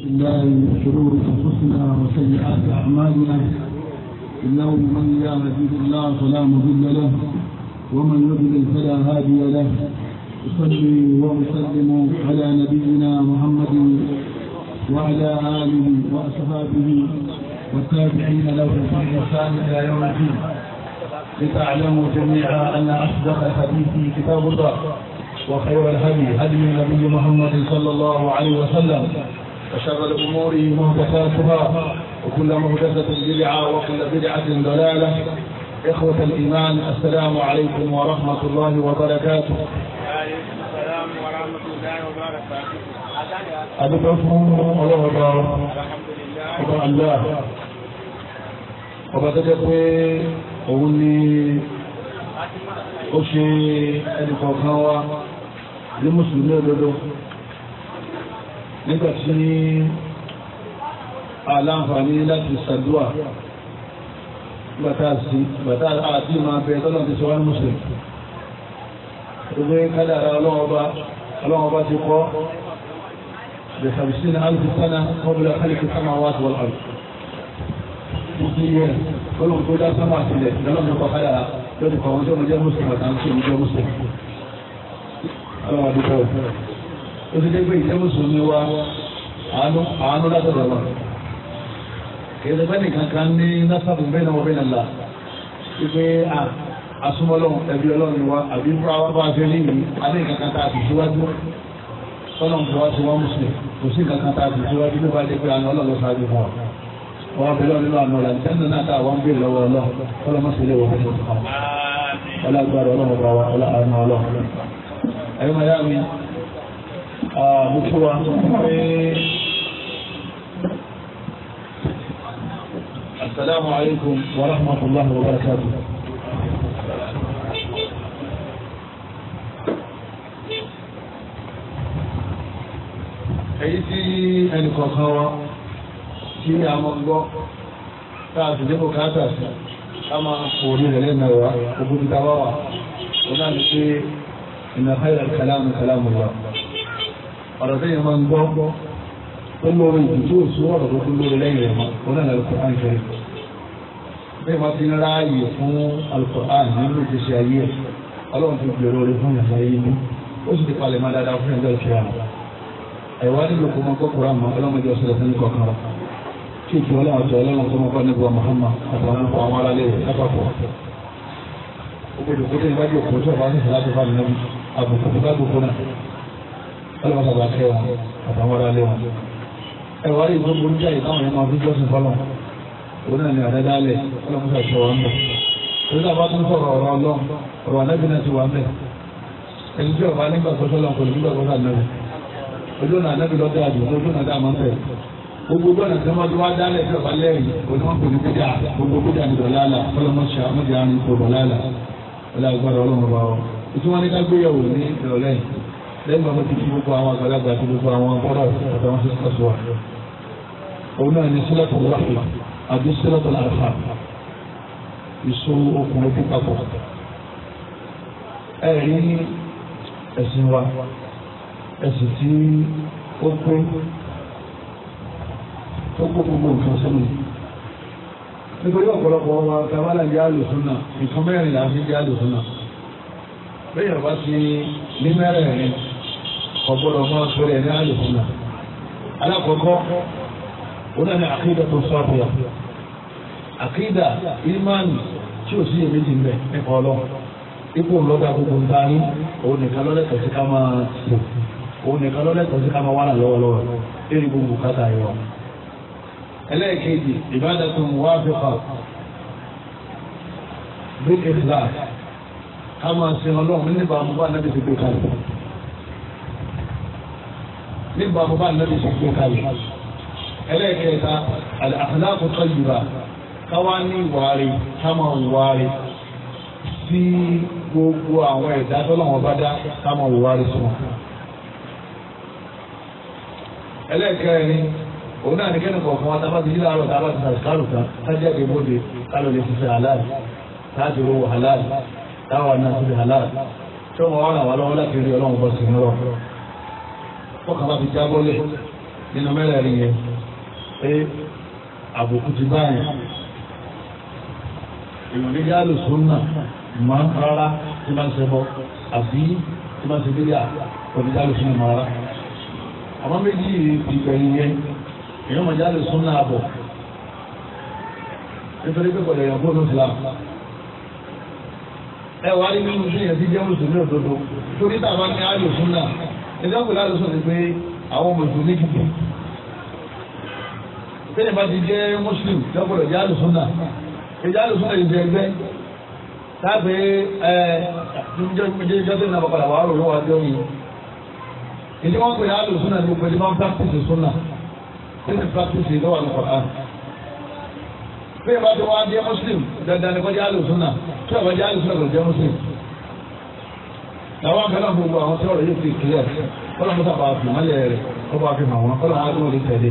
الله من شرور انفسنا وسيئات اعمالنا انه من يهده الله فلا مضل له ومن يضلل فلا هادي له اصلي واسلم على نبينا محمد وعلى اله واصحابه والتابعين له باحسان الى يوم الدين لتعلموا جميعا ان اصدق الحديث كتاب الله وخير الهدي هدي النبي محمد صلى الله عليه وسلم وشر الأمور مهدفاتها وكل مهدفة بدعة وكل بدعة ضلالة إخوة الإيمان السلام عليكم ورحمة الله وبركاته السلام ورحمة الله وبركاته أدب أفهم الله الحمد لله وبعد ذلك أولي أشي المسلمين nígbà tí aláǹfààní láti ṣàdúà bàtà sí bàtà àti máa bẹ tọ́lá ti sọ wá mùsùlùmí gbogbo kádàrá ọlọ́wọ́ba ọlọ́wọ́ba ti kọ́ bẹ̀ sàbísí ní alùpùpù sánà ọ̀bùrẹ̀ kálíkì sámà wá sí wọ́n àlùpùpù ìdíyẹ olóhùn tó dá sámà sílẹ̀ lọ́nà kọ́ káyà lọ́dún kan ọjọ́ ọjọ́ mùsùlùmí àti àwọn ọjọ́ mùsùlùmí tó ti dé pé ìtẹ́wọ́sùn ni wá àánú àánú látọ̀dọ̀ wa kìí lẹ́gbẹ́ nìkan kan ní násàbù bẹ́ẹ̀ náà bẹ́ẹ̀ nàlá wípé àsúmọ́lọ́ ẹbí ọlọ́run wa àbí fúra wa bá fẹ́ ní yìí alẹ́ nǹkan kan tá a fi síwájú sọ́nà tó wá sí wọ́n mùsùlùmí kò sí nǹkan kan tá a fi síwájú ló bá dé pé àná ọlọ́run sáájú fún wa wọn bẹ lọ́ọ́ nínú àná ọ̀làní tẹ́lẹ̀ náà tá a wá ń béèrè lọ́wọ́ ọlọ́run kọ́lọ́ mọ́ sí ilé wọ̀ fún wa ọlọ́run mo kí wa pé. Asalaamu alaykum wa rahmatulahi wa barakatu. Èyí tí ẹnì kọ̀ọ̀kan wa tí a mọ̀ gbọ́ tá a sì dé bùkátà sí ká máa fòrí rẹ̀ lẹ́nu wa òkúta wá wa. Wọ́n náà ní pé ìnáfẹ́ ìlànà kàlámù kàlámù wa ọ̀rọ̀ sẹ́yìn máa ń gbọ́ ó lórí ìdí tí òṣù ọ̀rọ̀ tó kú lórí lẹ́yìn rẹ̀ mọ́ ó náà lọ́kọ̀ àǹkẹ́ bẹ́ẹ̀ wọ́n ti ń ráàyè fún Al-Qur'an nínú ìṣẹ̀ṣẹ̀ ayé ọlọ́run ti gbèrò orí fún ìyàtọ̀ ayé ní ó sì ti palẹ̀ máa dáadáa fún ẹjọ́ ìṣẹ̀yà ẹ̀wá nílò kó máa kọ́kọ́rọ́ àmọ́ ọlọ́run ìjọ sọ̀rọ̀ fún ìkọ̀kan wa tí ìtura ọlọ́run àti ọlọ́run kó máa kọ́ níbo Muhammad àtàwọn àwọn aráalé rẹ̀ lápapọ̀ ó gbèdò kó tẹ́ ìbájú òkú tó bá ń sẹ̀sẹ̀ láti fà ọlọ́wọ́ bàbá kẹ́ wọn àtàwọn ará lé wọn. ẹ wá rí ìwọ́n burúkú jáde táwọn yẹn máa fi jọ́sìn fọlọ́ òun náà ní àdáda alẹ̀ ọlọ́mọ sàṣẹ wọn bẹ̀. torí náà bá tún sọ̀rọ̀ ọ̀rọ̀ ọlọ́run ọ̀rọ̀ anábì náà ti wà mẹ́. ẹni tí ọba nígbà kọ́sọ́ lọ kò ní gbàgbọ́ sànàbì. ojú ọ̀nà anábì lọ́dẹ ìtumọ̀ ní gbéyàwó ní ìrọ̀lẹ́yìn lẹ́yìn ọmọ ti fi gbogbo àwọn àgbàlagbà àti gbogbo àwọn àbọ̀rọ̀ àti àwọn sísè sọ̀rọ̀ òun náà ní sílẹ̀tọ̀ lọ́fà àbí sílẹ̀tọ̀ làfà ìṣó okùnrin pípapọ̀ ẹ rí ẹ̀sìn wa ẹ̀sìn tí ó pé ó kó gbogbo nǹkan sẹ́nu nítorí ọ̀pọ̀lọpọ̀ ọmọ tabala ń jẹ́ àlùsùn náà nǹkan mẹ́rin là ń jẹ́ àlùsùn náà bẹ́ẹ̀ yàrá ti ní mẹ́rẹ̀ẹ̀rin ọgbọ́dọ̀ máa sọ rẹ̀ ní ààyè fún mi. alákọ̀ọ́kọ́ wọn náà ní àkídà tó sáfìyà àkídà ìmánì tí ò sí èmi ti ń bẹ nípa ọlọ́run ipò ńlọ́gà gbogbo nta ní òun nìkan lọ́lẹ́tọ̀ọ́ sí ká máa sùn òun nìkan lọ́lẹ́tọ̀ọ́ sí ká máa wà náà lọ́wọ́lọ́wọ́ lórí gbogbo kátà ìwà. ẹlẹ́ẹ̀kejì ìbádàtún wáfíkà bí ìfìlà ká máa sin ọlọ́run níbàámu bá náà gbé kalẹ̀ nígbà mo bá nàbí ṣe gbé kalẹ̀. ẹlẹ́ẹ̀kẹta àtàlákò tó yìí káwá ní ìwárí kámọ̀ ìwárí sí gbogbo àwọn ẹ̀dá tó lọ́wọ́ bá dá kámọ̀ ìwárí sí wọn. ẹlẹ́ẹ̀kẹrin òun náà ní kẹ́ni kọ̀ọ̀kan wa tábà ti yí láàárọ̀ tábà ti sàkárù kan sájà dé bóde kálọ̀ lè ṣiṣẹ́ halal láti ro halal táwa náà ti halal tí wọ́n wá ràn lọ́wọ́ láti rí ọlọ́run bọ́ sí ní rọ̀ kọ́kànlá fi jábọ́lẹ̀ nínú mẹ́rẹ̀ẹ̀rin yẹn pé àbùkù ti báyìí èèyàn ní yálò sóńnà máa ń rárá tí máa ń ṣẹbọ àbí tí máa ń ṣe bíríà òní yálò sóńnà máa rárá. àwọn méjì ìgbẹ̀yìn yẹn èèyàn máa yálò sóńnà àbọ̀ nítorí pé pẹ̀lú ìyàwó ló fìlà. ẹ wá rí nínú sí yẹn tí jẹ́ mùsùlùmí òdodo torí táwọn ní yálò sóńnà ìdáhùn láti sọ ni pé àwọn mùsùlùmí gidi tẹ́lẹ̀ bá ti jẹ́ mùsùlùmí lọ́gbọ̀dọ̀ jẹ́ àlùsọ́nà ìjẹ́ àlùsọ́nà ìjẹ́ ẹgbẹ́ tábẹ́ ẹ jọ́sẹ̀ náà bàbá wàá rò lọ́wọ́ àjọ yìí ìdí wọn pè ní àlùsọ́nà ni pẹ̀lú máa ń practice sọ́nà tẹ́lẹ̀ practice lọ́wọ́ àlùkọ̀ bẹ́ẹ̀ bá ti wá jẹ́ mùsùlùmí dandan ni kọjá àlùsọ́nà tí àwọn akẹ́lá gbogbo àwọn tí ọ̀rọ̀ yóò fi kílẹ̀ ọlọ́run sábà fìmọ́lẹ̀ rẹ̀ ọba fi hàn wọn ọlọ́run á dúró ní tẹ̀lé.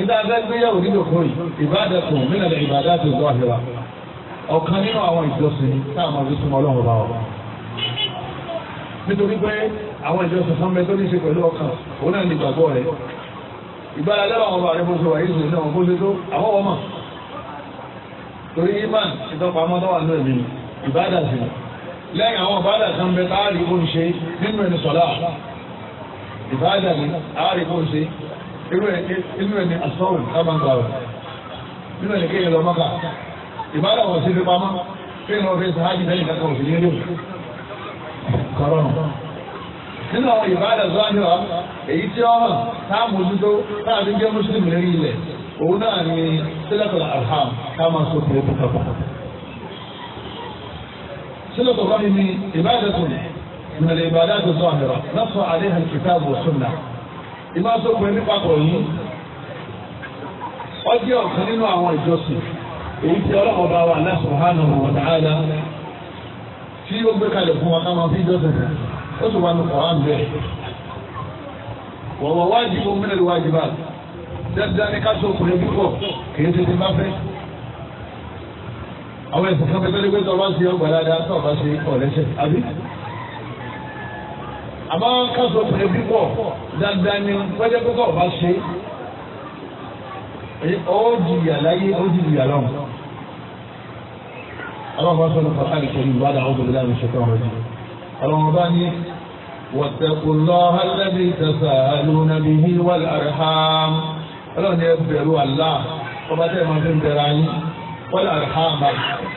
ìdá adágbéyàwó nínú òkúrì ìbádàtún mílẹ̀ ìbádà tó gbọ́ àhẹ́wà ọ̀kan nínú àwọn ìjọsìn táwọn ọ̀rẹ́ súnmọ́ ọlọ́run ọba wọn. nítorí pé àwọn ìjọsìn fún mi tó ní í ṣe pẹ̀lú ọkàn òun náà ní ìgbàgbọ́ rẹ̀ ìgbára lọ́wọ́ ọba rẹ̀ bó ṣe wà yìí náà bó ṣe tó àwọn ọmọ torí lẹ́yìn àwọn ìbáàdà kan bẹ tá a rí kó ń ṣe nínú ẹni sọ̀lá ìbáàdà ni a rí kó ń ṣe inú ẹni asọ́wìn lábàǹgbà rẹ̀ nínú ẹni kéèyàn lọ mọ́kà ìbáàdà wọ̀ sí fi pamọ́ kéèyàn lọ fi sàájì lẹ́yìn kankan òsì nílé kọ́rọ́nù nínú àwọn ìbáàdà zọ́ọ̀nìwá èyí tí ọ̀rọ̀ táà mójútó táà jẹ́ mùsùlùmí lórí ilẹ̀ òun náà ni sílẹ̀kọ̀lá alham ká máa sọ pé ó kú kápá. صلة الرحم عبادة من العبادات الظاهرة نص عليها الكتاب والسنة ìmọ̀ àtọ́kùn ẹni papọ̀ yìí ó jẹ́ ọ̀kan nínú àwọn ìjọsìn èyí tí ọlọ́run bá wà Allah subhanahu wa ta'ala tí ó gbé kalẹ̀ fún wa ká máa fi jọ́sìn rẹ̀ ó sì wà ní Qur'an bẹ́ẹ̀. wọ̀wọ̀ wájibun min al-wajibat dáadáa ní ká sọ ọkùnrin púpọ̀ kì í ṣe ti máa fẹ́ àwọn ẹ̀sìn kan pẹ̀lú pé tọ́ bá ṣe ọgbà dáadáa tọ́ bá ṣe ọ̀lẹ́sẹ̀ àbí. àmọ́ káṣọ pẹ̀lú pípọ̀ dáadáa ni pẹ́jẹ́ pé tọ́ bá ṣe ó jìyà láyé ó jìyà lọ́wọ́. ọlọ́run bá sọ̀rọ̀ fàtà ìṣẹ̀lẹ̀ ìwádà ọ̀gbìn láàrin ṣẹ̀tọ́ ọ̀rọ̀ yìí. ọlọ́run bá ní واتقوا الله الذي تساءلون به والأرحام ọlọ́run ni ẹ wọ́n lọ ha ọba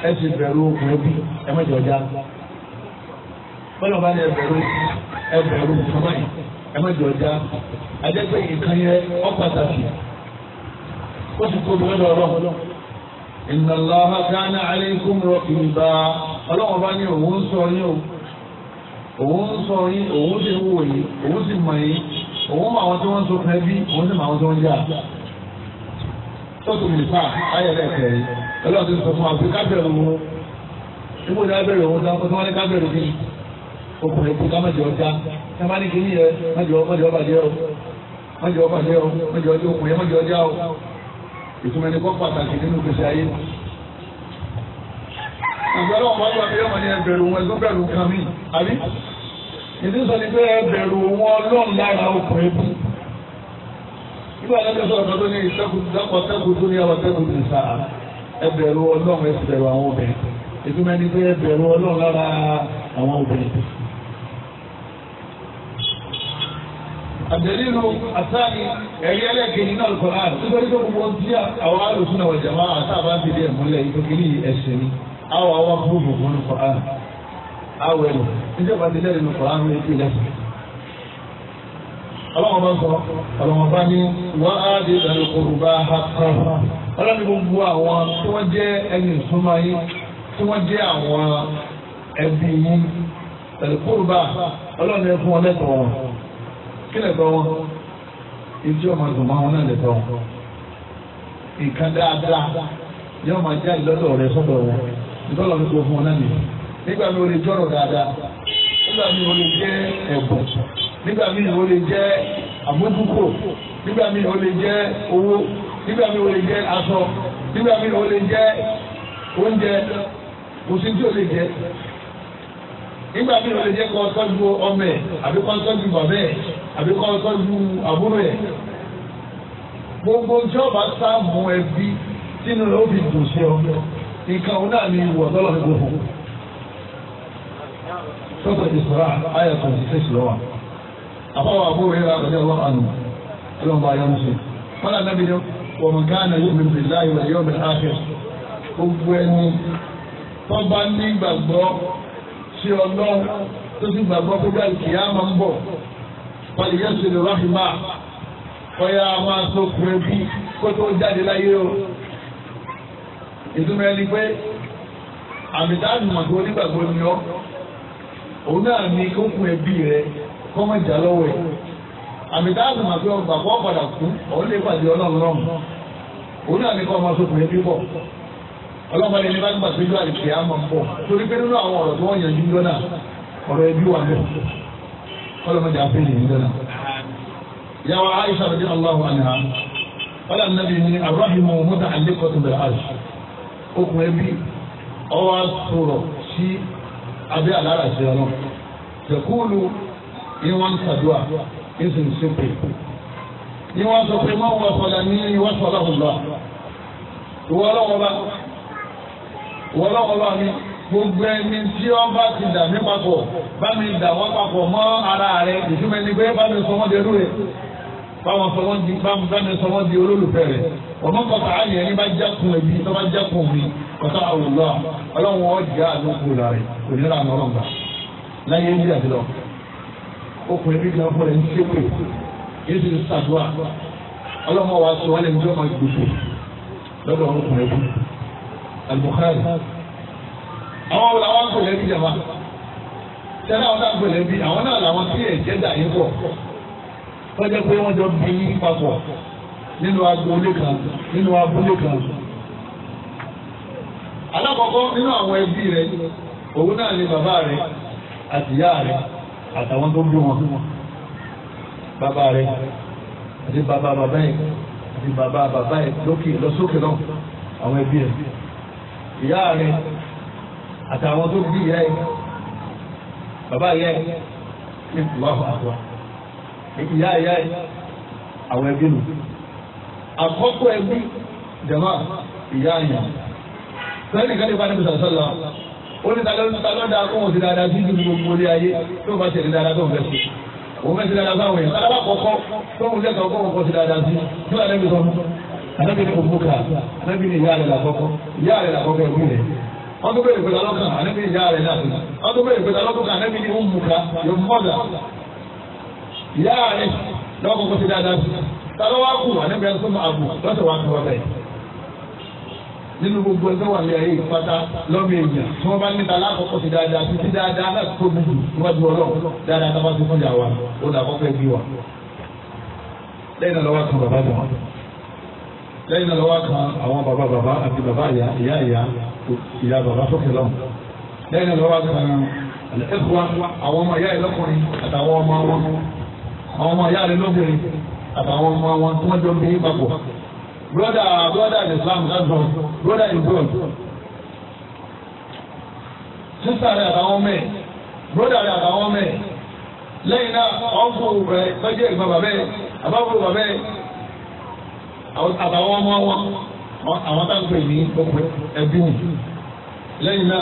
ẹ ti bẹ̀rù okùn obi ẹ mọ̀ jọjá wọ́n lọ bá ní ẹbẹ̀rù ẹbẹ̀rù kọ́mọ́ yìí ẹ mọ̀ jọjá adẹ́gbẹ́ nǹkan yẹ ọ́ pàtàkì ó sì tóbi lọ́dọ̀ ọlọ́run inna Allaha kana alaykum raqiba ọlọ́run bá ní òun ń sọ yín o òun ń sọ yín òun sì ń wò yín òun sì mọ̀ yín òun mọ àwọn tí wọ́n ń so fẹ́ bí òun sì mọ àwọn tí wọ́n ń jà sọ́ọ̀tù nìfà ayẹ̀lẹ̀ kẹrin ọlọ́run ti sọ fún wa pé kábẹ̀rẹ̀ òun nígbà tí kábẹ̀rẹ̀ òun dá kó tí wọ́n ní kábẹ̀rẹ̀ òun obìnrin kó ká mẹ́jọ dá ká má ní kíní yẹ mẹ́jọ mẹ́jọ bàjẹ́ o mẹ́jọ bàjẹ́ o mẹ́jọ ọjọ́ òkùnrin mẹ́jọ ọjà o ìtumọ̀ ẹni kọ́ pàtàkì nínú gbèsè ayé. ìgbàlọ́ wọn wá pé ọmọ ní ẹbẹ̀rù wọn ẹgbẹ́ kan mí tí wàá lọ́dún sọ̀rọ̀ tó ní ìtẹ́kùtẹ́kù tó ní àwọ̀tẹ́kù ní sáà ẹbẹ̀rù ọlọ́run ẹ sì bẹ̀rù àwọn obìnrin ìtumọ̀ ẹni pé ẹbẹ̀rù ọlọ́run lára àwọn obìnrin. àdèlílu àtàní ẹ̀rí ẹlẹ́kẹ̀ẹ́ nínú Al-Qur'an nítorí pé gbogbo ti àwọn alùsùn àwọn ìjàmbá àtàbà ń fìdí ẹ̀ múlẹ̀ ìtòkìlì ẹ̀sẹ̀ ni àwọn àwọn akúrò fún Al-Qur'an àwọn ẹ̀rù níjọba ti lẹ́rìí Al-Qur'an ní ìpínlẹ̀ ọlọ́wọ́n bá sọ ọlọ́wọ́n bá ní wọ́n á di ẹ̀rọ̀kọ̀rọ̀bá akọ̀ ọlọ́ni gbogbo àwọn tí wọ́n jẹ́ ẹni ìsúnmọ́ yín tí wọ́n jẹ́ àwọn ẹbí yín ẹ̀rọ̀kọ̀rọ̀bá ọlọ́ni fún wọn lẹ́tọ̀ọ́ wọn kí lẹ́tọ̀ọ́ wọn ibi tí wọ́n wọn náà lẹ́tọ̀ọ́ wọn nǹkan dáadáa yóò máa já ìlọ́dọ̀ rẹ sọ́dọ̀ wọn ìtọ́lọ̀ ní gbogbo wọn náà nìyẹn nígbà míì ó lè jẹ́ àmójúkò nígbà míì ó lè jẹ́ owó nígbà míì ó lè jẹ́ aṣọ nígbà míì o lè jẹ́ oúnjẹ kò sí tí ó lè jẹ́ nígbà míì ó lè jẹ́ kó tọ́jú ọmọ ẹ̀ àbí kó tọ́jú bàbá ẹ̀ àbí kó tọ́jú àbúrò ẹ̀ gbogbo jọba sá mú ẹbí sínú rẹ̀ fi dùn sí ọmọ nǹkan òun náà ni ìwọ̀ gbogbo. Sọ́kòtì sọ̀rọ̀ àyẹ̀kọ̀ ti fèsì lọ́wọ́ àbáwọ̀ àbúrò rẹ̀ rẹ̀ lọ́wọ́ àná ọlọ́run bá yọ̀ ń ṣe. wọ́n lànà bí wọ́n mú gánà yóò mú bìlá ìwà yóò mú àfẹ́. gbogbo ẹni tó bá ní gbàgbọ́ sí ọlọ́run tó sì gbàgbọ́ pé bá ìkìyà máa ń bọ̀ wọ́n lè yẹ sọ̀rọ̀ ráfìmá ọ̀yà máa tó kúrẹ́ bí kó tó jáde láyé o. ìtumọ̀ ẹni pé àmì táàmì màgbó onígbàgbọ́ ni ọ́ òun náà ní kó kún ẹbí rẹ̀ kọ́mọ ìjà lọ́wọ́ ẹ̀ àmì táàbù mà pé ọgbà kọ́ padà kú òun lè pàdé ọlọ́run lọ́run òun náà ní kọ́ ọmọ sókùnrin bíbọ̀ ọlọ́mọ ẹni bá gbà péjú àdìsí àmọ́ ń bọ̀ torí pé nínú àwọn ọ̀rọ̀ tí wọ́n yanjú ń dọ́nà ọ̀rọ̀ ẹbí wà lẹ̀ ọlọ́mọdé àfẹ́lẹ̀ ń dọ́nà. yàwó Aisha rẹ̀ Allahu anha wọ́n lànà bí ní abrahimu mọ́tà bẹ̀rẹ̀ àṣ okùn ẹbí ọwọ́ sọ̀rọ̀ sí abẹ́ àláràṣẹ́ ọlọ́run ni wọ́n ń sàdúà ní sùn sókè ni wọ́n sọ pé máa wọ sọ̀dà ní wọ́n sọ̀dà ọ̀lọ́ ìwọ́lọ́wọ́lá ìwọ́lọ́wọ́lá mi gbogbo ẹni tí wọ́n bá ti dà mí papọ̀ bá mi dà wọ́n papọ̀ mọ́ ara rẹ̀ ìtumẹ̀ ni pé bá mi sọ wọ́n di ẹrú rẹ̀ báwọn sọ wọ́n di bá mi sọ wọ́n di olólùfẹ́ rẹ̀ ọmọ kọta ayẹ ní bá jákun ẹbí tó bá jákun mi kọta àwòrán ọlọ́run ọjà àdókòó rà rẹ̀ kò ní ra àwọn ọlọ́run gbà láyé ń bí àti lọ. ọkùnrin bíbí ọkọ rẹ̀ ń ṣépè yéé ti ṣàdúrà ọlọ́mọ wa sọ wálé ní ọmọ gbèsè lọ́dọ̀ àwọn ọkùnrin bíi al àwọn ọ̀la wọn kò lẹ́bí jama sẹ́ni àwọn náà kò àwọn náà làwọn tí ẹ̀ jẹ́ dà yín pọ̀ pé wọ́n jọ bí papọ̀ nínú agboolé kan nínú kan. alákọ̀ọ́kọ́ àtàwọn tó ń bí wọn bàbá rẹ àti bàbá bàbá yẹn àti bàbá bàbá yẹn lókè lọsókè náà àwọn ẹbí rẹ ìyá rẹ àtàwọn tó bí ìyá yẹn bàbá yẹn ní ìwáhùn àgbà ìyá ìyá yẹn àwọn ẹbí nù àkọ́kọ́ ẹbí jama ìyá yẹn sẹ́yìn nìkan ní ìbánisọ̀rọ̀ sọ́la ó ní talọ́dà kó wọn ti dáadáa sí ìdúró gbogbo ilé ayé tó bá tẹ̀lé dáadáa tó ń fẹ́ sí òun fẹ́ sí dáadáa sáwọn èèyàn tálábà kọ̀ọ̀kọ́ tó ń lẹ́kọ̀ọ́ kó wọn kọ́ sí dáadáa sí tó àlẹ́bí sọ àlẹ́bí ni òmùkà àlẹ́bí ni ìyá rẹ̀ làkọ́kọ́ ìyá rẹ̀ làkọ́kọ́ ẹ̀kú rẹ̀ wọ́n tó bẹ̀rẹ̀ pẹ̀lú alọ́kàn àlẹ́bí ni ìyá rẹ̀ làkọ́kọ́ wọ́n tó bẹ̀rẹ̀ pẹ̀lú alọ́kàn àlẹ́bí ni òmùkà your mother ìyá rẹ̀ lọ́kọ̀ọ́kọ́ sí dáadáa sí tàbí wàá kù àlẹ́bí ẹ̀ sọ́mọ àbù lọ́sẹ̀ wàá nínú gbogbo ẹgbẹ́ wà ní ayé ìfipáta lọ́mọ èèyàn tí wọ́n bá níta lákòókò sí dáadáa títí dáadáa láti tó gbogbo níwájú ọlọ́run dáadáa tá a bá ti fún yàrá ó dà kọ́kọ́ ẹbí wa. lẹ́yìn náà lọ́wọ́ kan bàbá bàbá lẹ́yìn náà lọ́wọ́ kan àwọn bàbá bàbá àti bàbá ìyá ìyá ìyá ìyá bàbá sókè lọ́hùn lẹ́yìn náà lọ́wọ́ kan ẹ̀fọ́ àwọn ọmọ ìyá ìlọ́kùnrin àtàwọn ọmọ wọn àwọn ọmọ ìyá brother brother in islam that's wrong brother in god sister rẹ àtàwọn mẹ brother rẹ àtàwọn mẹ lẹ́yìn náà ọkọ rẹ bẹjẹ ìgbọn bàbẹ àbábọ bàbẹ àtàwọn ọmọ wọn àwọn tá n pè ní ọpẹ ẹbí wọn lẹ́yìn náà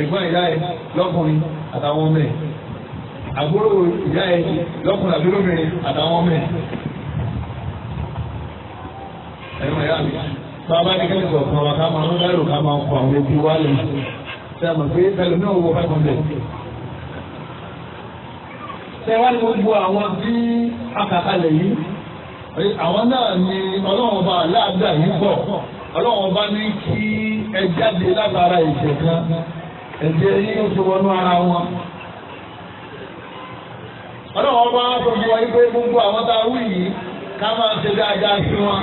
ẹ̀gbọ́n ìyá ẹ lọ́kùnrin àtàwọn ọmọ ẹ àbúrò ìyá ẹ lọ́kùnrin àbúrò mi àtàwọn ọmọ ẹ bàbá ní kẹ́kẹ́ kọ̀ọ̀kan wa ká máa ń lẹ́rù ká máa kọ àwọn ojú wa lẹ̀ ṣe mọ̀ pé pẹ̀lú náà wọ five hundred. ṣé wá ní gbogbo àwọn tí akàkalẹ̀ yìí àwọn náà ni ọlọ́run bá aláàgbà yìí bọ̀ ọlọ́run bá ní kí ẹ jáde látara ìṣẹ̀ kan ẹ̀jẹ̀ yìí ó ti wọnú ara wọn. ọlọ́run bá sọ fún wa yìí pé gbogbo àwọn tá a wí yìí ká máa ṣe dáadáa sí wọn.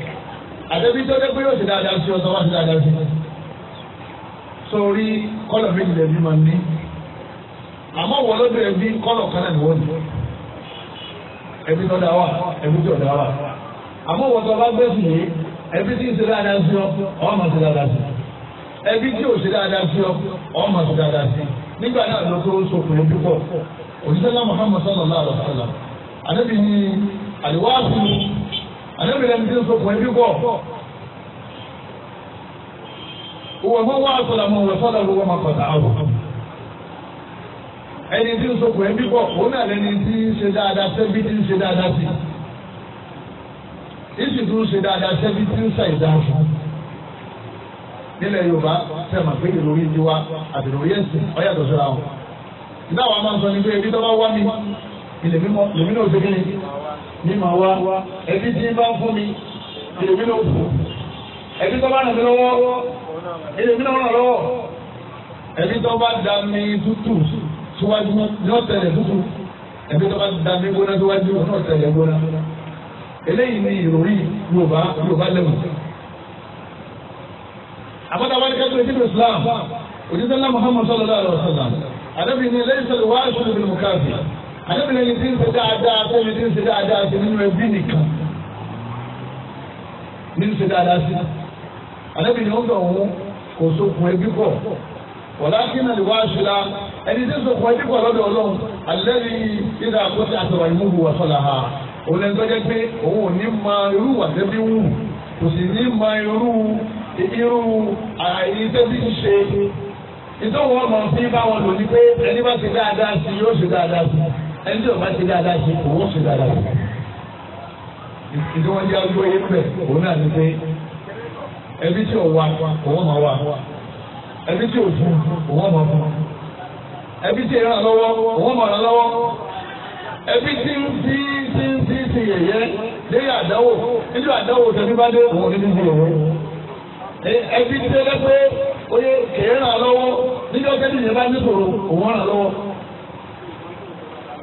àtẹ̀bí tó dé pé yóò ṣe dáadáa sí ọ̀tọ̀ wá ṣe dáadáa sí ọ̀tọ̀ sórí kọ́lọ̀ méjì lẹ́bí máa ní àmọ́ wọ́n ló bẹ̀rẹ̀ bí kọ́lọ̀ kan náà wọ́n ní ẹbí tó dá wà ẹbí tó dá wà àmọ́ wọ́n tó bá gbé sí yìí ẹbí tí ń ṣe dáadáa sí ọ ọ́ máa ṣe dáadáa sí ẹbí tí ò ṣe dáadáa sí ọ ọ́ máa ṣe dáadáa sí nígbà náà ló tó sokùn ẹbí pọ̀ òṣìṣẹ́ náà Muhammad sallallahu alaihi wa sallam àdébìnrin àdìwáàfin àdébìlẹ̀ ní sísọ pọ̀ ẹbí pọ̀ wọ́n gbọ́ nwa àtọ̀là mụ wọ́n sọ́dọ̀ gbogbo ọmọ kọ̀tà àwọ̀ ẹni tí so pọ̀ ẹbí pọ̀ òun náà lẹni tí ń ṣe dáadáa sẹ́bí tí ń ṣe dáadáa sí ìsì tún ṣe dáadáa sẹ́bí tí ń fún Yorùbá pé lèmi náà ṣe kíni ní màá wá ẹbí tí ń bá ń fún mi lèmi náà fún ẹbí tó bá nà mí lọ́wọ́ lèmi náà nà lọ́wọ́ ẹbí tó bá da mi tútù síwájú náà tẹ̀lé tútù ẹbí tó bá da mi gbóná síwájú náà tẹ̀lé gbóná eléyìí ni ìròrí Yorùbá Yorùbá lẹ́wọ̀n àbọ̀dá wáyé kẹ́kọ̀ọ́ ìdílé Islam òjijì ńlá Muhammad sallallahu alaihi wa sallam àdébìnrin lẹ́yìn sọ̀rọ̀ wáyé sọ̀rọ̀ ìbìlì mùkáfì àdébìnrin ẹni tí ń ṣe dáadáa tó ẹni tí ń ṣe dáadáa sí nínú ẹbí nìkan ní ń ṣe dáadáa sí àdébìnrin ó dọ̀wọ́ kò sókun ẹbí pọ̀ wàlákin náà lè wá aṣọra ẹni tí ń sọkun ẹbí pọ̀ lọ́dọ̀ ọlọ́run àlẹ́rì ìdá àkọsí àtọ̀rọ̀ ìmúhu wà sọ́la ha òun ẹni tó jẹ́ pé òun ò ní máa irú wà tẹ́bí wù kò sì ní máa irú irú àyè ìtòwò ọmọ fi bá wọn lò ní pé ẹni bá ti dáadáa sí yóò ṣe dáadáa sí. ẹni tí o bá ti ṣe òun ṣe dáadáa ṣe. ìdí wọn jẹ́ agbó yé pẹ̀ òun náà ní pé ẹbí tí o wà òun máa wà ẹbí tí o fún òun máa fún ẹbí tí ìran òun máa ràn ẹbí tí ń fi ti ń fi ti àdáwò nínú àdáwò bá dé òun ní ti ẹbí tí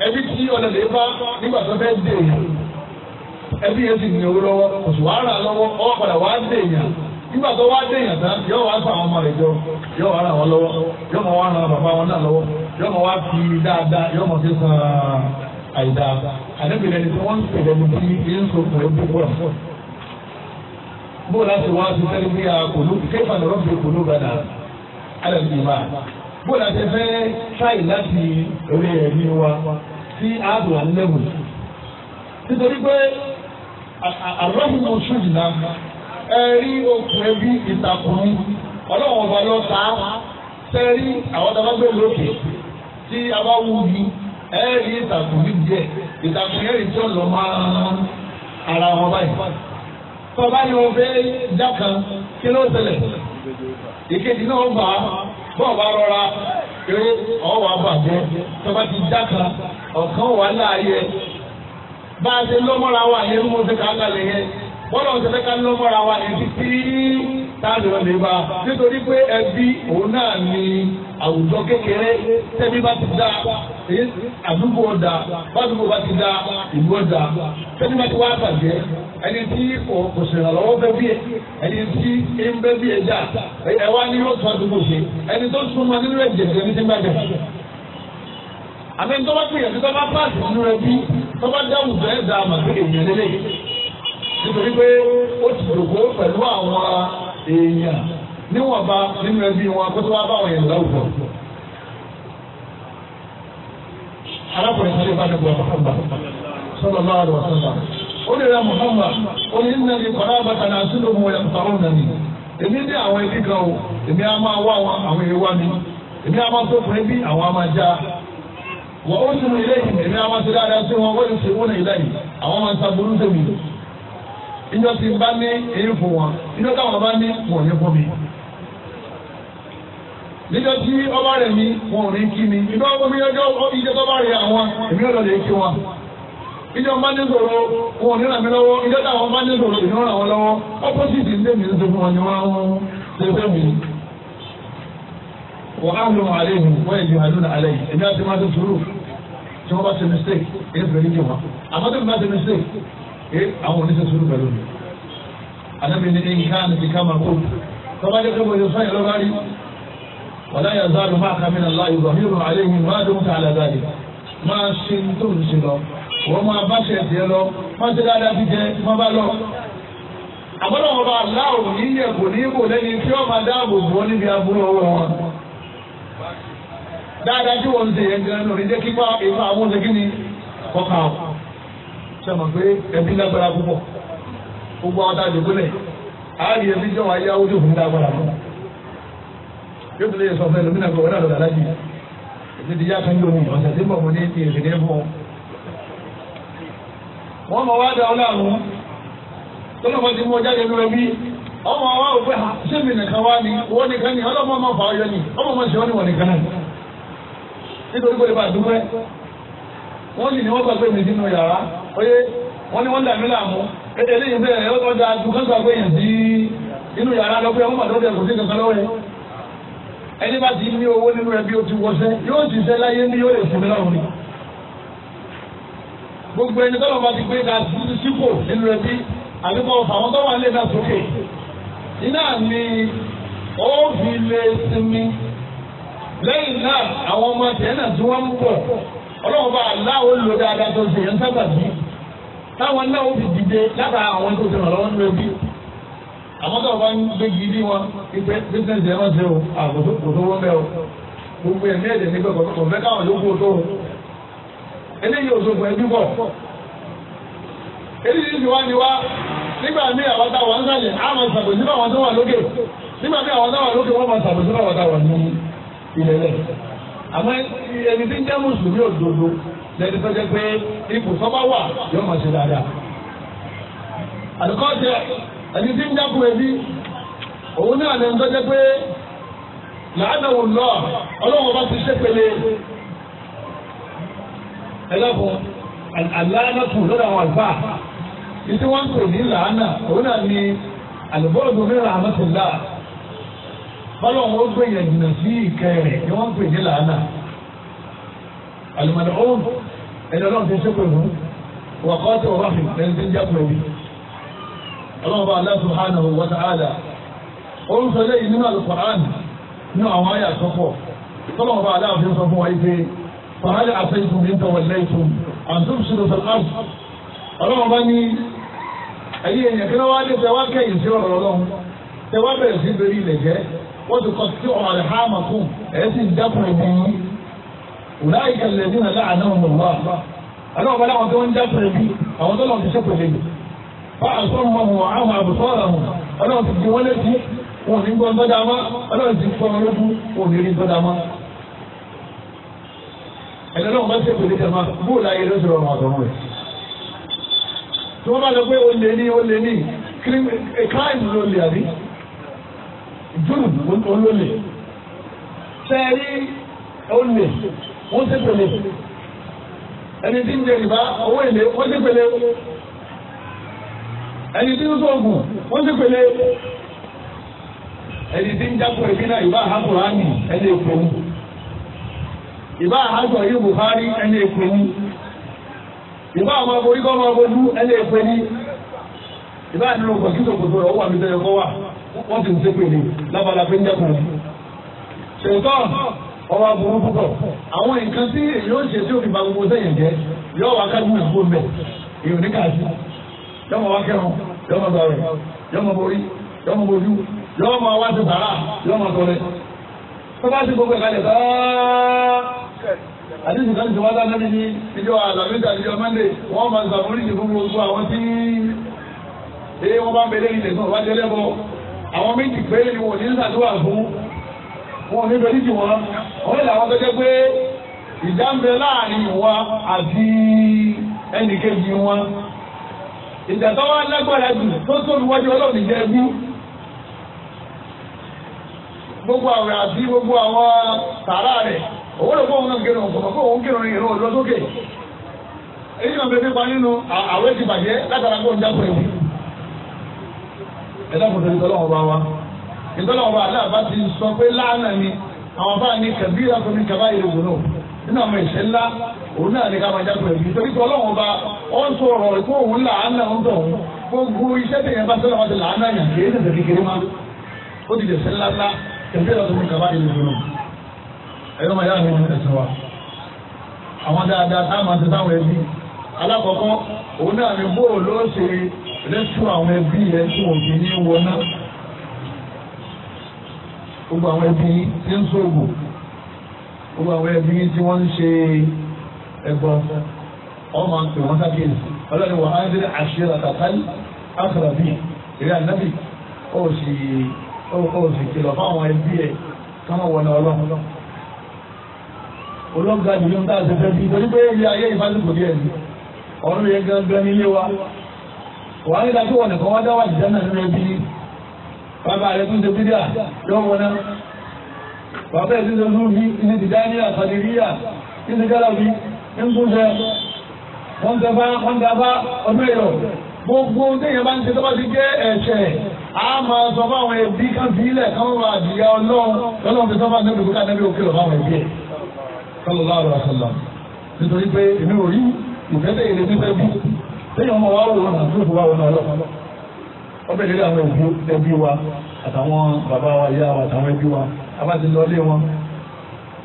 ẹbí tí ọ̀nà lè bá nígbà tó fẹ́ dè yàn ẹbí yẹn sì ní owó lọ́wọ́ kò wàá rà lọ́wọ́ ọwọ́ padà wàá dè yàn nígbà tó wàá dè yàn tán yóò wá àwọn ọmọ jọ yóò wá bàbá wọn náà lọ́wọ́ yóò wá fi dáadáa yóò mọ̀ sí san àìdá àdébìnrin tí wọ́n ń tí yín so kò ó dúpọ̀ bó láti wá sí sẹ́ni bí i bó la ṣe fẹ́ ṣáì láti orí ẹ̀mí wa sí ààbò àlẹ́wò nítorí pé àrọ́hùn oṣù ìlà ẹ̀rí okùn ẹbí ìtàkùn ọlọ́run ọba lọ ta sẹ́rí àwọn tó bá gbé lókè tí a bá wú ju ẹ̀rí ìtàkùn ní díẹ̀ ìtàkùn yẹn tí ó lọ máa ara wọn báyìí tọ́ba ni wọ́n fẹ́ dákan kí ló ṣẹlẹ̀ èkejì náà bá a tó o bá rọra eré ọ̀wà bàjẹ́ tó bá ti dáka ọ̀kan wà láàyè bá a ṣe lọ́mọ́ra wà yẹn mú mo ṣe kàá kalẹ̀ yẹn bọ́lá ọ̀sẹ̀ fẹ́ ká lọ́ mọ́ra wa ẹbí tí táàlù rẹ̀ nípa nítorí pé ẹbí òun náà ni àwùjọ kékeré tẹ́bí bá ti dá àdúgbò ọ̀dà bádùgbò bá ti dá ìlú ọ̀dà tẹ́bí bá ti wá bàjẹ́ ẹni tí kò ṣèrànlọ́wọ́ bẹ́ bí ẹ ẹni tí ń bẹ́ bí ẹ dà ẹ wá ní yóò tún àdúgbò ṣe ẹni tó súnmọ́ nínú ẹ̀jẹ̀ jẹ́ ní sẹ́gbàjẹ́ àmì tó bá pè é tó bá pàṣẹ nínú ẹbí tó bá dáhùn bẹ́ẹ̀ dá àmàlẹ́ èèyàn lélẹ́yìn nítorí pé ó ti dòkó pẹ̀lú àwọn èèyàn níwọ̀nba nínú ẹbí wọn kó wa bá àwọn èèyàn láwùjọ. arákùnrin sáré bá dàgbà Muhammad sọlọ lọ́wọ́ àdùn ọ̀sánlá ó lè ra Muhammad ó ní nínú ẹni kọ́lá bàtà náà sílò mọ́ ẹ̀ pàrọ̀ nàní èmi ní àwọn ẹbí kan o èmi á máa wá àwọn mi èmi á máa tó fún ẹbí àwọn á máa já wọ́n ó sinmi ilé yìí èmi á máa ti dáadáa sí wọn inú ti bá ní èyí fún wọn inú káwọn bá ní wọn ò ní fún mi níjọ́ tí ọba rẹ̀ mi wọn ò ní kí mi inú ọmọ mi lọ́jọ́ ìjọ tó bá rẹ̀ àwọn èmi lọ́dọ̀ lè kí wọn ìjọ bá ní sòro wọn ò ní ràn mí lọ́wọ́ ìjọ táwọn bá ní sòro ìjọ ràn wọn lọ́wọ́ opposite ń tẹ̀mí ṣe fún wọn ni wọ́n ṣe fẹ́ mi. wọ́n á lò wọ́n àléhùn wọ́n èyí àlùn àlẹ́ yìí ẹ̀mí àti máa ti sùúrù tí wọ́n bá ṣe mistake èyí fẹ́ẹ́ ní kí wọn àmọ́ tó fi máa ṣe mistake ẹ eh, àwọn oníṣẹ́ sùúrù pẹ̀lú mi anábì ní ẹ̀yìn káà níbi ká máa kó tọ́ba jẹ́ pẹ́pẹ́ ìṣọ́ yẹn lọ́ba rí wàlá yà záàlù máa ka mi nàlá ìgbà mi rùn àlẹ́ yìí máa dùn tààlà dáadé máa ṣe tó ń ṣe lọ wọ́n máa bá ṣe ẹ̀dẹ́ lọ máa ṣe dáadáa fi jẹ má bá lọ. àbọ̀dọ̀ wọn bá aláwọ̀ ní kò ní kò lẹ́ni tí wọ́n máa dáàbò bò níbi aburú ọwọ́ wọn. dáadáa tí wọ́n ń ṣe yẹn gan-an lórí jẹ́ kíkọ́ ìfọ̀ àwọn ṣe kí ni kọ́kà ọ̀. sọ̀rọ̀ pé ẹbí lágbára púpọ̀ gbogbo àwọn àárí ẹbí jọ̀wọ́ ayé awójú òfin lágbára fún yóò tún lè sọ fún ẹlòmínà kọ̀ wọ́dà lọ́dà lájì èmi ti yá mọ̀ mọ́ ní ti wọ́n mọ̀ wá ti mú ọjà yẹn lọ bí ọmọ wa ò pé ṣé mi nìkan wọ́n sì ní wọ́n gbàgbé mi sínú yàrá oyè wọ́n ní wọ́n dàmí làmú eléyìí bẹ́ẹ̀ ẹ̀ ọ́ da ju kán gbàgbé yẹn sí inú yàrá lọ́gbẹ́ wọ́n pàdé ọ̀dẹ̀ kò sí kankan lọ́wọ́ yẹn ẹni bá ti ní owó nínú ẹbí o ti wọṣẹ́ yóò ti sẹ́ láyé ní yóò lè fún mi láwọn ni gbogbo ẹni tọ́lọ̀ bá ti gbé ga sípò nínú ẹbí àdúgbò àwọn tó wà lè dá sókè iná ni ó fi lè sinmi lẹ́yìn náà àwọn ọmọ tẹ̀ náà tí wọ́n ń ọlọ́run bá aláwo lò dáadáa tó ṣe yẹn sábà bí táwọn aláwo fi dìde látara àwọn tó ṣe ìrànlọ́wọ́ ní ojú àwọn tó bá ń gbé gidi wọn ipe bísíǹsì ẹ̀rọ ṣe o àgùntò kò tó wọ́n bẹ́ẹ̀ o gbogbo ẹ̀mí ẹ̀dẹ̀ níbẹ̀ kò fẹ́ káwọn ló kó tó o eléyìí ò sọ̀kùn ẹbí bọ̀ eléyìí ti wá ni wá nígbà míì àwọn táwọn ń sàlẹ̀ á máa ṣàbòsí fáwọn tó wà lókè nígbà míì àwọn táwọn lókè wọ́n máa ṣàbòsí fáwọn táwọn ní ilẹ̀ lẹ́yìn. àwọn ẹni tí ń jẹ́ mùsùlùmí òdodo lẹ́ni tó jẹ́ pé ipò sọ́mọ́ wà yóò máa ṣe dáadáa. àdìkọ́ jẹ ẹni tí ń jákun ẹbí òun náà lẹ́ni tó jẹ́ pé làánàwò ọlọ́wọ́ bá ti lọ́dọ̀ àwọn àgbà ìtí wọ́n ń pè bọ́lọ́wọ́n ó gbé yẹn jìnnà sí ìkẹ́ rẹ̀ ni wọ́n ń pè ní làánà àlùmọ̀dé ó ẹni ọlọ́run ti ṣépè fún wà kọ́ tó wà fún ẹni tí ń jápọ̀ wí ọlọ́run bá Allah subhanahu wa ta'ala ó ń sọ lẹ́yìn nínú Al-Qur'an nínú àwọn àyà sọ́pọ̀ tọ́lọ́run bá Allah sọ fún wa yìí pé fàhálà àfẹ́yìntùm ní tawallaytum àǹtùm sílò sàlám ọlọ́run bá ní ẹ̀yìn èèyàn kí wọ́n ti kọ́ sí ọ̀rọ̀ àlẹ́hàmà fún ẹ̀sìn dákùrẹ̀ bí yín wùláyé kẹlẹ̀ ní nàlẹ́ àná ọ̀nà wà aláwọ̀ bala wọn tó ń dákùrẹ̀ bí àwọn tó lọ́n ti ṣe pèlè bí wọ́n àsọ̀rọ̀ mọ̀ wọn àwọn àbùsọ̀ ọ̀hún ọlọ́run ti di wọ́n létí wọn ní gbọ́n tọ́jà má ọlọ́run ti kọ́ wọn lójú wọn ní rí tọ́jà má. ẹ̀dọ́ náà wọ́n ṣe pèlè júùdù olólè olè ṣe pèlè ẹni tí ń jẹ ìbá owó èlé pèlè ẹni tí ń sọ̀gùn wọ́n ṣe pèlè ẹni tí ń jápọ̀ náà ìbá ẹni èkó ìbá àhájọ yìí Buhari ẹni èkó ìbá àwọn ọmọ ẹni èkó ìbá rẹ̀ ó wà mí wọ́n sì ń ṣe pèlè lábala pé ń dẹ́kun ojú. ṣèǹtọ́ ọba burú púpọ̀ àwọn nǹkan tí yóò ṣe tí òfin bangun sẹ́yìn jẹ́ yóò wá kájú ìgbó mẹ́ èèyàn ní káàsì yọmọ wá kẹrun yọmọ bàrẹ yọmọ borí yọmọ bojú yọmọ wá ti bàrà yọmọ tọrẹ tó bá ti gbogbo ẹ̀ka lẹ̀ sáá àdéhùn kan ti wá dáná ní ní ìjọ àlàmídà ìjọ mẹ́lẹ̀ wọ́n máa ń sàmúlì ní fún gbogbo àwọn tí ẹ wọ́n bá ń bẹ̀rẹ̀ ilẹ̀ náà wájú ẹlẹ́bọ̀ọ́. àwọn méjì péré ni wọn ní ṣàdúrà fún wọn ò ní bẹ wọn wọn àwọn pé láàrin wa àti ẹnìkejì wọn ìjà tó jù tó tóbi wájú ọlọ́run gbogbo àwẹ̀ àti gbogbo àwọn tààrà rẹ̀ lè náà òun ìrìn sókè nínú àwẹ̀ ẹ̀dá kò tó ìtọ́lọ́wọ́ bá wa ìtọ́lọ́wọ́ bá aláàbá ti sọ pé láàánà ni àwọn bá ní kẹbí ọkùnrin kaba ìrògùn náà nínú àwọn ìṣẹ́ ńlá òun náà ní ká máa jápọ̀ ẹ̀bí torí pé ọlọ́wọ́ bá ọ ń sọ̀rọ̀ pé òun làánà ń tọ̀ gbogbo iṣẹ́ tẹ̀yẹ bá sọ́lọ́wọ́ ti làánà yàn kì í tẹ̀sẹ̀ kékeré má ó ti dẹ̀sẹ̀ ńlá ńlá kẹbí ọkùnrin kaba ìrògùn náà ẹ̀yọ́ lẹ́tù àwọn ẹbí rẹ tí wọ́n fi ní wọná gbogbo àwọn ẹbí tí ń sóògùn gbogbo àwọn ẹbí tí wọ́n ń ṣe ẹgbọ́n ọmọ àti wọn sákèésì ọlọ́run wà á ń dé àṣírí àtàkàlì àkàrà bíi eré ànábì ó sì ó sì kìlọ̀ fáwọn ẹbí ẹ̀ káwọn wọ̀nà ọlọ́run olóńgbà jùlọ ń tà àṣẹfẹ́ bíi torí pé ilé ayé ìfásitì kò díẹ̀ ni ọ̀run yẹn gangan nílé wa wọ́n á ní dájú wọn nìkan wọ́n dá wà jìjá náà nínú ẹbí bàbá rẹ̀ tún ṣe bídíà lọ́wọ́ náà bàbá ẹ̀ tún ṣe lúfi ní ti dáníà sàdìríyà ní ti gálàbí ń tún ṣe wọ́n ṣe bá wọ́n ṣe bá ọdún ẹ̀yọ̀ gbogbo téèyàn bá ń ṣe tọ́ba ti jẹ́ ẹ̀ṣẹ̀ a máa sọ fún àwọn ẹbí kan sílẹ̀ káwọn máa dìyà ọlọ́run lọ́lọ́run ti sọ fún àdébùkú ká àdébùkú kí lọ́wọ́ àwọn ẹbí ẹ̀ sallallahu alaihi wasallam nítorí pé èmi ò rí ìfẹ́ tẹ̀yẹ̀ lé lẹ́yìn ọmọ wa wò wọn àti òfò wa wọn lọ ọbẹ̀ nílé àwọn òbí ẹbí wa àtàwọn bàbá wa ìyá wa àtàwọn ẹbí wa àbá ti lọ lé wọn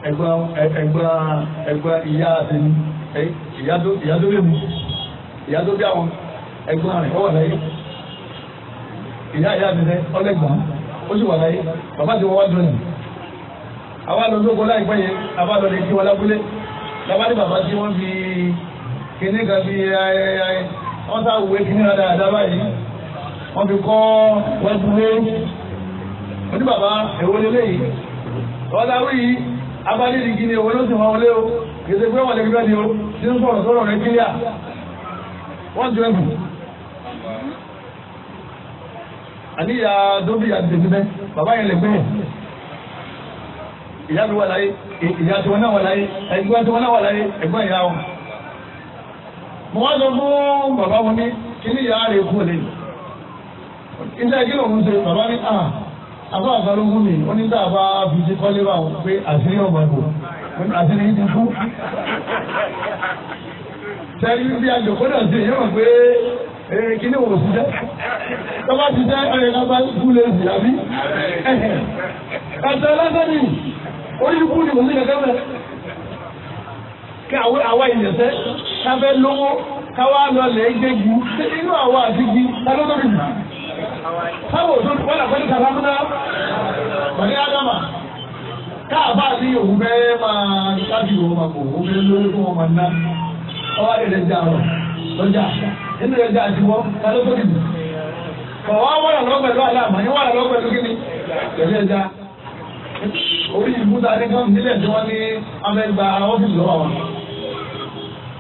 ẹgbẹ́ ìyá àti ìyá tó lè mú ìyá tó bí àwọn ẹgbẹ́ rẹ̀ ọwọ́ láyé ìyá ìyá mi rẹ̀ ọlẹ́gbọ̀n ó sì wà láyé bàbá ti wọ́n wá dùn wọ́n sá wùwé kí ní ọ̀dà àdá báyìí wọ́n fi kọ́ wẹ́gbúwé oní bàbá èwo lélẹ̀ yìí ọ̀dà wíyí abálẹ́lì kí ni èwo ló sì wọ́n lé o kèsè pé wọ́n lè gbẹ́ ni o tí ń sọ̀rọ̀ sọ̀rọ̀ rẹ̀ kílíà wọ́n jọ ẹ̀bù àníyà dóbi àdìsẹ́sẹ́ bàbá yẹn lè gbẹ́ yẹn ìyá mi wà láyé ìyá tiwọn náà wà láyé ẹ̀gbọ́n tiwọn náà wà láyé ẹ̀gbọ́n ìyá wọn mo wá sọ fún bàbá wọn ní kíní ìyá rẹ̀ fún òde yìí iṣẹ́ kí lòun ṣe bàbá ní à ah, àbá àbálógún mi ó ní dáàbá fi ṣe kọ́lé bá wọn pé àṣírí ọmọ ẹ̀kọ́ àṣírí ti kú sẹ́yìn bí àjòkó náà ṣe yẹ́wọ̀n pé èrè kí ni wò ṣiṣẹ́ tọ́ba ṣiṣẹ́ ẹ̀rẹ̀ lábá kú lè ṣì àbí ẹ̀ṣẹ̀ lásán ni orí kú ni kò sí kẹ̀kẹ́ mẹ́rin kí àwa ìyẹ̀sẹ́ káfẹ́ lówó káwá lọlẹ̀ ìgbégu inú àwa àdígbì tálọ́lọ́rì jù táwọn òṣèlú wọ́n làpẹ́ ní sàlámúná pẹ̀lú ádámà káàbá sí òun bẹ́ẹ̀ máa ṣáàbì òun máa kò òun bẹ́ẹ̀ lórí fún ọmọ náà ọwọ́ rẹ̀ lẹ́jà rọ̀ lọ́jà inú rẹ̀ jà àtiwọ́ tálọ́lọ́rì jù kọ̀wá wọ́n lọ pẹ̀lú àlàmà ní wọ́n lọ pẹ̀lú kíni pẹ̀lú ẹja orí ìmúta ní kan nílẹ̀ tí wọ́n ní amẹ́gbà ọ́fíìsì lọ́wọ́ wọn.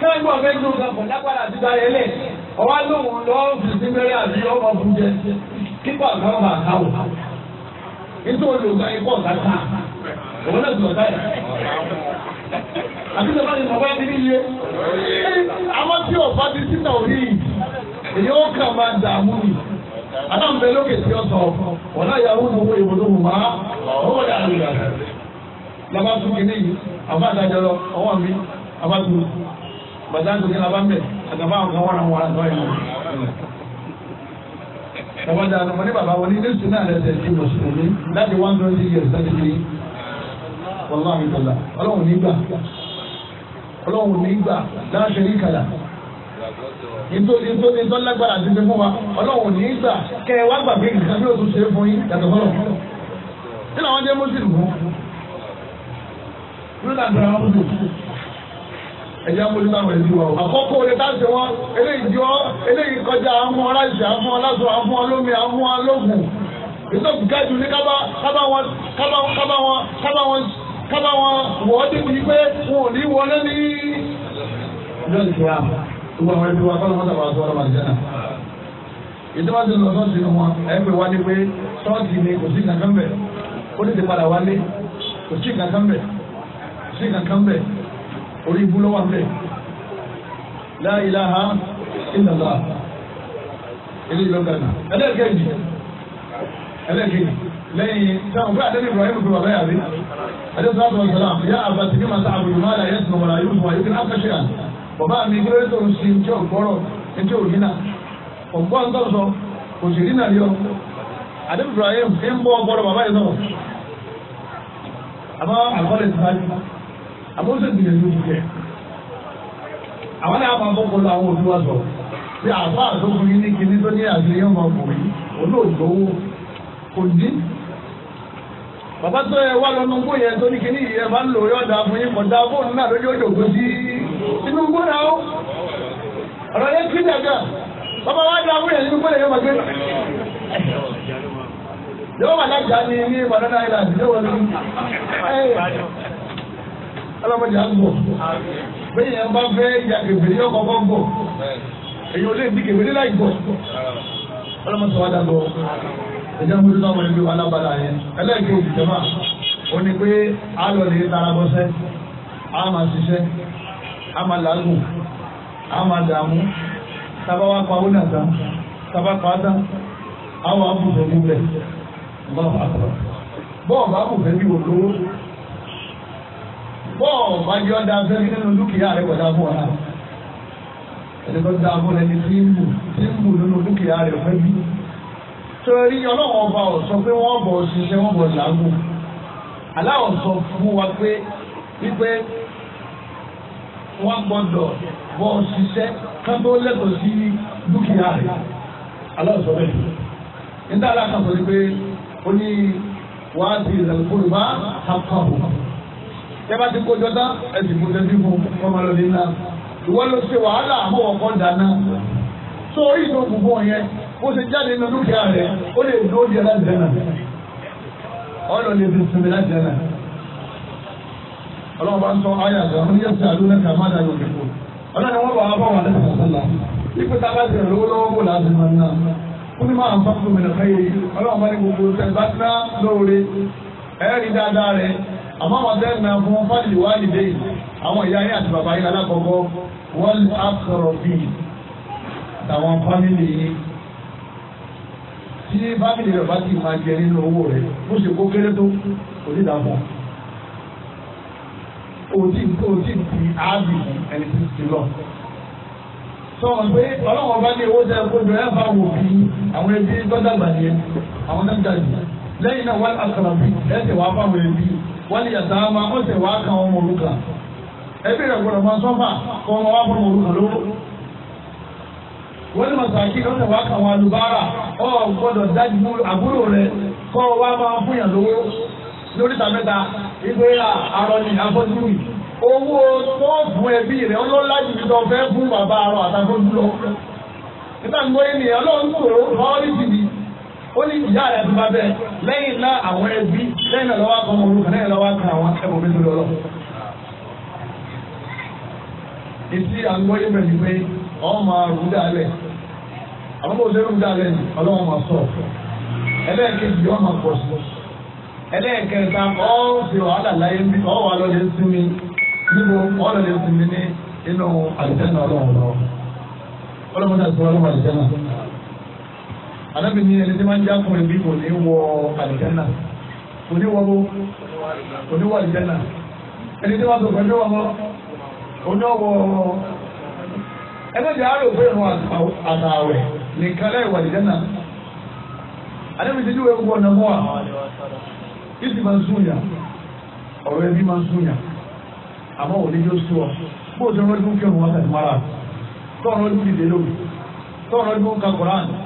káwọn ẹgbẹ́ ọ̀fẹ́ dúró gan bọ̀ lágbára àti ìgbà yẹn lẹ̀ ọwọ́ lóhùn lọ́wọ́ fi sí mẹ́rẹ́ àti ọmọ fún jẹ kíkọ́ àgbà wò. nítorí ọ̀gá ta náà àti yẹn yé. àwọn tí ọ̀fà ti èyí ó kà máa dààmú bẹ lókè ọ̀nà bàtà nkùnrin la bá ń bẹ̀ àgàbà àwọn kan wọ́n àwọn wọ́n àtọ́ yẹn. Ẹ̀wọ́n dànù mo ní bàbá wọn ní Jésù náà lẹ́sẹ̀ sí Mùsùlùmí láti one twenty years láti fi wọ́lá mi kàlà ọlọ́run ní gbà ọlọ́run ní gbà láti rí kàlà. Nítorí nítorí tó lágbára àti fífún wa ọlọ́run ní gbà kẹ́ gbàgbé nǹkan bí o ṣe é fún yín yàtọ̀ fọlọ́. Nínú àwọn jẹ́ Mùsùlùmí. Nínú àgbàrá Mùsùlùmí ẹ̀yà mójú náà wẹ̀ sí wa o. àkọ́kọ́ olè tá a ṣe wọn eléyìí jọ eléyìí kọjá àmú ọláṣẹ àmú ọlásọ àmú ọlómi àmú alógún ètò gáàjù ní kábà kábà wọn kábà wọn kábà wọn kábà wọn kábà wọn wọ́ débi yìí pé wọn ò ní wọlé ní. ọjọ́ ìṣẹ́ àmọ́ gbogbo àwọn ẹbí wa kọ́ ló ń sábà sọ ọ́ ìjọba ti lọ sọ́ọ̀tì wọn ẹgbẹ́ wa ni pé sọ́ọ̀tì ni kò sí kankan bẹ̀ ó ti ti padà wálé kò sí kankan bẹ̀ kò sí kankan bẹ̀ orí ibú lọ́wọ́ bẹ́ẹ̀ la ilaha illallah ilé ìlọ́gbà náà ẹlẹ́gẹ̀ẹ́jì ẹlẹ́gẹ̀ẹ́jì lẹ́yìn táwọn fún adébí ibrahim fún bàbá yàrá adébí sábà wọn sàlám yá àbàtì ní màtá àbùrù máa yẹ sùn wọn àyùn fún àyùn àkàṣe à bàbá mi kí ló dé tó ń sin tí ògbọ́rọ̀ tí òyìn náà ògbọ́n ń tọ́sọ kò sì rí náà ibrahim ń bọ́ ọgbọ́rọ̀ bàbá yìí sọ̀rọ̀ àbá àkọlẹ̀ ti sáyé àbọ̀sẹ̀ gbìyànjú jẹ́ àwọn náà máa bọ́kọ lọ àwọn òbí wa sọ bí àbá àtọkùnrin ní kinní tó ní àtìlẹyìn ọmọ ọkùnrin olóògbówó kò dín bàbá tó yẹ wá lọ́nà gbó yẹn tó ní kinní yìí ẹ bá ń lò yọ̀ dà fún yín kọ̀dá fóònù náà lójú òjò kò sí inú gbóná o ọ̀rọ̀ yẹn kí dàgbà bàbá wa dà fún yẹn inú gbóná yẹn màgbé yóò wà lájà ní ní banana island yóò wọlé ẹ ọlọ́mọdé àgbọ̀ bẹ́ẹ̀ yẹn bá fẹ́ ya kèbèrè yọ kọ́kọ́ gbọ̀ èyí ò lè di kèbèrè láì gbọ̀ ọlọ́mọdé wa dàgbọ̀ ẹ̀jẹ̀ mú lọ́wọ́ ẹ̀mí wa lábàlá yẹn ẹlẹ́ẹ̀kejì jẹ́mà ó ní pé alọ́ lè tara bọ́sẹ́ a máa ṣiṣẹ́ a máa làágùn a máa dààmú tábà wá pa ó nàta tábà pa á tán àwọn àbùsọ̀ níbẹ̀ bọ́ọ̀ bá bùfẹ́ bí wò lówó bọ́ọ̀ máa jẹ́ ọ́dà sẹ́ni nínú dúkìá rẹ̀ kọjá fún ọ̀la ẹni tó dáa fún ẹni tí ń bù tí ń bù nínú dúkìá rẹ̀ fẹ́ bí. torí ọlọ́wọ́ ọba ò sọ pé wọ́n bọ̀ ṣiṣẹ́ wọ́n bọ̀ làágùn aláwọ̀ sọ fún wa pé wípé wọ́n gbọ́dọ̀ bọ̀ ṣiṣẹ́ kán tó lẹ́tọ̀ọ́ sí dúkìá rẹ̀ aláwọ̀ sọ bẹ́ẹ̀ nígbà aláàkàtọ̀ ni pé ó ní wàá di ìrẹ̀lẹ̀ kórìíba kápá òkú tẹ́bá ti kójọ tán ẹ̀sì mú tẹ́sí fún ọmọ lọ nílá ìwọ ló ṣe wàhálà àmọ́ ọ̀kan dáná tó orí ìtò funfun yẹn bó ṣe jáde nínú dúkìá rẹ ó lè dúró di alájẹ́nà ọ̀nà lè fi sinmi alájẹ́nà ọlọ́run bá ń sọ ayé àgbà wọn yẹ sàlú ní kàmáda yóò fi kú ọlọ́run ni wọ́n bá wọn bá wọn lẹ́sẹ̀ sọ́la ipò tá a bá ti rẹ̀ lówó lọ́wọ́ bó láti máa ná fún mi máa ń bá fún mi nà káyé ọlọ́run bá ní gbogbo tẹ̀ bá ná lóore ẹ̀rí dáadáa rẹ̀ àmọ́ wọn dẹ́rù náà fún fáìlì wáìlì dé àwọn ìyá yín àti bàbá yín alákọ̀ọ́kọ́ wọ́n akọ̀rọ̀ bíi tàwọn fámìlì yín tí fámìlì rẹ̀ bá ti máa jẹ nínú owó rẹ̀ bó ṣe kó kéré tó kò ní dàbọ̀ òtí òtí ti ábì ẹni tí ti lọ. sọ̀rọ̀ pé ọlọ́wọ́n bá ní owó tẹ kó jọ ẹ bá wò bí àwọn ẹbí gbọ́dọ̀ gbà yẹn àwọn náà jáde lẹ́yìn náà wọ́n akọ̀rọ̀ bíi ẹ̀ tẹ̀ wá fáwọn ẹbí. wọ́n yà sá ma ó sì wá kan ọmọ òrùka ẹbí rẹ̀ gbọ́dọ̀ máa sọ́fà kọ́ ọmọ wá fún ọmọ òrùka lówó. wa ọ gbọ́dọ̀ dájú àbúrò rẹ̀ ọ wá ya fún yàn lówó lórí tàmẹ́ta ìgbé àrọ ni afọ́júwì owó tó fún ẹbí rẹ̀ ọlọ́lá jù lọ fẹ́ fún bàbá àrọ àtàkójú lọ. ó ní ìyá rẹ̀ tó bá bẹ́ẹ̀ lẹ́yìn náà àwọn ẹbí lẹ́yìn náà lọ́wọ́ kan ọmọ orúkọ lẹ́yìn lọ́wọ́ kan àwọn ẹbùn mi lórí ọlọ́. ìsí àgbọ̀yé bẹ̀ ni pé ọ̀n máa rú dálẹ̀ àwọn ọmọ òṣèré rú dálẹ̀ ni ọlọ́wọ́n máa sọ ẹlẹ́ẹ̀kejì yóò máa pọ̀ sí ẹlẹ́ẹ̀kẹta ọ̀ fi wàhálà láyé mi ọ̀ wà lọ́dẹ sí mi níbo ọ̀ lọ́dẹ sí mi ní inú àlùjẹ́ náà ọlọ́wọ́n lọ́wọ́ ọlọ́mọdé àti ọlọ́mọdé àlùjẹ́ anábì ní ẹni tí máa ń jẹ́ akọrin bí kò ní wọ àlìjẹ́nà kò ní wọ bó kò ní wọ àlìjẹ́nà ẹni tí wọ́n sọ pẹ̀lú ọmọ oníwọ̀ ẹgbẹ́jẹ̀ àárò pé ìrún àtàwẹ̀ nìkan lẹ́wà àlìjẹ́nà anábì ti júwe gbogbo ọ̀nà mọ́wà ìsì máa ń súnyà ọ̀rọ̀ ẹbí máa ń súnyà àmọ́ òní yóò sú ọ bóòtú ọ̀rọ̀ ẹbí ń kẹrùn wọn tẹ̀síwára tọ́ọ̀rọ̀ ẹbí ń dìde lóbi tọ́ọ̀rọ̀ ẹbí ń ka Kùránì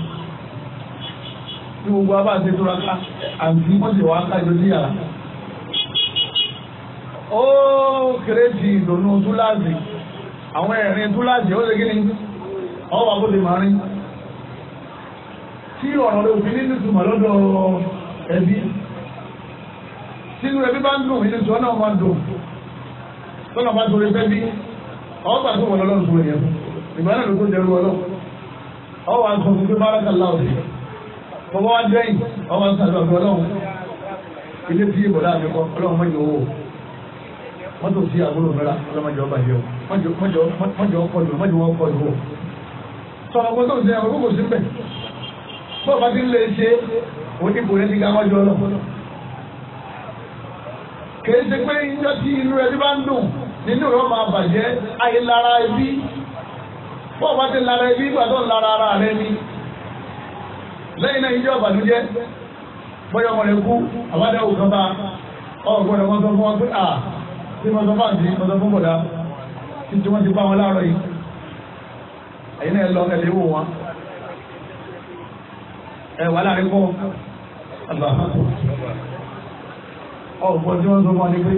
tí gbogbo abá ṣe tó ra ká àǹtí wọ́n sì wá ká ìlú sí yàrá. ó kéré ti ìdùnnú túláàsì àwọn ẹ̀rín túláàsì ó ṣe kí ni ọwọ́ àbúlé máa rí tí ọ̀rọ̀ rẹ̀ òfin nínú ìtumọ̀ lọ́dọ̀ ẹbí sínú ẹbí bá ń dùn inú ìtumọ̀ náà máa dùn tọ́nà bá torí fẹ́ bí ọgbà tó wọ̀ lọ́dọ̀ ìtumọ̀ yẹn ìgbà náà ló tó jẹ́rú ọlọ́ ọwọ́ àkọsí pé bárakà láwùjọ bàbá wa dẹ́yìn ọmọ sàdúrà fún ọlọ́run ilé tí ìbò láàbí kọ ọlọ́run mọ́jọ owó mọ́tò sí àbúrò mẹ́ra ọlọ́run mọ́jọ ọba yẹ o mọ́jọ ọkọlù mọ́jọ wọn kọlù o sọ ọmọ tó ń sẹ ọmọ kò sí mbẹ bọ́ọ̀ bá ti ń lè e ṣe oníbò rẹ ti ká mọ́jọ ọlọ́run kèé ṣe pé ìjọ tí inú rẹ ti bá ń dùn nínú rẹ máa bàjẹ́ àyè lára ẹbí bọ́ọ̀ bá ti lára ẹbí gbàdọ̀ lára ara rẹ ni lẹ́yìn náà ìjọ ìbànújẹ́ bọ́yá ọmọ rẹ̀ kú àbádáwò kan bá ọgbọ́n ọmọ sọ fún wọn pé à tí wọ́n sọ fáǹtì wọ́n sọ fún bọ̀dá títí wọ́n ti bá wọn láàárọ̀ yìí ẹ̀yin náà lọ ẹ̀lẹ́ wò wọn ẹ̀ wà láàrin pọ̀ àgbàfà ọ̀pọ̀ tí wọ́n sọ fún wọn ni pé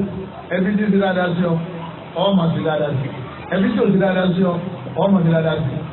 ẹbí tí ti dáadáa sí ọ ọmọ ti dáadáa sí ẹbí tí ò ti dáadáa sí ọ ọmọ ti dáadáa sí ọ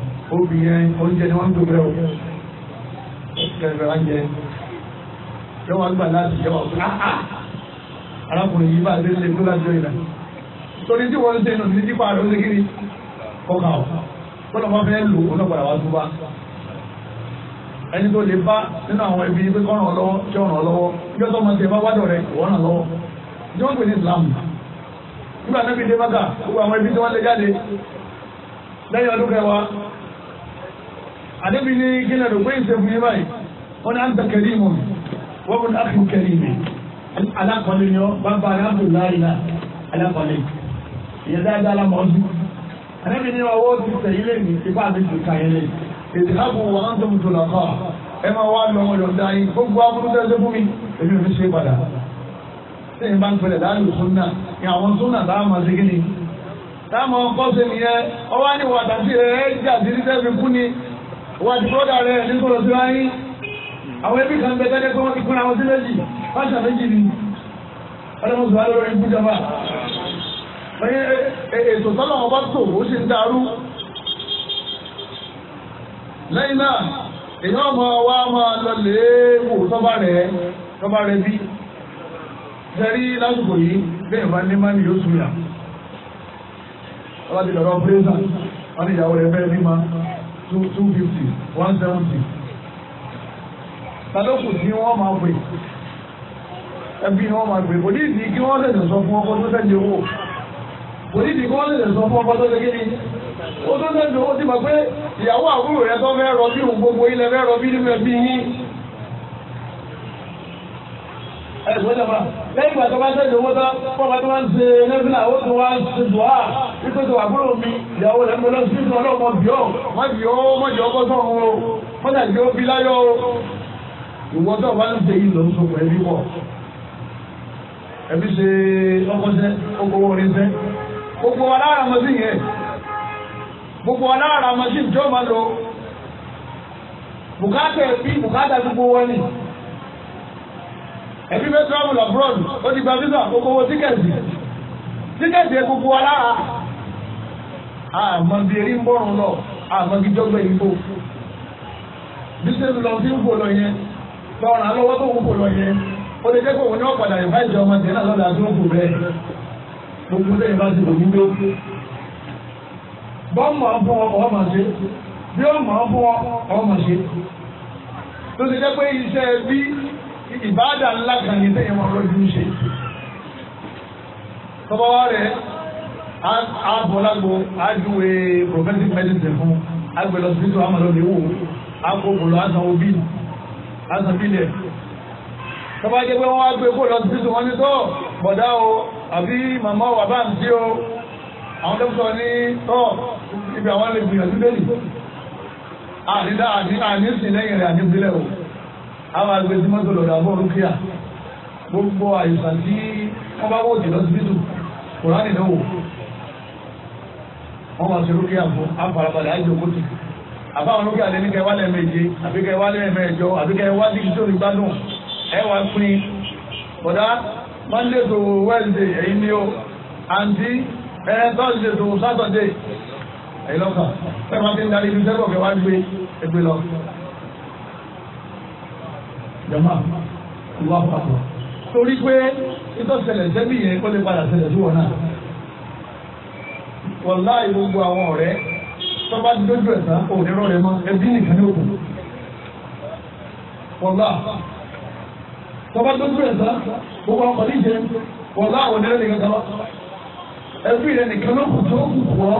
obìnrin eh, oúnjẹ ni wọ́n ń dòbẹ̀rẹ̀ o kẹfẹ́ oúnjẹ yọwọ́ àgbà láti yọwọ́ àgbà ah, ah. arákùnrin yìí bá lé lé tó lájọ ìlà torí tí wọ́n ń sẹ́nu ní nípa rẹ̀ ó ṣe kiri kọ́ka o kọ́nà wọn fẹ́ lò ó lọ́gbàdà wá túbá ẹni tó lè bá nínú àwọn ẹbí pé kọ́nà ọlọ́wọ́ tí ọ̀nà ọlọ́wọ́ yọ tó máa ń tẹ bá wádọ̀ rẹ̀ ìwọ́nà lọ́wọ́ ní wọ́n pè ní Islam nígbà náà fi dé bákà gbogbo àwọn ẹbí tí wọ́n lé jáde lẹ́yìn ọdún kẹwàá àdébí ní gílẹ̀ rẹ̀ wọ́n ṣe fún yín báyìí wọ́n ní àǹtà kẹrí mọ̀ wọ́n kún àkù kẹrí mi alákọ̀ọ́lẹ̀ ni ọ́ bàbá alábùláyì náà alákọ̀ọ́lẹ̀ ìyẹn dáadáa la mọ̀ ọ́ àdébí ní ọwọ́ ti tẹ̀ ilé mi ipá mi ti kà yẹn lé ètò ààbò wọn á ń tóbi tó lọ kọ́ ẹ máa wá lọ ọmọdé ọ̀dá yín gbogbo amúnú tẹ́sẹ̀ fún mi èmi fi ṣe padà sẹ́yìn bá ń pẹlẹ̀ láàrin sunna ni àwọn sunna táwọn máa ṣe kíni táwọn ọkọ̀ ṣe ọwọ́ á ní ẹ̀ ẹ́ jà sí ní kú ni wọ́n àti bọ́dà rẹ̀ àwọn ẹbí kan bẹ tẹ́lẹ̀ wọ́n ti wọ́n ni ọlọ́mọ lórí ikú jọba lẹ́yìn ètò sọ́nà ọba tó ó ṣe ń darú lẹ́yìn náà èèyàn ọmọ wa máa lọ lè wò tọ́ba rẹ̀ tọ́ba rẹ̀ bí sẹ́rí lásìkò yìí bẹ́ẹ̀ bá ní mánì yóò lọ́rọ́ pírẹ́sà wọ́n ní ìyàwó rẹ̀ bẹ́ẹ̀ bí máa two two fifty one seventy tàlókù tí wọ́n máa pè ẹbí ni wọ́n máa pè òní ìdí kí wọ́n lè sọ fún ọkọ tó sẹ́ni owó òní ìdí kí wọ́n lè sọ fún ọkọ tó sẹ́ni kíni ó tó sẹ́ni owó ti mọ̀ pé ìyàwó àbúrò rẹ̀ tó fẹ́ rọ bí òun gbogbo ilẹ̀ fẹ́ rọ bí nínú ẹbí yín. ẹ̀sùn ìjọba lẹ́yìn ìgbà tó bá tẹ̀lé owó tán fọ́nmọ́ tó máa ń ṣe nẹ́fìlà ó tún wá ṣe dùá wípé tó àbúrò mi ìyàwó rẹ̀ ń sí ìtàn ọlọ́mọ bíọ́ ọkọ sọ̀rọ̀ o bí láyọ̀ o. ìwọ tó ń yìí sọ pẹ̀lú wọ̀ ẹbí ẹbí bẹ travel abroad ó ti gba visa gbogbo owó tíkẹ́ẹ̀tì tíkẹ́ẹ̀tì ẹ gbogbo alára àmọ́ bí erí ń bọ̀rùn lọ àmọ́ kí jọ́gbẹ́ ìbò bí sẹ́nu lọ sí ń bò lọ yẹn lọ́rùn alọ́wọ́ tó ń bò lọ yẹn ó lè jẹ́ pé òun ní wọ́n padà ìfá ìjọ ọmọ tẹ̀lé àlọ́dà tó ń bò bẹ́ẹ̀ gbogbo lẹ́yìn bá ti lòmí gbé bọ́ọ̀mù ọ̀bùn ọmọ ṣe bí ọmọ ọ̀bùn ọmọ ṣe tó ti jẹ́ pé iṣẹ́ bí ìbáàdà ńlá kan ní sẹ́yìn wọn lójú ń ṣe. tọ́bọ̀ rẹ̀ abọ́lágbo ájúwe prophetic medicine fún agbẹ̀lọ́ síbítù amọ̀lọ́lẹ̀ wò akókòlò àtàn òbí àtàn bílẹ̀. tọ́bọ̀ jẹ́ pé wọ́n wá gbé kó lọ síbítù wọn ní tọ́ bọ̀dá o àbí màmá wà bá ń tí o àwọn tó ń sọ ní tọ́ ibi àwọn lè gbìyànjú lẹ́yìn. àdídá àdí àníṣe lẹ́yìn rẹ̀ àdí àwọn àgbẹ̀ tí mọ́tò lọ́dọ̀ àbọ̀ rúkìá gbogbo àìsàn tí wọ́n bá wò jùlọ síbítù kùránì náà wò wọ́n máa ṣe rúkìá fún afarabalẹ̀ àjòkótì àbáwọn rúkìá lé ní kẹ wálẹ̀ méje àbí kẹ wálẹ̀ mẹ́jọ àbí kẹ wá sí ìṣòro ìgbádùn ẹ wá pín kódà mọ́ndé tó wẹ́ǹdé èyí ni ó àǹtí ẹ tọ́sídé tó sátọ̀dé ẹ̀yìn lọ́kàn fẹ́ẹ́ máa ti ń darí ibi sẹ́kọ̀ọ́ kẹ wá gbé ẹgbẹ́ lọ jama wa pàtó torí pé ìtọ́ ṣẹlẹ̀ sẹ́bí yẹn kó lè padà ṣẹlẹ̀ sí wọn náà wàláì gbogbo àwọn ọ̀rẹ́ tó bá dójú ẹ̀ tán kò ní rọrẹ mọ́ ẹbí nìkan ní òkú wàlá tó bá dójú ẹ̀ tán gbogbo ọkọ̀ níjẹ wàlá àwọn onírẹ́ nìkan tán ẹbí rẹ nìkan ló kù tó kù wọ́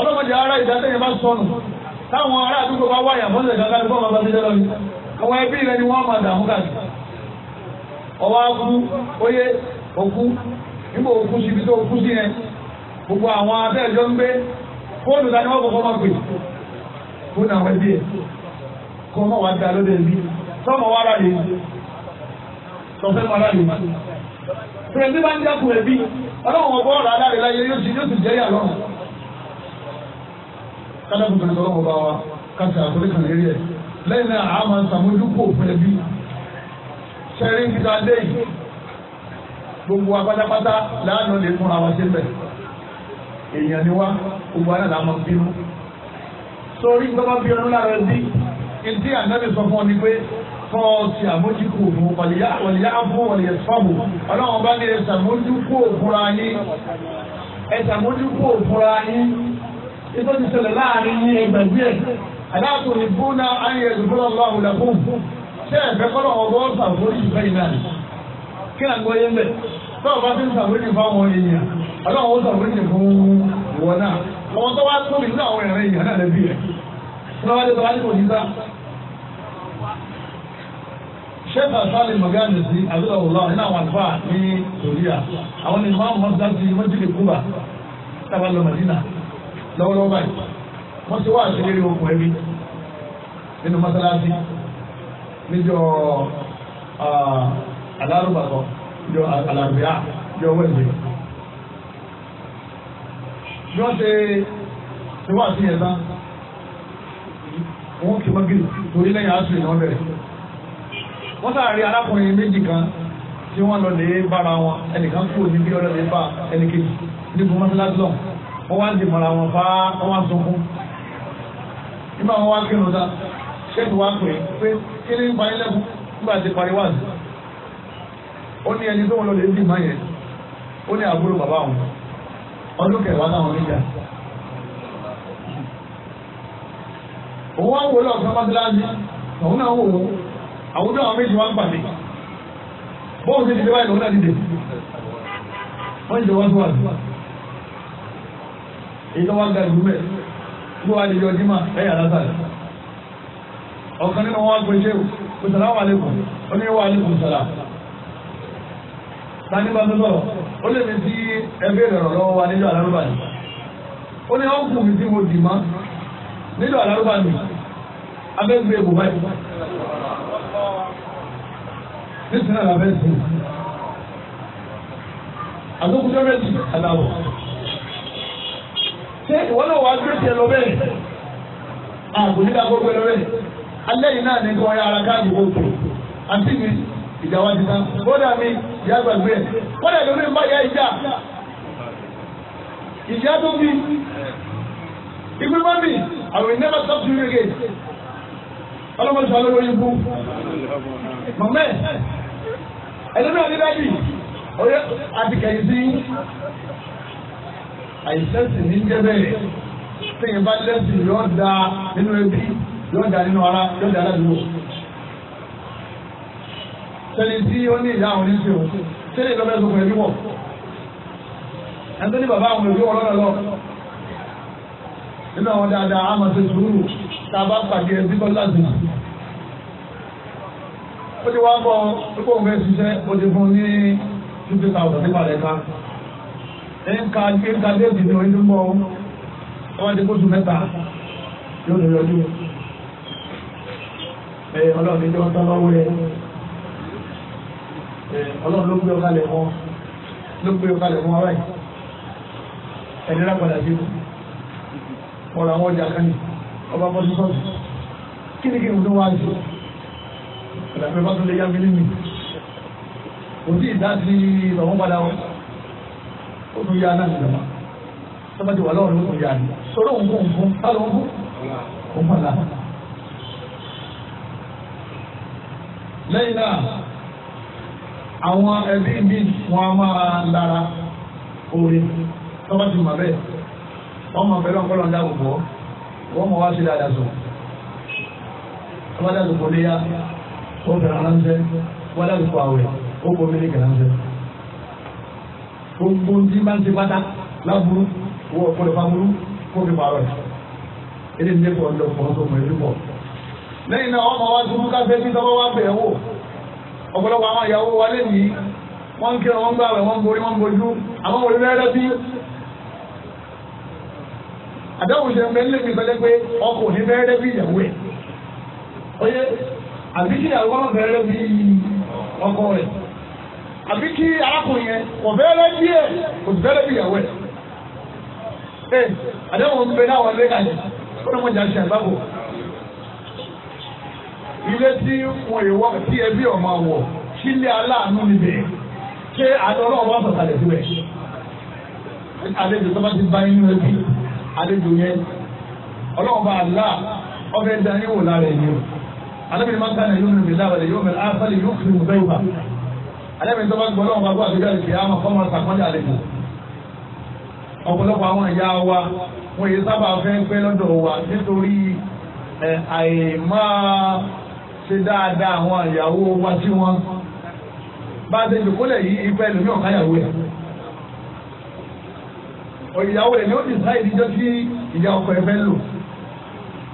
ọlọ́mọdé ara ìdásẹ́yìn bá sọnù táwọn ará àdúgbò bá wáyà mọ́lẹ̀ kankan ní bọ́ọ̀ máa bá ti lọ́yìn. àwọn ẹbí rẹ ni wọ́n máa dààmú káàkiri ọwọ́ akú oyè òkú nígbà òkú sí ibi tó òkú sí yẹn gbogbo àwọn abẹ́ẹ̀jọ́ ń gbé fóònù ta ni wọ́n kọ́kọ́ máa pè fóònù àwọn ẹbí ẹ̀ kọ́ ọmọ wa lóde ẹbí sọ́mọ wa ara lè sọ́fẹ́ wa ara lè ndị bá ń dẹ́kù ẹbí ọlọ́run ọgbọ́n ọ̀rọ̀ láyé yóò sì wa lẹ́yìn náà a máa sàmójúkò fún ẹbí sẹ́rí níta dé yìí gbogbo wa pátápátá láàánú lè fún àwọn ṣe bẹ̀ èèyàn ni wá gbogbo àná làá máa bínú sórí gbọ́dọ̀ bí ọdún lára ẹbí ntí ànábì sọ fún ọ ni pé fọ́ ti àmójúkò òfin wọ̀lìyá fún wọ̀lìyá fáwọ̀ ọlọ́run bá ní ẹ sàmójúkò òfúnra yín ẹ sàmójúkò òfúnra yín ètò ti ṣẹlẹ̀ láàrin ní ẹgbẹ̀gbẹ̀ aláàtò ìbúná ayé ìdúgbò ọlọ́run lẹ́kùn ṣé ẹ̀fẹ́ kọ́lọ̀ ọgbọ́n ṣàforí ìfẹ́ ìlànà kí ni àgbọ̀ yẹn bẹ̀ tọ́wọ́ bá ti ń ṣàforí fáwọn èèyàn ọlọ́run ó ṣàforí fún ìwọ náà àwọn tó wá tóbi nínú àwọn ẹ̀rẹ́ ìyá náà lẹ́bí rẹ̀ lọ́wọ́ dé tọ́wọ́ dé tọ́wọ́ ní sòríà àwọn ni máa ń mọ́ sáà ti mọ́jú lè kúbà tábà lọ wọ́n ti wá àṣírí okùn ẹbí nínú mọ́sálásí níjọ́ alárùbàkọ́ níjọ́ alárùbíà níjọ́ wẹ́ẹ̀dẹ̀. bí wọ́n ṣe ti wá àṣírí ẹ̀dá wọ́n ti mọ́gìrì torí lẹ́yìn àṣírí náà bẹ̀rẹ̀. wọ́n sáré arákùnrin méjì kan tí wọ́n lọ lè bára wọn ẹnìkan kú níbi ọlọ́lẹ̀ bá ẹnìkejì níbi mọ́sálásí náà wọ́n wá ń dì mọ́ra wọn fá wọ́n wá ń sunkún nígbà wọn wá kírun ta ṣẹ́ẹ̀tì wá pè é pé kí ni parí lẹ́kùn nígbà tí parí wá sí. ó ní ẹni tó wọn lọ lè dì máa yẹn ó ní àbúrò bàbá wọn ọdún kẹwàá náà wọn níjà. òun wá wò lọ́ọ̀kan mọ́tíláàdì òun náà wò ó àwọn náà méjì wá ń pàdé bóun ti dìde báyìí òun náà dìde wọ́n jẹ́ wọ́n tó wà sí. èyí tó wá ga ìlú mẹ́rin bí wàá dìjọ jimá ẹ̀yà lásàlẹ̀ ọ̀kan nínú wọn pe ṣéwù pèsè àwọn àlekùn ó ní wà àlekùn sọ̀rọ̀ tani bá tó sọ̀rọ̀ ó lè mi sí ẹgbẹ́ ìrọ̀rọ̀ lọ́wọ́ wa nílò àlárúbà ni ó ní wọn kù mí tí mo dì má nílò àlárúbà mi abẹ́gbẹ́ ìbò báyìí nítorí àlàbẹ́sì àtòkùnjọ́ mẹ́sì aláwọ̀ ṣé ìwọ náà wàá gbé tiẹ̀ lọ bẹ́ẹ̀ àbò nígbà gbogbo lọ bẹ́ẹ̀ alẹ́ yìí náà ní kí wọ́n yá ara káàdì gbogbo àti mi ìjà wa ti tán kódà mi ìyá gbàgbé ẹ̀ kódà lórí ń bá yá ìjà ìjà tó bí ìgbé mọ́mì àwọn ìnáwó stop to you again ọlọ́mọ sọ lórí ikú mọ̀mẹ́ ẹ̀dọ́dọ́ àdídájì àti kẹ̀yìn sí àìsẹ́sìn ní jẹ́bẹ̀rẹ̀ téèyàn bá lẹ́sìn yóò da nínú ẹbí yóò da nínú ara yóò da ládùúgbò. sẹ́ni tí ó ní ìyá àwọn oníṣẹ́ o sẹ́ni ìlọ́mọ ẹ̀sùn fún ẹbí wọ̀ ẹni tó ní bàbá àwọn ẹbí wọ̀ lọ́nà lọ nínú àwọn dáadáa á máa ṣe sùúrù tá a bá pàdé ẹbí tó láti nà. ó ti wá ń ó kó òun fẹ́ ṣiṣẹ́ ó ti fún ní two thousand nípa rẹ̀ ká ẹ̀ka ẹ̀ka déètì ní orí lúmọ́ ọmọ ti kóṣù mẹ́ta yóò lè yọjú ẹ̀ ọlọ́run ní wọ́n tán lọ́wọ́ ẹ̀ ọlọ́run ló gbé ọkàlẹ̀ wọn ló gbé ọkàlẹ̀ wọn wáyé ẹni lápadà sí ọ̀rọ̀ àwọn ọjà kan ní ọba mọ́tò sọ́ọ̀tù kí ni kí n tó wá sí ọ̀dà pé bá tó lè yá mi lé mi kò sí ìdá sí ìrọ̀wọ́n padà wọn ó tún yá náà nìyẹn tọ́ba ti wà lọ́wọ́ ló tún yá ni sọ̀rọ̀ òun kún fún sálọ òun kún òun là. lẹ́yìn náà àwọn ẹbí mi wọn a máa lára orin tọ́ba ti mọ̀ bẹ́ẹ̀ wọ́n mọ̀ bẹ́ẹ̀ lọ́kọ́ lọ́dá òbọ̀ wọ́n mọ̀ wá sí dáadáa sọ. tọ́ba dáadáa kò léyà ó bẹ̀rẹ̀ ránṣẹ́ wọ́n dáadáa kò àwẹ̀ ó bomi ní kẹ̀ránṣẹ́ gbogbo tí máa ń ṣe pátá láburú wọ ọ̀pọ̀lọpọ̀ faburú kó fi pààrọ̀ ẹ̀ ẹni ní ẹ̀kọ́ ọ̀dọ̀ fún ọ̀sọ̀ mọ̀ ẹ̀rí pọ̀. lẹ́yìn náà ọmọ wa dúró ká sẹ́ni tọ́wọ́ wá bẹ̀ wò ọ̀pọ̀lọpọ̀ àwọn ìyàwó wa lé nìyí wọ́n ń kírun wọ́n ń gbà wẹ̀ wọ́n ń borí wọ́n ń bojú àwọn wòlé lẹ́rẹ́ bí. àdáwò ṣe mẹ́ lè mi sọ pé ọkọ̀ ní bẹ́ẹ̀rẹ́ bí ìyàwó ẹ̀ oyé àbíkí ìyàwó wọn bẹ̀rẹ̀ bí ọkọ rẹ̀ àbí kí arákùnrin yẹn kò bẹ́ẹ̀rẹ̀ díẹ̀ kò sì bẹ́ẹ̀rẹ̀ bí ìyàwó ẹ̀. ẹ àdéhùn ń bẹ láwọn ilé kan kó ní wọn jà ṣe àgbàbọ. ilé tí wọn yìí wọ tí ẹbí ọmọ wọ sílé aláàánú níbẹ̀ ṣé àdó ọlọ́wọ́ bá sọ̀tà lẹ̀ síbẹ̀. àlejò tó bá ti bá inú ẹbí àlejò yẹn ọlọ́wọ́ bá àlá ọbẹ̀ dání wò lára ẹ̀yìn o. àlejò máa ń tán ẹ̀yọ́ nínú alẹ́mi tó bá gbọ́ lọ́wọ́ bá gbọ́ àbíjọ́ ìṣe àmọ́ fọ́mọ sàkọ́jà àlejò ọ̀pọ̀lọpọ̀ àwọn ìyá wa wọ́n yìí sábà fẹ́ pẹ́ lọ́dọ̀ wa nítorí àìmáa ṣe dáadáa àwọn ìyàwó wa tí wọ́n bá ṣe jòkólẹ̀ yìí ipẹ́ lómi ọ̀káyàwó ẹ̀ ìyàwó ẹ̀ ni ó ti sá ìdíjọ́ tí ìyá ọkọ ẹ̀ lò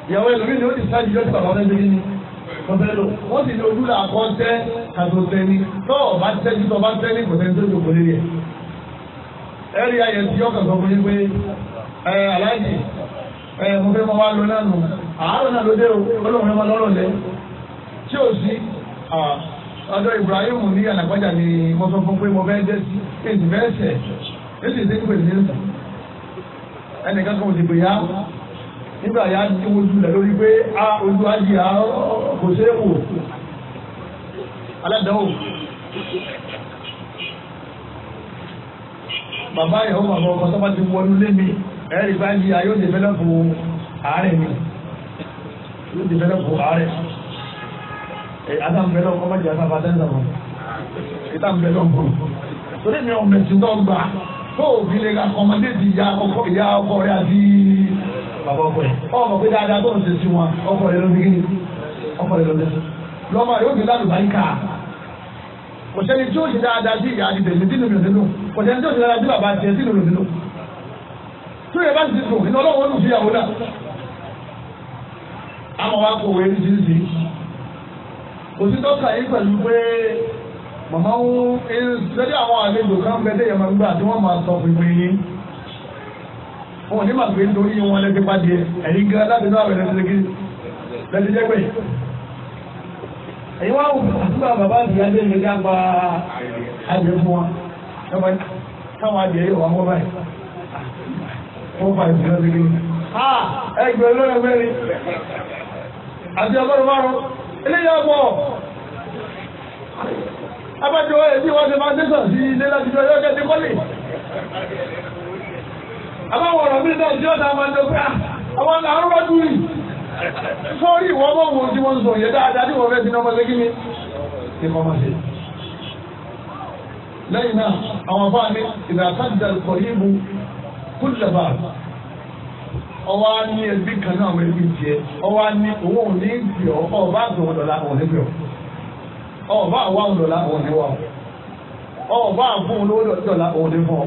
ìyàwó ẹ̀ lómi ni ó ti sá ìdíjọ́ tí bàbá ọ̀rẹ́ wọ́n fẹ́ lò wọ́n sì ní ojúlà àkọ́ tẹ́ kàtó tẹ́ni tó o bá tẹ́ni tó o bá tẹ́ni kò tẹ́ni tó o jòkó lélẹ̀. ẹ rí ayẹ tí ọkàn sọ fún yín pé ẹ aláàjì ẹ mo fẹ́ mọ wá lọ náà nù àárọ̀ náà ló dé o olóhùn ẹ máa lọ́rọ̀ lẹ tí ò sí ọ̀dọ̀ Ibrahim ní ànàgbájà ni mo sọ fún pé mo fẹ́ jẹ́ sí èsì fẹ́ sẹ̀ èsì ìdí pè ní ẹnìkan kan ò sì pè yá nígbà yá ojú rẹ̀ lórí pé ah, ojú ajé àárọ̀ kò ṣeé wò aládàáwò bàbá ìyàwó bàbá ọkọ tó bá ti wọnú lé mi ẹ̀rí bá di ayé ó dèvẹ́lẹ́pù àárẹ̀ mi ó dèvẹ́lẹ́pù àárẹ̀ adáǹbẹ̀lẹ́ ọkọ má jẹ́ àtàfà tẹ́ńtà wọn ìtàǹbẹ̀lẹ́ ọkọ torí mi ò mẹ̀sìn tó gbà tó òfin lè ka kọ́mọdé ti ya ọkọ ìyá ọkọ rẹ àti bàbá ọkọ rẹ ọmọ pé dáadáa tó ń ṣe sí wọn ọkọ rẹ ló fi kí ni ọmọ rẹ̀ lọ́dẹ lọ́mọ rẹ̀ ó di lálùbáríkà kò sẹ́ni tí ó ṣe dáadáa sí ìyá àdìdẹ̀ ní dínú nínú kò sẹ́ni tí ó ṣe dáadáa sí bàbá tiẹ̀ dínú nínú tí ó yẹ bá ti dùn nínú ọlọ́wọ́ lù síyàwó náà àmọ́ wa kò wẹ́ẹ́ ní sí kò sí dọ́kítà yìí pẹ̀lú pé màmá ń sẹ́dí àwọn àlejò kan bẹ́ẹ̀ dé yẹmọ gbà tí wọ́n máa sọ pinpin yín wọn ò ní màgbé nítorí wọn lẹ́sẹ̀ pàdé ẹ̀yìn gan láti náà rẹ̀ lẹ́sẹ̀ ẹ̀yin wá nígbà bàbá àti ìyá lẹ́yìn ẹ̀dá gba adìẹ fún wa táwọn ha. yìí wà wọ́n báyìí wọ́n àti márùn eléyìí abájọ ẹbí wọn ti máa tẹsán sí ilé láti jọ mi náà ah, àwọn yìí. sórí ìwọ bọ̀ wo tí wọ́n sọ yẹ dáadáa tí wọ́n fẹ́ sin ọmọ ṣe kí ni kí wọ́n máa ṣe. lẹ́yìn náà àwọn afáà ní ìdàkàdà kọ̀ọ̀yìnbù kúlẹ̀bà ọwọ́ á ní ẹbí kan náà wọ́n ẹbí tiẹ̀ ọwọ́ á ní owó òní ìfì ọ́ ọba àtọ̀wọ́ dọ̀la àwọn ẹbí ọ̀ ọba àwa dọ̀la àwọn ẹbí wa ọba àfún olówó dọ̀la àwọn ẹbí fún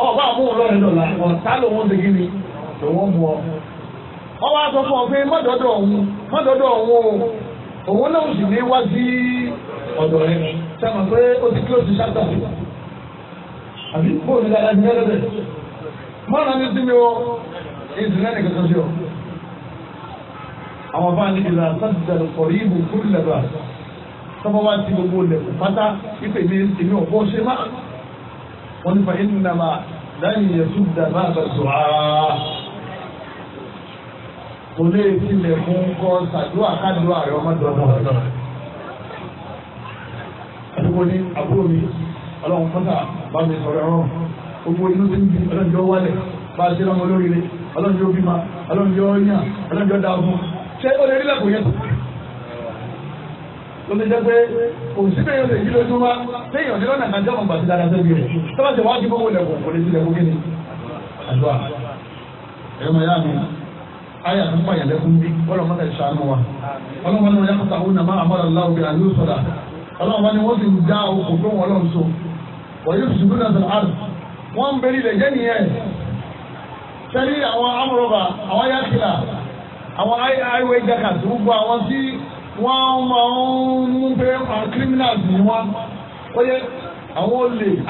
ọ ọba àfún olówó dọ̀la ọ̀tá lòun ti kí ni lòun mú ọ wọ́n wá sọ fún ọ pé mọ́dọ̀dọ̀ ọ̀hún mọ́dọ̀dọ̀ ọ̀hún o òun náà sì ní wá sí ọ̀dọ̀ rẹ sẹ́wọ̀n pé ó ti kí ó ti ṣáàtà àbí bóun ní dáadáa ti ní ẹlẹ́bẹ̀ mọ́nà ní sí mi o ìsìnlẹ̀ nìkan tó ṣe o àwọn bá ní ìlà sáàtìtàlù kọ̀rí ìbò fún ìlẹ̀bà sọ́mọ́ wá ti gbogbo lẹ̀kùn pátá ìpè ní èmi ò bọ́ ṣe máa wọ́n ní fa ìnùnàmà láyìn yẹn tún dàbà àbàtù àá kò lè tilẹ̀ mú kọ́ sàdúrà kádùúrà rẹ ọmọdọ̀nà ọ̀dọ̀. àdúgbò ní àbúrò mi ọlọ́run fọ́tà bá mi sọ̀rọ̀ ẹ̀rọ gbogbo inú ti ń bi ọlọ́njọ́ wálẹ̀ bá a ṣe lọ́mọ olóríire ọlọ́njọ́ bímọ ọlọ́njọ́ yàn ọlọ́njọ́ dàgùn ṣé ó lè rí lẹ́kùn yẹn tó. ló ti jẹ́ pé kò sí bẹ́ẹ̀ lè yí lójú wa lẹ́yìn ọ̀dẹ́ lọ́nà kan jọ́mọ̀ gbàtí dáadáa sẹ́bi rẹ̀ tọ́lá ti wá kí gbogbo lẹ̀kùn kò lè ti lẹ̀kùn kí ni àdúrà ẹ̀rọ mọ̀ yá mi aya tó mọ̀ yẹn lẹ́kún bí ọlọ́mọ náà ṣàánú wa ọlọ́mọ náà yàtọ̀ àwọn nàmá àmọ́ra aláwọ̀ bí àlú sọ̀dà ọlọ́mọ ni wọ́n sì ń dá tó wọn so wọ́n yóò ṣubú náà sọ̀rọ̀ àrùn wọ́n ń bẹ̀rẹ̀ ilẹ̀ jẹ́ nìyẹn àwọn amúrọ̀bà àwọn yàtìlà àwọn highway jackets gbogbo àwọn tí wọ́n máa mú pé àwọn ni wọ́n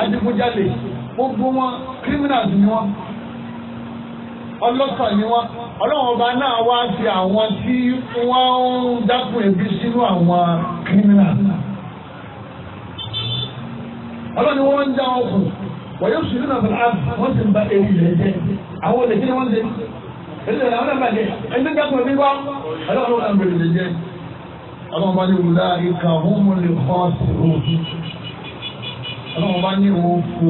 adigunjalè gbogbo wọn ni ọlọ́sàn ni wọ́n ọlọ́run ọba náà wá sí àwọn tí wọ́n ń dákun ẹ̀bí sínú àwọn kírímìnà. ọlọ́run wọ́n ń dá wọn kù wọ́n yóò sùn nínú àbúrò àbù wọ́n sì ń ba ewu rẹ̀ jẹ́ àwọn olè kíni wọ́n ṣe èdè ìlànà àwọn àgbàdẹ ẹni dákun ẹ̀bí wá ọlọ́run wọn àgbèrè lè jẹ́ ọlọ́run bá ní wùlá ìka hómù lè kọ́ sí òkú ọlọ́run bá ní òkú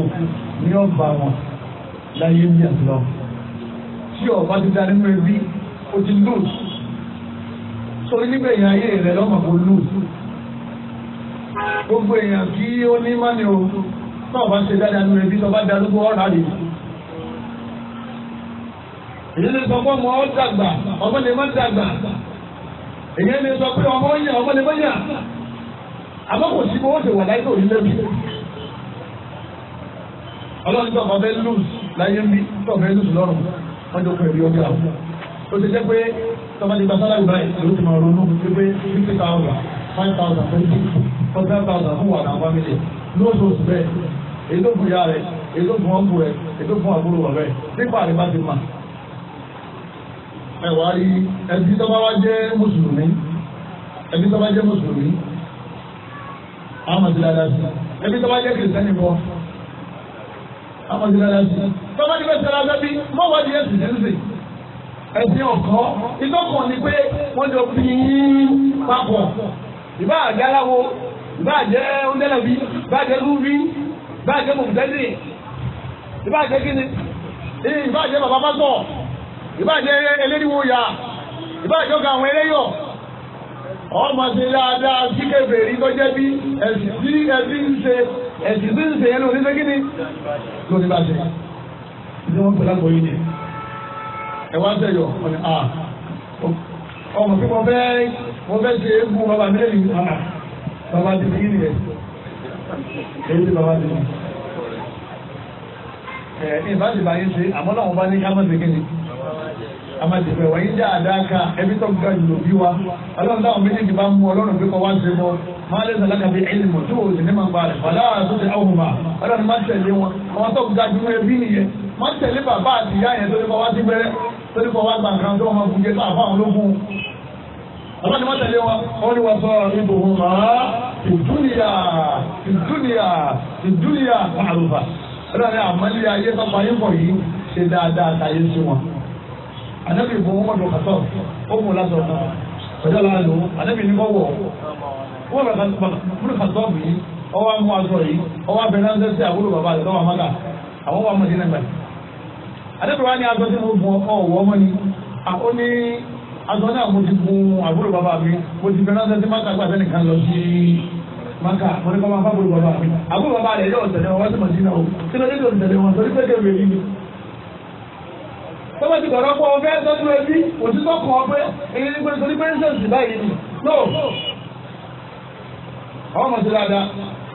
ní ọgbà wọn láyé ní àtúrọ̀ tí ọba ti da nínú ẹbí o ti lose sórí níbẹ̀ yẹn ayé rẹ̀ lọ́mọ kò lose gbogbo èèyàn kí ó ní mánì o náà bá ṣe dáadáa nínú ẹbí tó bá da lóko ọ̀rọ̀ àlè èyí lè sọ pé ọmọ ọ dàgbà ọmọ lè má dàgbà èyí lè sọ pé ọmọ yàn ọmọ lè má yàn àmọ́ kò sí bó ṣe wà láyé lórí lẹ́bi ọlọ́run tó ọmọ bẹ́ẹ̀ lose. láyé ń bí tó ọmọ bẹ́ẹ̀ lùs lọ́rùn wọ́n jọ pẹ̀lú ọjà ó ti jẹ́ pé tọ́mọdé gba sálárì báyìí ló ti máa ronú wípé fifty thousand five thousand twenty four ten thousand fún wà náà family lóṣooṣù bẹ́ẹ̀ èdè òfin ya rẹ̀ èdè òfin ọ̀gbù rẹ̀ èdè òfin àbúrò rẹ̀ nípa rẹ̀ bá ti mà. ẹ̀wà rí ẹbí tó bá wá jẹ́ mùsùlùmí ẹbí tó bá jẹ́ mùsùlùmí àwọn àti dáadáa sí ẹbí tó bá jẹ́ kìrìsìtẹ́nì bọ́ àwọn ti lọ́la sí. Bàbá ti fẹ́ sara sẹ́bí, mọ́ wá di ẹ̀sìn ẹ̀sìn. Ẹ̀sìn ọ̀kọ́, ìtọ́kọ̀ ni pé wọ́n jọ fi papọ̀. Ìbá àjẹ́ aláwo, ìbá àjẹ́ ondẹ́lẹ̀bí, ìbá àjẹ́ lúbí, ìbá àjẹ́ mọ̀mùtẹ́sì, ìbá àjẹ́ kíni, ìbá àjẹ́ bàbá bá tọ̀, ìbá àjẹ́ eléríwó ya, ìbá àjẹ́ ọ̀gá àwọn eléyọ̀ ọmọ ṣe dáadáa sí kébèrè tó jẹ́ bí ẹ̀sìn tí ẹbí ń ṣe ẹ̀sìn tí ń ṣe yẹn ló ní sẹ́kí ni ló ní bá ṣe ní wọ́n pẹ̀lú àgbọ̀yé ni ẹ̀ wá sẹ́yọ̀ ọ̀nà à ọmọ pé mo fẹ́ mo fẹ́ ṣe é fún bàbá mi lẹ́yìn àmà bàbá ti fi yìí rẹ̀ èyí ti bàbá ti fi ẹ̀ ìbáṣepọ̀ ayé ṣe àmọ́ náà wọ́n bá ní ká mọ̀ ṣe kí amadede wa yin daa daa ka ebi tɔ ga julo bi wa Ọlọ́run náà mi ni ti mu Ọlọ́run fi kɔ wa se bɔ maa le sala ka bi ilmu tó o ti ne ma ba rẹ wala tó ti aw ma Ọlọ́run ma tẹ̀lé wọn àwọn tɔ ga julo yẹ bi ni yẹ ma tẹ̀lé bàbá àti ìyá yẹn tó ní kɔ wa ti bẹ̀rẹ̀ tó ní kɔ wa gbà kan tó o ma fún jẹ tó a fọ àwọn ológun Ọlọ́run ma tẹ̀lé wọn wọn ni wa sọ ibo hàn ma ìdúnìyà ìdúnìyà ìdúnìyà wàhálùfà Ọlọ́run àmàlí ayé tó fa yín pọ̀ ṣe dáadáa ta yé sí wọn anabi ìbò wọn mọdọ kàtọ ó mú lásọ kan ọjọ lára lò anabi ní kọwọ wọn bàtà múlò kàtọ mi ọwọ àwọn aṣọ yìí ọwọ abẹrẹ náà sẹsẹ àbúrò bàbá àti ọwọ amaka àwọn wà mọdé náà gbàdé anabi wa ni aṣọ tí mo gun ọkọ ọwọ ọmọ ni ó ní aṣọ náà mo ti gun àbúrò bàbá mi mo ti bẹrẹ náà sẹsẹ máa tàgbà sẹnìkan lọ sí maka mo ní kọ́ máa fábùrò bàbá mi àbúrò bàbá rẹ̀ yóò tẹ̀lé wọn wá sí mọ̀dínà o tí lọ́dún tó tẹ̀lé wọn torí pé kẹ́mi èyí ni. tọ́wọ́ ti gbọ̀dọ̀ pọ̀ ọ̀fẹ́ ẹbí òtítọ́ èyí ni báyìí ni sí dáadáa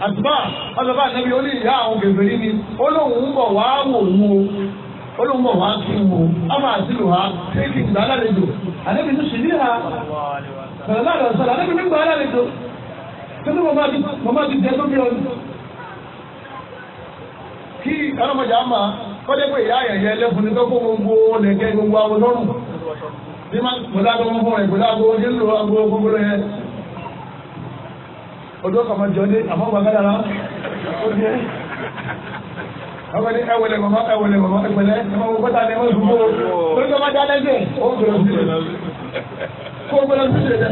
àtùbà ó ní ìyá àwọn ń bọ̀ wá wò wú o ó lóun bọ̀ wá kí wò á máa sí lò ha kéèkì ìgbà alálejò ànábi ní sùn ní kọ́lé pé ìyá àyẹ̀yẹ ẹlẹ́fun ní kọ́kọ́ gbogbo lẹ́kẹ́ gbogbo àwọn lọ́rùn bí má pẹ̀lú àgbo gbogbo rẹ̀ pẹ̀lú àgbo nílò àgbo gbogbo rẹ̀ odó kọ̀mọ̀ jọ dé àmọ́ gbàgádà rà ó dé ọgbẹ́ni ẹwẹlẹ mọ̀mọ́ ẹwẹlẹ mọ̀mọ́ ẹgbẹ̀lẹ́ ẹmọ gbogbo tá a ní ẹmọ ìdúgbò lórí kọ́mọ̀ dá lẹ́gbẹ̀ẹ́ ó gbọ́dọ̀ sí kó gbọ́dọ̀ sí ìrẹsẹ̀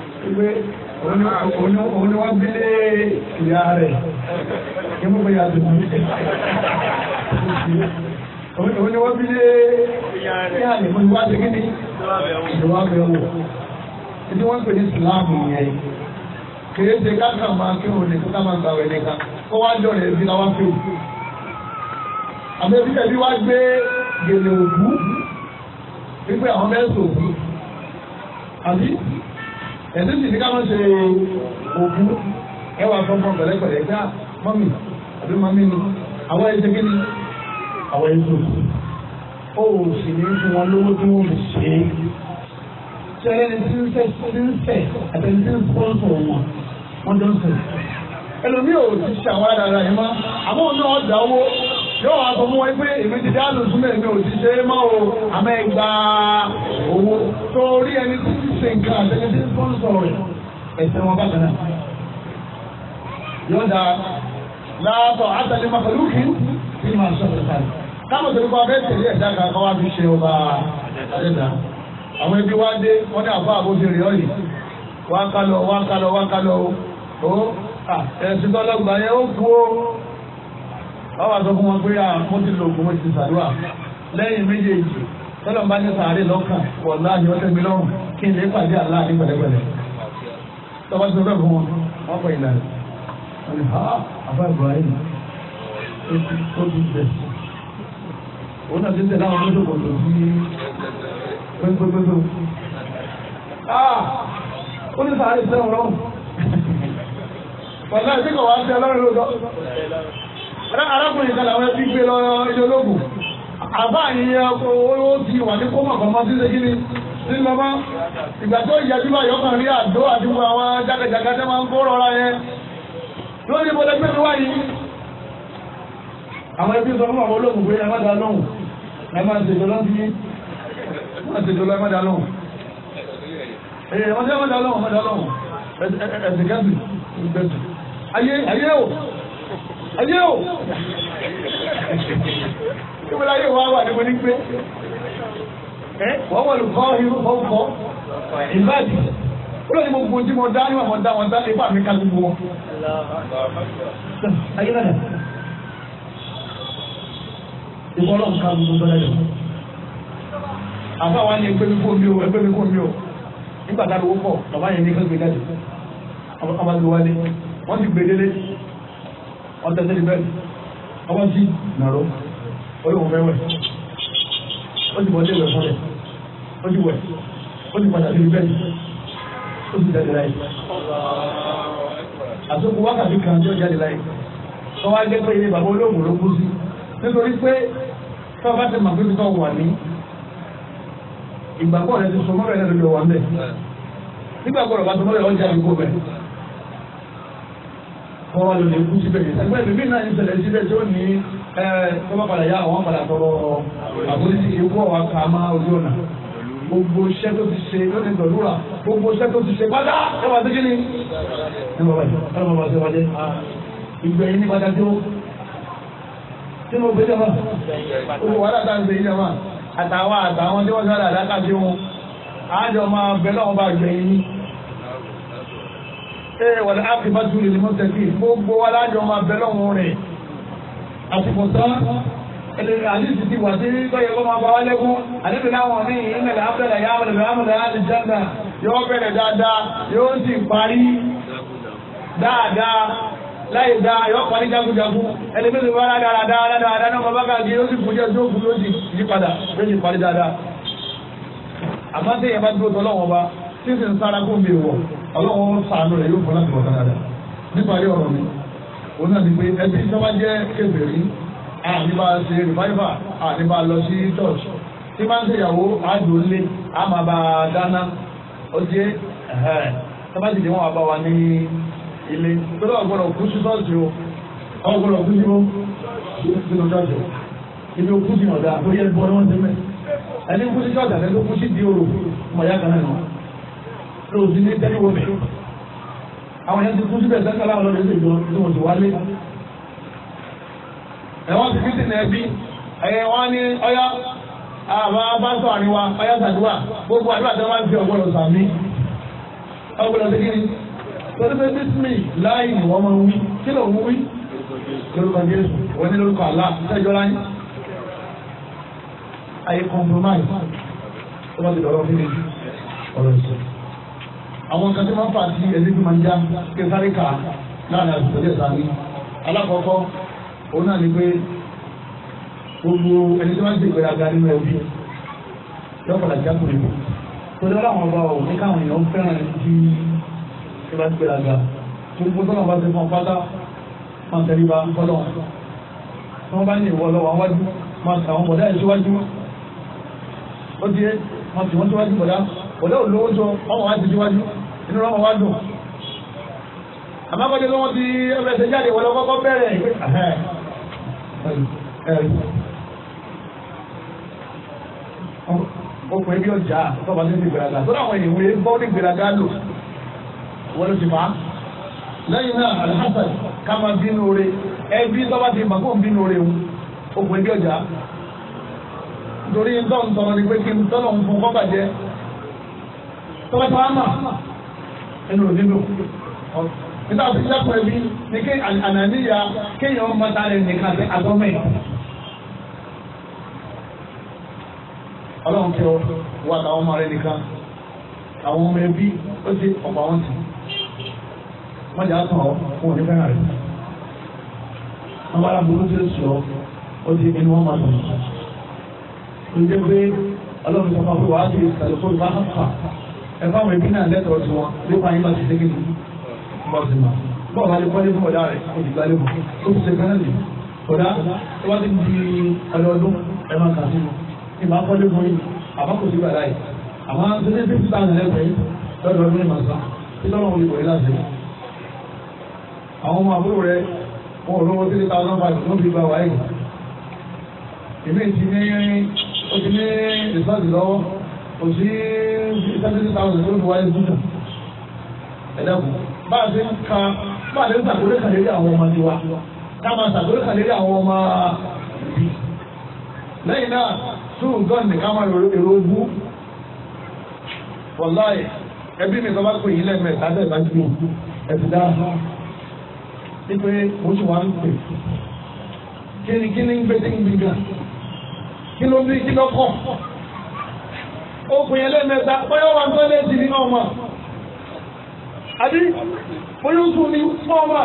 pé òun ni wọ́n gbélé ìyá rẹ̀ kí mo gbé yàtọ̀ mọ́ òun ni wọ́n gbélé ìyá rẹ̀ mo ni wá ṣe kí ni ìwà bẹ̀ wò ní wọ́n pè ní sìláàmù yẹn kìí ṣe káàkiri àwọn akéwòn ní kíkà máa gbàwé nìkan kó wá jọ rẹ̀ bí láwọn fi òkú àmì ẹbí ẹbí wá gbé gèlè òkú wípé àwọn mẹ́sàn òkú àbí ẹ̀sìn sì ní ká wọ́n ṣe òkú ẹwà fọ́nfọ́n pẹ̀lẹ́pẹ̀lẹ́ gbá ah, mọ́mì àbí mọ́mì ni àwọn ẹ̀ṣẹ̀ kí ni àwọn ẹ̀ṣẹ̀ ó sì ní fún wọn lówó tí wọ́n ṣe é ṣẹlẹ̀ ní tí ń fẹ́ tí ń fẹ́ àtẹni tí ń pọ́ńsọ̀ wọn wọ́n jọ ń sọ̀rọ̀ ẹlòmíì ò ti ṣàwárà rẹ̀ mọ́ àbọ̀ náà ọ̀dà owó yóò wá sọ fún wọn pé èmi ti dá lóṣù mẹ́rin ò ti ṣe é mọ́ o àmọ́ ẹ gba owó tó rí ẹni tí ti ṣe nǹkan àtẹni tí ń sọ̀rọ̀ rẹ̀ ẹ̀sẹ̀ wọn bákan náà. yóò dá láàbọ̀ àtàlẹ́ màkàlùkì bí màá sọ̀rọ̀ sáré. táwọn tó ń bá bẹ́ẹ̀ tẹ̀lé ẹ̀dá kan kọ́ wá fi ṣe ọba àdẹ́dá. àwọn ẹbí wá dé wọ́n ní àbá àbójú rẹ̀ ọ̀yìn wákàlọ́ wákàlọ́ wákàlọ́ o ẹ̀sìn tọ́lọ́gbà yẹn ó kú o ọwọ́ àti ọkùnrin wọn pé à mo ti lo oògùn mo ti ṣàdúrà lẹ́yìn méjèèjì tọ́lọ̀ bá ní sàárè lọ́kàn pọ̀ láàyè ọ̀tẹ́ mi lọ́rùn kí n lè pàdé àlá ní pẹ̀lẹ́pẹ̀lẹ́ tọ́ba ti sọ́dọ̀ fún wọn wọ́n pẹ̀ ìlànà wọ́n ní ha àbá Ibrahim ó ti bẹ̀ òun náà ti tẹ̀lé àwọn olóṣòwò tó ti pẹ́ńpẹ́ńpẹ́ńpẹ́ ó ní sàárè sẹ́wọ̀n lọ́rùn pẹ̀lú àti kọ̀ wá ń tẹ lọ́rùn lọ́rùn arákùnrin kan làwọn ẹbí gbé lọ ilé ológun àbá yìnyín owó ti wà ní kọ́mọ̀ kọ́mọ́ sí ṣe kí ni sí lọ́mọ́ ìgbà tó yẹjú báyọ̀ kan rí àdó àti gbogbo àwọn jágajàga tẹ́ máa ń kó rọra yẹn lórí ibo lẹgbẹ́ mi wáyé àwọn ẹbí sọ fún àwọn ológun pé ẹ má dá lóhùn ẹ má ṣètò lọ́sí ẹ má ṣètò lọ́ ẹ má dá lóhùn ẹ má dá lóhùn ẹ má dá lóhùn ẹsẹ̀ kẹ́sì ayé ayé o ayé o ìwúlá yóò wá wà ní mo ní gbé wọ́n wọ̀ lùkọ́ ìrúkọ́ kọ́ ìbàdí olóòtú gbogbo tí mo dá níwọ̀n mo dá wọn dá lè mi ká gbogbo wọn. ayé lọ́dà ìwọ ọlọ́run ká gbogbo tó lẹ́yìn. àbáwá ni ẹgbẹ́ mi kó mi o ẹgbẹ́ mi kó mi o nígbà tá a lówó pọ̀ bàbá yẹn ní kẹ́gbẹ́ jáde ọmọ àti wọlé wọ́n ti gbèdélé ọtẹ tẹ́lẹ̀ bẹ́ẹ̀ ọmọ sí nàró olóhùn mẹ́wẹ̀ ó sì wọlé ìwẹ̀ fún rẹ̀ ó sì wẹ̀ ó sì padà sí bẹ́ẹ̀ ó sì jáde láyé àsopọ̀ wákàtí kan tí ó jáde láyé tó wá gẹ́ pé ilé bàbá olóhùn ló kú sí nítorí pé tó o bá ti màgbé tó wà ní ìgbàgbọ́ rẹ̀ ti sọmọ́rọ̀ ẹ̀ lọ́dọ̀ wà ń bẹ̀ nígbàgbọ́ rẹ̀ bá sọmọ́rọ̀ ọjà ìgbò bẹ̀ wọ́n wá lóde kú síbẹ̀ ẹgbẹ́ ìbí náà ń ṣẹlẹ̀ síbẹ̀ tí ó ní ẹ tó bá padà yá àwọn padà tọrọ àpòlísì ikú ọ̀wá kà á máa ojú ọ̀nà gbogbo iṣẹ́ tó ti ṣe lónìí gbọ̀dúrà gbogbo iṣẹ́ tó ti ṣe pátá ẹ wà sí kíni. ẹ bàbá yìí ẹ bàbá sí wájú ìgbẹ̀yìn ní padà tó tí mo gbé jọba gbogbo wàhálà tá à ń gbé yìí jọba àtàwọn àtàwọn tí wọ́n sára wà ní àkìbájú lè mọ́ tẹ̀sí gbogbo wa láàjọ máa bẹ lọ́wọ́ rẹ̀ àsìkò tán àlìsí ti wà sí lọ́yẹ̀ kó máa bá wá lẹ́kún àlìsí láwọn ní ìmẹ̀lẹ̀ abẹ́lẹ̀ yá abẹ́lẹ̀ amẹ́lẹ̀ alìjẹ́ndà yóò bẹ̀rẹ̀ dáadáa yóò sì parí dáadáa láì da yóò parí jagunjagun ẹlẹ́mẹ́sì wá dáadáa dáadáa dáadáa náà bàbá kàgé yóò sì kú tó kú yóò sì yí padà yóò sì parí dáadáa àmọ́ tí sì ń sára kó mi wọ̀ ọlọ́wọ́ sànù rẹ̀ yóò fọ́ láti wọ̀ dáadáa nípa yóò rọ̀ mi òun náà ni pé ẹbí sábà jẹ́ kébèrè àníbà ṣe rìfáìfà àníbà lọ sí church tí máa ń ṣèyàwó àjò ńlé a máa bá a dáná ó jẹ́ sábà jìjì wọn àbá wa ní ilé pẹ̀lú ọ̀gbọ́dọ̀ kú sí ṣọ́ọ̀ṣì o ọ̀gbọ́dọ̀ kú sí o sínú ṣọ́ọ̀ṣì o ibi òkú sí ọ̀dà tó yẹ bọ́ ni wọ́n ti mẹ́ ẹni kú sí ṣọ́ọ̀ṣì àti ẹni tó kú sí di orò mọ̀ yá kan náà ló ti ní tẹ́lẹ̀ wọ̀bẹ̀. àwọn yẹn ti kú síbẹ̀ sẹ́kọ̀ láwọn lọ́dún ètò ìjọ ní oṣù wálé. ẹ̀wọ̀n ti fi sínú ẹbí ẹ̀yẹ wọn ní ọyá àmọ́ bá sọ àríwá ọyá sàdúrà gbogbo àdúrà tó máa ń fi ọgbọ́dọ̀ sàmí ọgbọ́dọ̀ sí kíni torí pé bísímì láì ni wọ́n máa ń wí kí ló ń wí lórúkọ Jésù wọ́n ní lórúkọ àlá sẹ́jọ́ láyé ayé compromise tó bá ti dọ̀rọ̀ fún mi ọ̀rọ̀ ìṣòro àwọn nǹkan tí wọ́n fà sí ẹni tí máa ń já kẹsàrí kà láàrin àsìkò díẹ̀ sáré alákọ̀ọ́kọ́ òun náà ni pé gbogbo ẹni tí wọ́n ti gbéraga nínú ẹbí lọ́pọ̀lá jákò níbo torí ọlọ́run ọba ò ní káwọn èèyàn fẹ́ràn ẹni tí ẹ bá ti gbéraga gbogbo tọ́lọ̀ bá ti fọ́n pátá máa tẹ̀lé ba kọ́lọ̀ tí wọ́n bá ní ìwọ lọ́wọ́ wájú máa tà wọ́n bọ̀dá ìṣíwájú ó ti máa tì wọ́n síwájú bọ̀dá bọ̀dá ò lówó sọ ọmọ wa ti síwájú inú ọmọ wa dùn àmọ́ kọjá pé wọ́n ti ẹsẹ̀ jáde wọlé kọ́kọ́ bẹ̀rẹ̀ ọkùnrin bí ọjà tọ́ba ní ìgbéraga tó dáwọn ìwé bọ́ ní ìgbéraga lò wọ́n ló ti máa lẹ́yìn náà alhassan ká máa bínú re ẹbí tọ́ba ti mọ̀ kó ń bínú re wọn ọkùnrin ni pé kí nínú nínú nígbà tó yẹ pẹ̀lú ẹbí ni kí ànàníyà kéèyàn ọmọ sáré nìkan sí àtọ́mẹ̀. ọlọ́run tẹ ọ wà láwọn ọmọ rẹ nìkan àwọn ọmọ ẹbí ó ti ọ̀pọ̀ àwọn tì wọ́n jà tán ọ fún òní fẹ́ràn rẹ̀. abala burú ti sọ ó ti inú wọn máa dùn. ǹjẹ́ pé ọlọ́run sọ fún wa kí ìsàlùkù bá ń fà ẹ fáwọn ẹbí náà lẹ́tọ̀ọ́ wọn nípa yín bá ti ṣe kíni bọ́ sí ma bọ́ọ̀ bá lè kọ́lé fún ọ̀dà rẹ̀ kò ti gbálé fún ó ti ṣe kánà ọ̀dà tó bá ti di ọlọ́dún ẹ máa kà sí wọn ìmọ̀ akọ́lé fún yín àmọ́ kò sí gbàdá yìí àmọ́ sílẹ̀ fífi tá àná lẹ́gbẹ̀ẹ́ lọ́dọ̀ ọdún ìmọ̀ sá kí lọ́rùn olùkọ́ yìí láti àwọn ọmọ àbúrò rẹ wọn ò lọ́wọ́ sílẹ̀ táwọn ọmọ àbúrò fi gba wáyé èmi ti ní ó ti ní rìsọ́ọ̀tì lọ́wọ́ kò sí thirty thousand ló ń wáyé gúdà ẹ̀dá kù bá a ṣe ń ka bá a ṣe ń ṣàkólé kàlérí àwọn ọmọ tiwa ká máa ṣàkólé kàlérí àwọn ọmọ bí lẹ́yìn náà tún nǹkan nìkan máa èrò ogún wọláyé ẹbí mi kọ́ bá pè yín lẹ́mẹ̀ẹ́ta lẹ́ẹ̀ta ju ẹ̀sìn dáa ipe oṣù wa ń pè kí ni kí ni ń gbé tí ń kí ló ń bí kí lọ́kọ̀. okùn yẹn lẹ́ẹ̀mẹ́ta bóyá wà tó ọmọ àbí bóyá oṣù ní ọmọ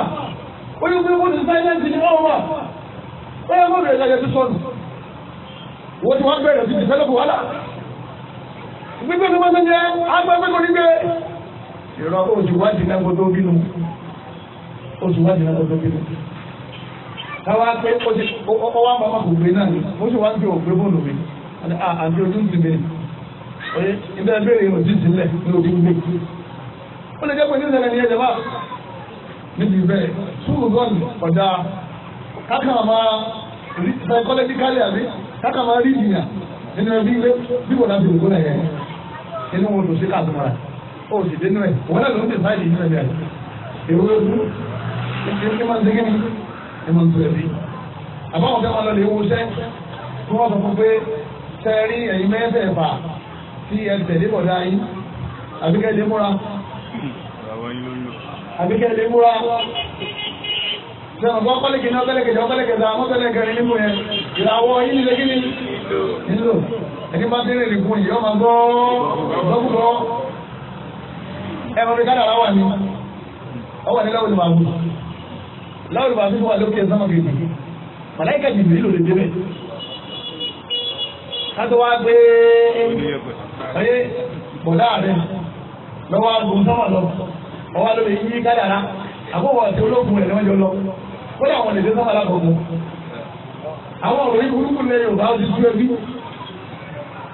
bóyá sáyẹ́ǹsì ní ọmọ bóyá bẹ̀rẹ̀ ṣàjẹ́ sí sọ́nù wọ́n ti wọ́n bẹ̀rẹ̀ sí ìfẹ́lẹ́kù wàhálà gbígbé jẹ́ kò ní gbé ìrọ̀ oṣù náà gbọdọ̀ bínú oṣù náà gbọdọ̀ bínú káwá pé ọwọ́ gbé náà ni oṣù gbé bọ́ọ̀lù mi àti ojú ń ti oye ìdá ìbéèrè yóò ti sílẹ̀ ní òkú gbé ó lè jẹ́ pé ní ìṣẹ̀lẹ̀ ní ẹ̀jẹ̀ bá níbi ìbẹ̀rẹ̀ sùúrù gọ́ọ̀nù ọ̀dà kákà máa psychologically àbí kákà máa rí ìyà nínú ẹbí ilé bí wọ́n láti òkú náà yẹn inú wọn lò sí kàtúmọ̀ra ó sì dé nínú ẹ̀ wọ́n náà ló ń tẹ̀sáìdì nínú ẹ̀mí àti èrò ẹ̀kú ẹ̀kú máa ń dégé ní ẹ̀mọ̀ ń tó ẹ̀bí àbáwọn fẹ́ máa lọ lè wo iṣẹ́ tí wọ́n sọ fún pé sẹ́ẹ̀rí ẹ̀yìn mẹ́fẹ̀ẹ̀fà tí ẹ tẹ̀lé bọ̀dá yín àbíkẹ́ lè múra àbíkẹ́ lè múra sọ̀rọ̀ bọ́ kọ́lẹ́kì náà kọ́lẹ́kẹ̀dá kọ́lẹ́kẹ̀dá mọ́tọ́lẹ́kẹ̀rin nínú yẹn ìràwọ̀ yín nílé kí ni nílò ẹni bá bẹ̀rẹ̀ rìn fún yìí ọmọ gbọ́ gbọ́gbọ́ ẹ̀rọ mi kádàrá wà ní ọwọ́ ní lọ́wọ́ ìbàbù lọ́wọ́ ìbàbù wà lókè sọ́mọ́ kejì màláìkà jìbìlì lò lè débẹ̀ ká tó wá gbé ẹ bọ̀dá rẹ lọ́wọ́ agun sọ́mọ̀ lọ ọwọ́ ló lè yí kádàrá àbúrò àti ológun rẹ̀ lọ́jọ́ lọ wọ́n yà wọ́n lè dé sọ́mọ̀ alákọ̀ọ́kọ́ àwọn ọ̀rọ̀ yìí burúkú lè Yorùbá ó ti tú ẹbí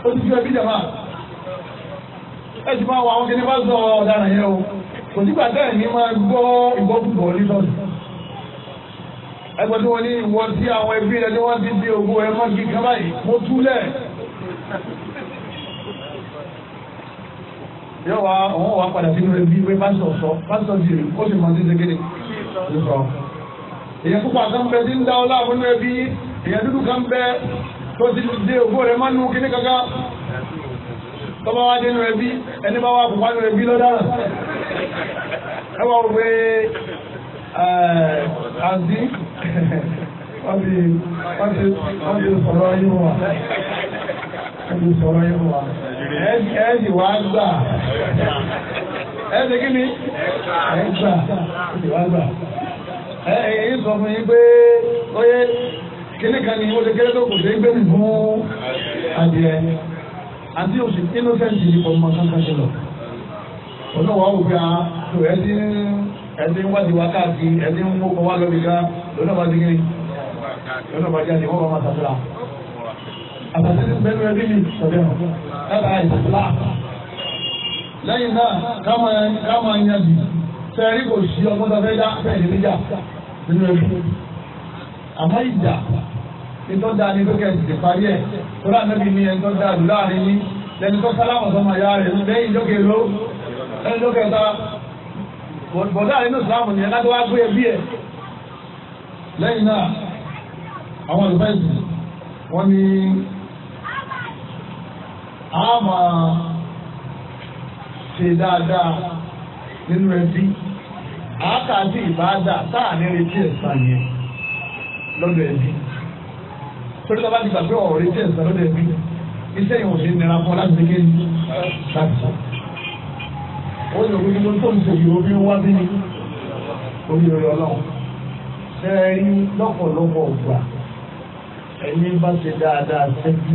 ó ti tú ẹbí jàmá ẹ máa wọ àwọn kìnìún bá sọ ọ̀daràn yẹn o kò sígbà bẹ́ẹ̀ ni máa gbọ́ ìgbọ́kùbọ̀ nítorí ẹgbẹ́ tí wọ́n ní ìwọ tí àwọn ẹbí rẹ tí wọ́n ti di ògbó ẹ mọ́ kí kábàyè mo túlẹ̀ yóò wá òun wà padà sínú ẹbí pé pásítọ̀ sọ pásítọ̀ sì rí ó sì mọ̀ sí segede ló sọ. èyàn púpà kan bẹ tí ń dá ọlá àbúnú ẹbí èyàn dúdú kan bẹ tó ti dé ògbó rẹ má nu kíní kankan tọ́ba wá dénú ẹbí ẹni bá wá pupa nú ẹbí lọ́dà ẹ wá wọ́n pé àǹtí wọ́n ti wọ́n ti sọ̀rọ̀ ayé wọn wọ́n ti sọ̀rọ̀ ayé wọn ẹ̀ẹ́dì wá gbà ẹ̀ẹ́dì kí ni ẹ̀ẹ́gbà ẹ̀ẹ́dì wá gbà ẹ̀ẹ́dì sọ fún yín pé ó yẹ kíní kan ni wọ́n ti kéré tó kò sí gbé mi fún adìẹ àti oṣù innocent ọmọ kankan ṣe lọ olóòwò àwọn òfin àtò ẹdí ẹdí wádìí wá káàkiri ẹdí ń mú kọ wá ká lónà bá ti lónà bá jáde wọ́n bá máa tàbí àtàtẹ́sí mẹ́rin ẹbí mi sọ̀rọ̀ ẹ̀rọ ìsìlá. lẹ́yìn náà ká máa yan bì sẹ́rí kò sí ọgbọ́n tó fẹ́ dá bẹ́ẹ̀ ní níjà nínú ẹbí. àmọ́ ìjà ètò dáa ní pé kẹ́sì ti parí ẹ̀ tó rà níbi ní ẹni tó dáa lù láàrin ní lẹ́ni tó sálámọ̀ tó máa yá rẹ̀ lẹ́yìn lókè ló lẹ́yìn lókè ta bọ̀dá nínú ìsìlámù ni ẹ̀ láti wá gbé ẹbí ẹ̀ lẹ́yìn náà àwọn olùfẹ́ ìsìn wọ́n ní ama se ṣe dáadáa nínú ẹbí àákàtì ìbáadà táà ní retí ẹ̀san yẹn lọ́dọ̀ ẹbí torí tọ́ba ti gbà pé ọ̀rọ̀ retí ẹ̀san lọ́dọ̀ ẹbí iṣẹ́ yìí ò ṣe nira fún ọ láti ṣe kéde láti sọ. ó yẹ kó nínú tó ń ṣe yìí omi wá bí ní orí orí ọlọ́run ṣe é rí lọ́pọ̀lọpọ̀ ọ̀gbà ẹ̀yin bá ṣe dáadáa ṣẹ́jú.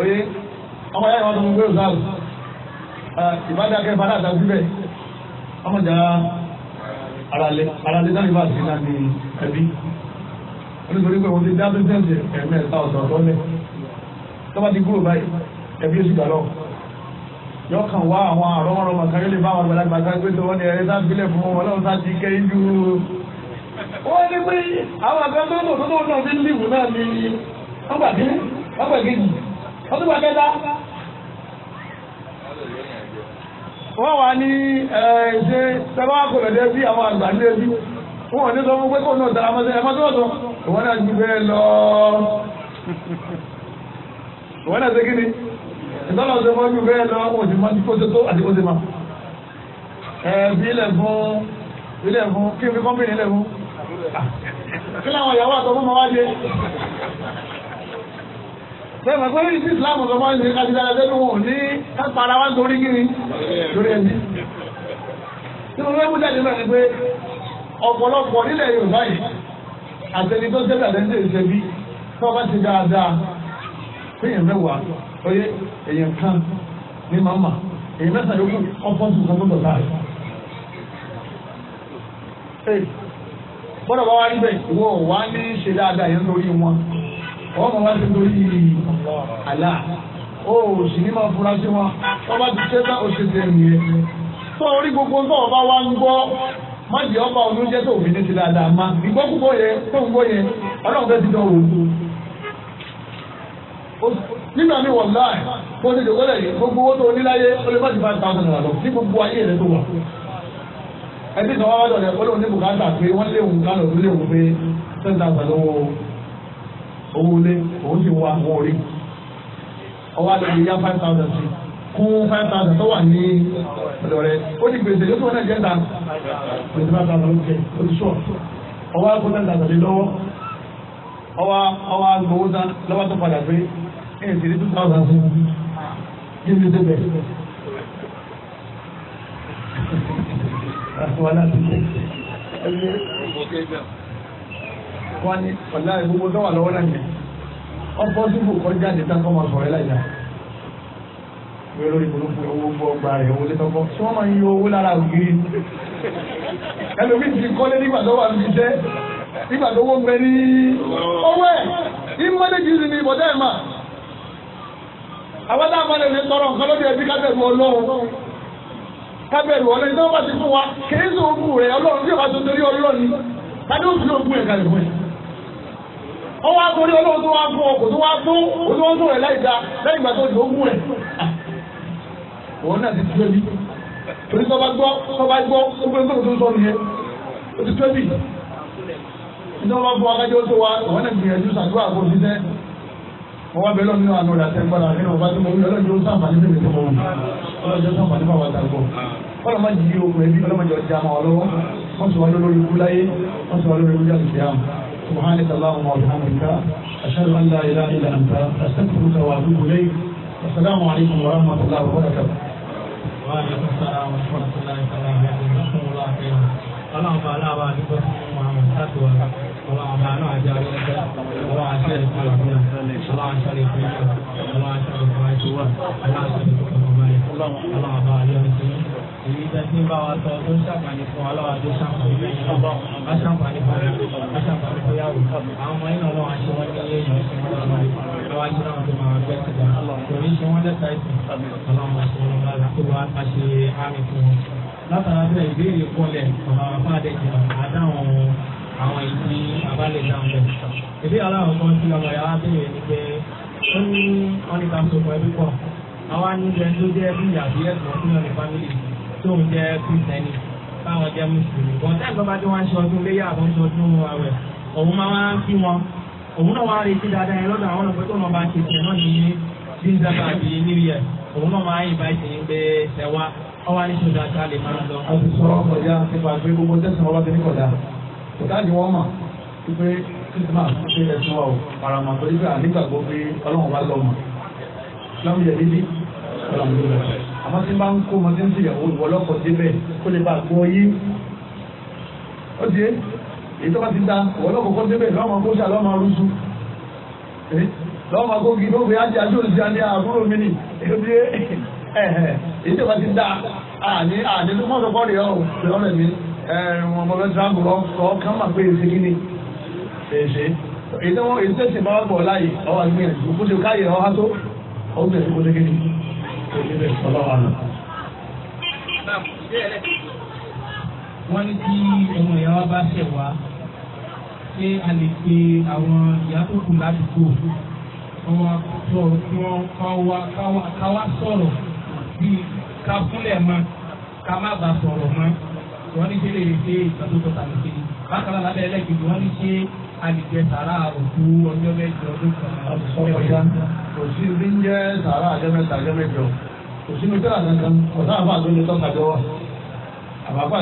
oye ọmọ yára wọn tó ń gbé òsáàlù ìbádá kẹfà náà ta síbẹ̀ ọmọ jà aralẹ aralẹ náà ìbá sí náà ní ẹbí onítorí pé wọn ti dá bísíǹsì ẹ̀mẹ́ta ọ̀sán lọ́lẹ̀ tọ́ba ti kúrò báyìí ẹbí oṣù gbà lọ yọ kàn wá àwọn àrọ́mọ́rọ́mọ́ kan yóò lè bá àwọn àgbàlagbà sáré pé tọ́wọ́ ni ẹ̀rẹ́ sá sílẹ̀ fún wọn ọlọ́run sá ti kẹ́ ju wọ́n ní pé àwọn àgbàlagbà tó tó tó náà ti ń lìwù náà ni wọ́n gbàgbé wọ́n gbàgbé yìí ọdún pàkẹ́ta wọ́n wà ní ṣe tẹ́lá àkọlọ̀dẹ́ sí àwọn àgbà ní ẹbí wọ́n wà ní sọ fún pé kò náà tara mọ́sẹ̀ ẹmọ́ tó tọ́ ìwọ́n náà ju bẹ́ẹ̀ lọ ìwọ́n náà ṣe kí ni ìtọ́lọ̀ ṣe mọ́ ju bẹ́ẹ̀ lọ òjì máa ti kóso tó àti kóso máa ẹ̀bí ilẹ̀ fún ilẹ̀ fún kí n fi kọ́mpìnì ilẹ̀ fún kí láwọn Bẹ́ẹ̀ pé ní Islam ọ̀sán máa ń ṣe kájí dára lẹ́nu wọn ní kápára wá torí kíni lórí ẹni. Tí mo fẹ́ mú jáde náà ni pé ọ̀pọ̀lọpọ̀ nílẹ̀ Yorùbá yìí àtẹni tó tẹ́lẹ̀ àtẹni tó ṣe bí tó bá ti dáadáa fẹ́yìn mẹ́wàá oyé èèyàn kan ní màmá èèyàn mẹ́ta yòókù ọ̀pọ̀ tuntun tó tọ̀ láàrin bọ́dọ̀ bá wá níbẹ̀ ìwọ wá ní ṣe dáadáa yẹn lórí wọ́n mọ̀ wá sí torí àlá ó sì ní máa fura sí wọn wọ́n bá ti ṣe bá òṣèṣe nìyẹn. tó orí gbogbo tó ọba wa ń gbọ́ má jẹ́ ọba ọdún jẹ́ tó òfin ní ti dáadáa má ìgbọ́kúgbọ́ yẹn tó ń gbọ́ yẹn ọlọ́run fẹ́ ti dán wò nínú àmì wọ̀n láì kó ní ìdòwọ́lẹ̀ yìí gbogbo owó tó o ní láyé ó lè má ti bá ta ọ̀sán nàlọ́ ní gbogbo ayé rẹ tó wà. ẹbí sọ wá wá dọ̀rẹ́ ó lóun ní bùkátà pé wọ́n léwu kánò ló léwu pé sẹ́ńtà àgbà lọ́wọ́ owó lé òun sì wá àwọn orí ọwọ́ àti ìyá five thousand sí kún five thousand tó wà ní ọ̀dọ̀ rẹ̀ ó ní gbèsè ló fún ọ̀nà ìjẹta gbèsè five thousand ló jẹ ó ti sọ ọwọ́ àgbo ten thousand lé lọ́wọ́ ọwọ́ ọwọ́ àgbo owó tán lọ́wọ́ tó padà pé ẹ̀ sì ní two thousand sí kí ni débẹ̀. Wàhálà ti ṣe wọn ni ọ̀la ìgbogbo tó wà lọ́wọ́ náà yẹn ọkọ̀ síbò kọjá níta kọ́ máa sọ̀rọ̀ ẹ̀láyà lórí burúkú owó gbọ́ ọgbà rẹ̀ owó létọ́kọ́ tí wọ́n máa ń yọ owó lára ògiri ẹlòmíì ti kọ́lé nígbà tó wà ní iṣẹ́ nígbà tó wọ́n gbẹ ní owó ẹ̀ ìmọ̀lẹ́jì ni ìbọ̀dẹ́ ẹ̀ mà àwọn táwọn máa lè tọrọ nǹkan lórí ẹbí kábẹ̀rù ọlọ́run kábẹ̀rù ọlọ́run tí wọ́n bá ti fún wa kèé sọ òkú rẹ̀ ọlọ́run tí wọ́n bá tó torí ọlọ́run tàbí ó fi òkú ẹ̀ kalẹ̀ fún ẹ̀ ó wá torí olóhùn tó wá fún ọ kò tó wá fún olóhùn tó rẹ̀ láì da lẹ́yìn ìgbà tó di ogún rẹ̀ òun náà ti tú ẹbí torí tó bá gbọ́ tó bá gbọ́ ó gbé gbọ́dọ̀ tó ń sọ nìyẹn ó ti tú ẹbí nítorí wọn bá fún akájọ tó wá òun náà gbìyànjú sàdúrà kó ti sẹ́ wọ́n wá bẹ lọ́nà nínú àná rẹ̀ àtẹ́gbọ́dà nínú ọba tó mọ orí ọlọ́jọ́ sàǹfààní bèbè tó mọ orí ọlọ́jọ́ sàǹfààní bá wà tàgbọ́ ọlọ́mọ yìí ogun ẹbí ọlọ́mọ jọ jẹ́ àmọ́ ọlọ́wọ́ wọ́n sọ wá lórí ikú láyé wọ́n sọ wá lórí ikú jáde sí àmọ́. سبحانك اللهم وبحمدك أشهد أن لا إله إلا أنت أستغفرك وأتوب إليك والسلام عليكم ورحمة الله وبركاته. وعليكم السلام ورحمة الله وبركاته. نشكر الله خيرا. اللهم بارك على سيدنا محمد صلى الله عليه اللهم انا اجعلك اللهم اشرف علينا اللهم اشرف علينا اللهم اشرف علينا اللهم اشرف علينا اللهم بارك على سيدنا èyí tẹ́tí bá wa sọ tó ń ṣàǹfààní fún wa lọ́wọ́ tó ṣàǹfààní fún wa wá ṣàǹfààní fún wa wá ṣàǹfààní fún yàwó àwọn ọmọ yìí náà wọ́n aṣọ wọn ní ilé ìyẹn fún wọn lọ́wọ́ aṣọ náà tó máa gbẹ́ sí wọn torí ṣe wọ́n dẹ́ka ẹ̀sìn ọlọ́run aṣọ wọn lára kó wa a ṣe àmì fún wọn. látara bẹ́ẹ̀ ìbéèrè kọlẹ̀ ọ̀rọ̀ àwọn àdéjì àdáwọn àwọn ìdí abálẹ̀ dáhùn bẹ́ẹ̀. ìdí aláwọ̀ kan sí ọmọ yàrá bẹ́ẹ̀ ni pé ó ní wọn ní ká so pẹ̀lú pọ̀ àwa ní ẹni tó jẹ́ bí ìyàbí ẹ̀sìn ọ̀sìn náà ní fámìlì tóun jẹ́ kristẹni báwọn jẹ́ mùsùlùmí wọn tẹ́ ìjọba tí wọ́n ń ṣe ọdún léyà àwọn ń ṣe ọdún àwẹ̀ òun máa wá kí wọn òun náà wá retí dáadáa yẹn lọ́dọ̀ àwọn ọ̀nà pé tóun náà bá ṣe tiẹ̀ náà ní díńdàbà àbí níwìyẹ òun náà máa yìnbá ìsìn gbé ẹwà ọwọ́ ní ṣọdọ̀ àti alẹ́ máa ń lọ. a ti sọ̀rọ̀ kọjá nípa pé gbogbo tẹ̀sán ọba ti ní kọjá kọjá ni wọ́n mọ̀ pé Christmas ṣe ẹ̀sùn wa ò paramọ̀ torí pé ànígbàgbọ́ pé Ọlọ́run wá lọ́mọ lọ́mọ yẹ̀ àmọ́ tí n bá ń kó ọmọdé ń ṣèyàwó ìwọ lọ́kọ̀ débẹ̀ kó lè bá a gbọ́ yé ó ti yé èyí tó bá ti da ìwọ lọ́kọ̀ kó débẹ̀ lọ́mọ kó ṣà lọ́mọ arúgbó lọ́mọ kó kí ló fi ájá tó ń ṣe àní àbúrò mi nì ó ti yé èyí tó bá ti da àní àní tó mọ̀ sọ́kọ́ rẹ̀ ọ́ lọ́rẹ̀ mi ẹ̀rùn ọmọ bẹ́ẹ̀ tíráàbù lọ́kọ̀ kán mà pé èsì kí ni èsì èyí tó ṣe bá wà bọ̀ láyè ọ wọ́n ní tí ọmọ ìyá wa bá ṣẹ̀ wá ṣé a lè pe àwọn ìyá tó kù láti kó wọn sọ kí wọ́n ká wá sọ̀rọ̀ bíi ká fúnlẹ̀ mọ́ ká má bàa sọ̀rọ̀ mọ́ wọ́n ní ṣe lè ṣe ìtọ́jú tàbí ṣe bákan náà lábẹ́ ẹlẹ́gbẹ̀ẹ́ wọ́n ní ṣe àlìjẹ sàrà òkú ọjọ́ mẹ́jọ ọdún kan. ọ̀sán ọ̀sán kò sí bí ń jẹ́ sàrà ọjọ́ mẹ́ta ọjọ́ mẹ́jọ kò sínú tẹ́lá kankan ọ̀sán àbá tó lè tọ́ka jọwọ́ àbàbà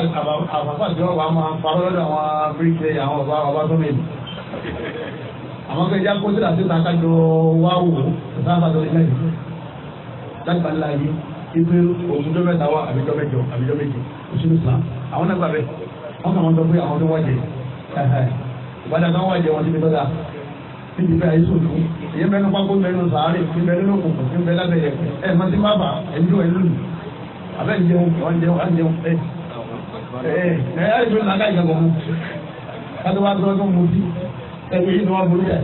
tí wọ́n máa parọ́ lọ́dọ̀ àwọn bíríkìlẹ̀ àwọn ọba ọba tó mẹ́lì àwọn akẹ́jà kó tẹ́lá sí ta kájọ wá wò ọ̀sán àbá tó mẹ́lì dágbà ńlá yìí ipe ogun tó mẹ́ta wá àbíjọ́ mẹ́jọ àbíjọ́ mẹ́jọ kò sínú sàn àwọn náà bẹ́ẹ̀ wọ́n kà wọ́n sọ pé àwọn tó wájẹ ìbádàá kan níbi bẹ́ẹ̀ ayé sòdò èyí bẹ́ẹ̀ ní pákó bẹ́ẹ̀ ní sàárè ní bẹ́ẹ̀ nínú òkùnkùn ní bẹ́ẹ̀ lábẹ́ yẹ ẹ̀ mọ sí bàbá ẹ̀mí ló ẹ̀ lónìí abẹ́ ń jẹun ọ̀ ń jẹun ọ̀ ń jẹun ẹ̀ ẹ̀ ẹ̀ ayé sòdò làákà ìjàgbọ̀ mu kátó wá tó ń mu sí ẹgbẹ́ yìí ni wọ́n borí ẹ̀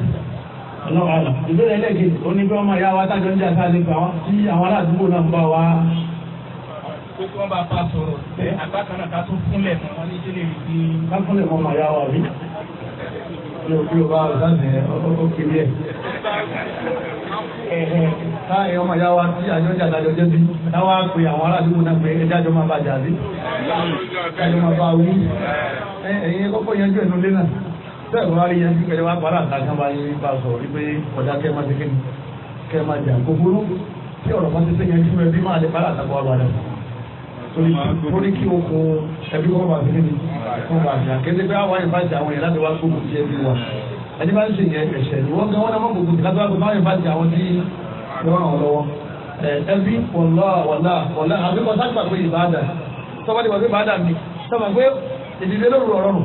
ọlọ́ọ̀la ìbéèrè ẹlẹ́gẹ̀ oníbẹ̀ ọmọ ìyá wa tájọ ń jà sáà nípa wọn tí àwọn aládùúgbò náà ń bá wa. gbogbo wọn bá a bá sọ̀rọ̀ ká tún fúnlẹ̀ mọ́ wọn ní ìdílé rí i. ká fúnlẹ̀ mọ́ ọmọ ìyá wa rí. bí o kiri ẹ. káàyè ọmọ ìyá wa tí àjọ jà lájọ jẹ́ bí táwa pe àwọn aládùúgbò náà pé ẹjẹ́ àjọ máa bá jà sí. ẹjọ́ máa bá wí. ẹ̀yin kọ́kọ́ yanjú ẹ̀nu lé náà. bẹ́ẹ̀ wọ́n á rí yanjú pẹ̀lú ṣe kí ni kẹ́ máa jà kó burú tí ọ̀rọ̀ máa ṣe ṣe yanjú orí kí o kó ẹbí kọ́ máa fi kó máa jà kéde pé àwọn ìfàjì àwọn yẹn láti wá sí ẹbí wọn ẹni bá ń ni wọn náà gbogbo àwọn tí ẹbí ìbáàdà ìbáàdà mi ìdílé lóru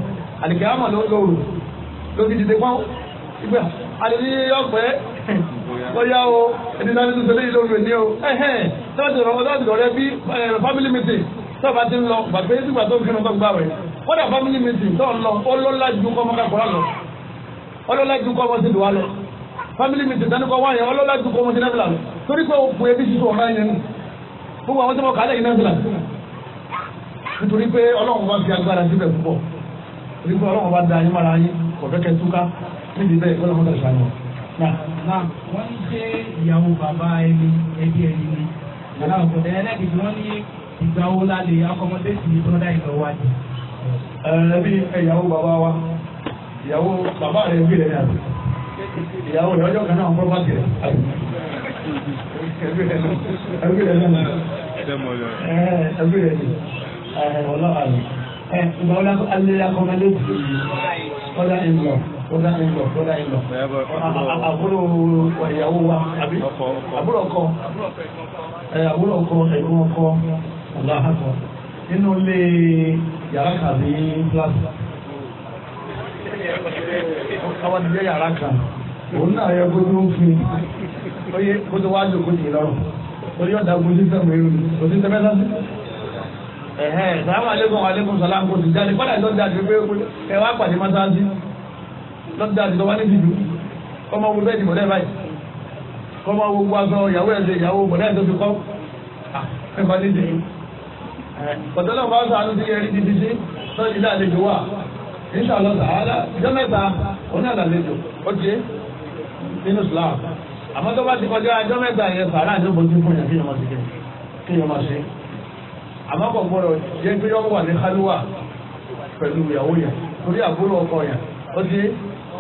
lóbi dìde ìgbà àdìrí ọ̀pẹ́ bóyá o ẹni náà nínú sẹ́lẹ̀ ìlú rẹ̀ ní o ẹ̀hẹ́n tọ́jú ọ̀rọ̀ tọ́jú ọ̀rẹ́ bí family meeting tó bá ti ń lọ gbàgbé sígbà tó ń kírun tó ń gbà rẹ̀ kódà family meeting tó ń lọ ọlọ́lá ju kọ́ ọmọkà kọ́ra lọ ọlọ́lá ju kọ́ ọmọ sí ìdùwà lọ family meeting tani kọ́ wá yẹn ọlọ́lá ju kọ́ ọmọ sí nàbìlà lọ torí pé òkú ẹbí sísú ọ̀rá yẹn nù gbogbo àwọn tí wọ́n kàálẹ̀ yìí nàbìlà nítorí pé ọlọ́run bá fi agbára síbẹ̀ púpọ̀ torí pé ọlọ́run bá da yín mara yín kọ̀ọ̀kẹ́kẹ́ túká níbi bẹ́ẹ̀ wọ́n lọ́wọ́ bẹ̀rẹ̀ sànù. wọ́n ń ṣe ìyàwó bàbá ẹni ẹbí ẹni ni aláwọ̀ ẹlẹ́kìtì wọ́n ní ìgbà wo la lè akọmọdéṣì ní bọ́dá ìlọ wa jù. ẹbí ìyàwó bàbá wa ìyàwó bàbá rẹ̀ gbé rẹ̀ ní ìyàwó rẹ̀ ọjọ́ kan náà wọ́n bá tẹ̀ ẹbí rẹ̀ ẹbí rẹ̀ ẹbí rẹ̀ ọlọ́ àlè ẹ ìgbà wo la alẹ́ akọmọdéṣì ọ̀dà ìlọ. fúláyìnlọ fúláyìnlọ àbúrò wa ilé yàrá kan àbí plaza àwọn ti jẹ́ yàrá kan òun náà yẹ kó tó ń fi oyè kó tó wájú kó tì lọ́rùn orí ọ̀dà gbòdì sẹ́mu irun òsì sẹ́mẹ́ sásì. ẹ̀hẹ́ sàlámù aleykum aleykum sàlámù kò sì jáde kọ́dà ìjọ jáde pé ẹ wá pàdé mọ́sáájú. lọ́dún àti lọ́wọ́ níbi ìlú kọ́mọ wo bẹ́ẹ̀ ni mọ̀lẹ́ báyìí kọ́mọ wo gbogbo aṣọ ìyàwó ẹ̀ṣẹ̀ ìyàwó mọ̀lẹ́ tó fi kọ́ ẹ̀fọ́ ní ìdè yìí. pọ̀tọ́lọ́ bá sọ àánú sí ẹrí ti ti sí lọ́dún ilé àlejò wà níṣà lọ́sà àádá ìjọ mẹ́ta òun náà làlejò ó ti nínú Islam àmọ́ tó bá ti kọjá ìjọ mẹ́ta yẹn sàrà àti òbòjú fún yẹn kí ni wọ́n ti kí ni wọ́n ṣe àmọ́ kò gbọ́dọ̀ jẹ́ pé yọ́ wà ní kálúwà pẹ̀lú ìyàwó yẹn torí àbúrò ọkọ yẹn ó ti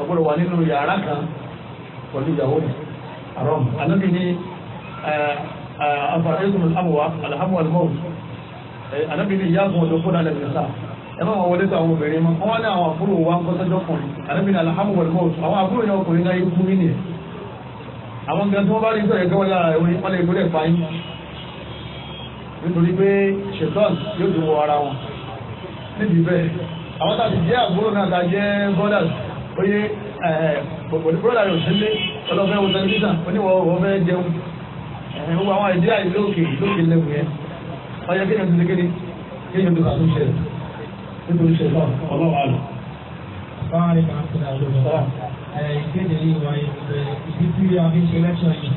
ọgbọ́dọ̀ wà nínú yàrá kan pẹ̀lú ìyàwó àrọ́m anábì ní afaraisun abuwa alhamu almọ́ọ̀d anábì ní ìyá kan ọ̀dọ̀ fúnra lẹ́nu sá ẹ má wọlé sí àwọn obìnrin mọ́ wọ́n ní àwọn àbúrò wa ń kọ́sẹ́jọ́ kan anábì ní alhamu almọ́ọ̀d àwọn àbúrò yẹn ọkùnrin náà ikú yín ni àwọn nǹkan tí wọ́n bá rí sọ̀rọ̀ ẹ̀kọ́ lára ẹ̀wọ̀n wọn lè gbọ́dọ̀ pa yín nítorí pé ṣètọ́n yóò dùn ara wọn níbi bẹ́ẹ̀ àwọn tàbí jẹ́ àbúrò náà ta jẹ́ bọ́dàsì oyè òní bọ́dà rẹ̀ òṣèlé ọlọ́fẹ́ wo tẹlifíṣàn oníwọ̀ ọ̀fẹ́ jẹun gbogbo àwọn ìdí àyè lókè lókè lẹ́wù yẹn ọyẹ kí ni ọdún kéde kí ni ọdún kàtó ṣe nítorí ṣe náà ọlọ́wà lọ. báwa ni màá fún àwọn olùkọ́ ìkéde yìí wáyé pé ìdí tí a fi ṣe lẹ́ṣọ̀ yìí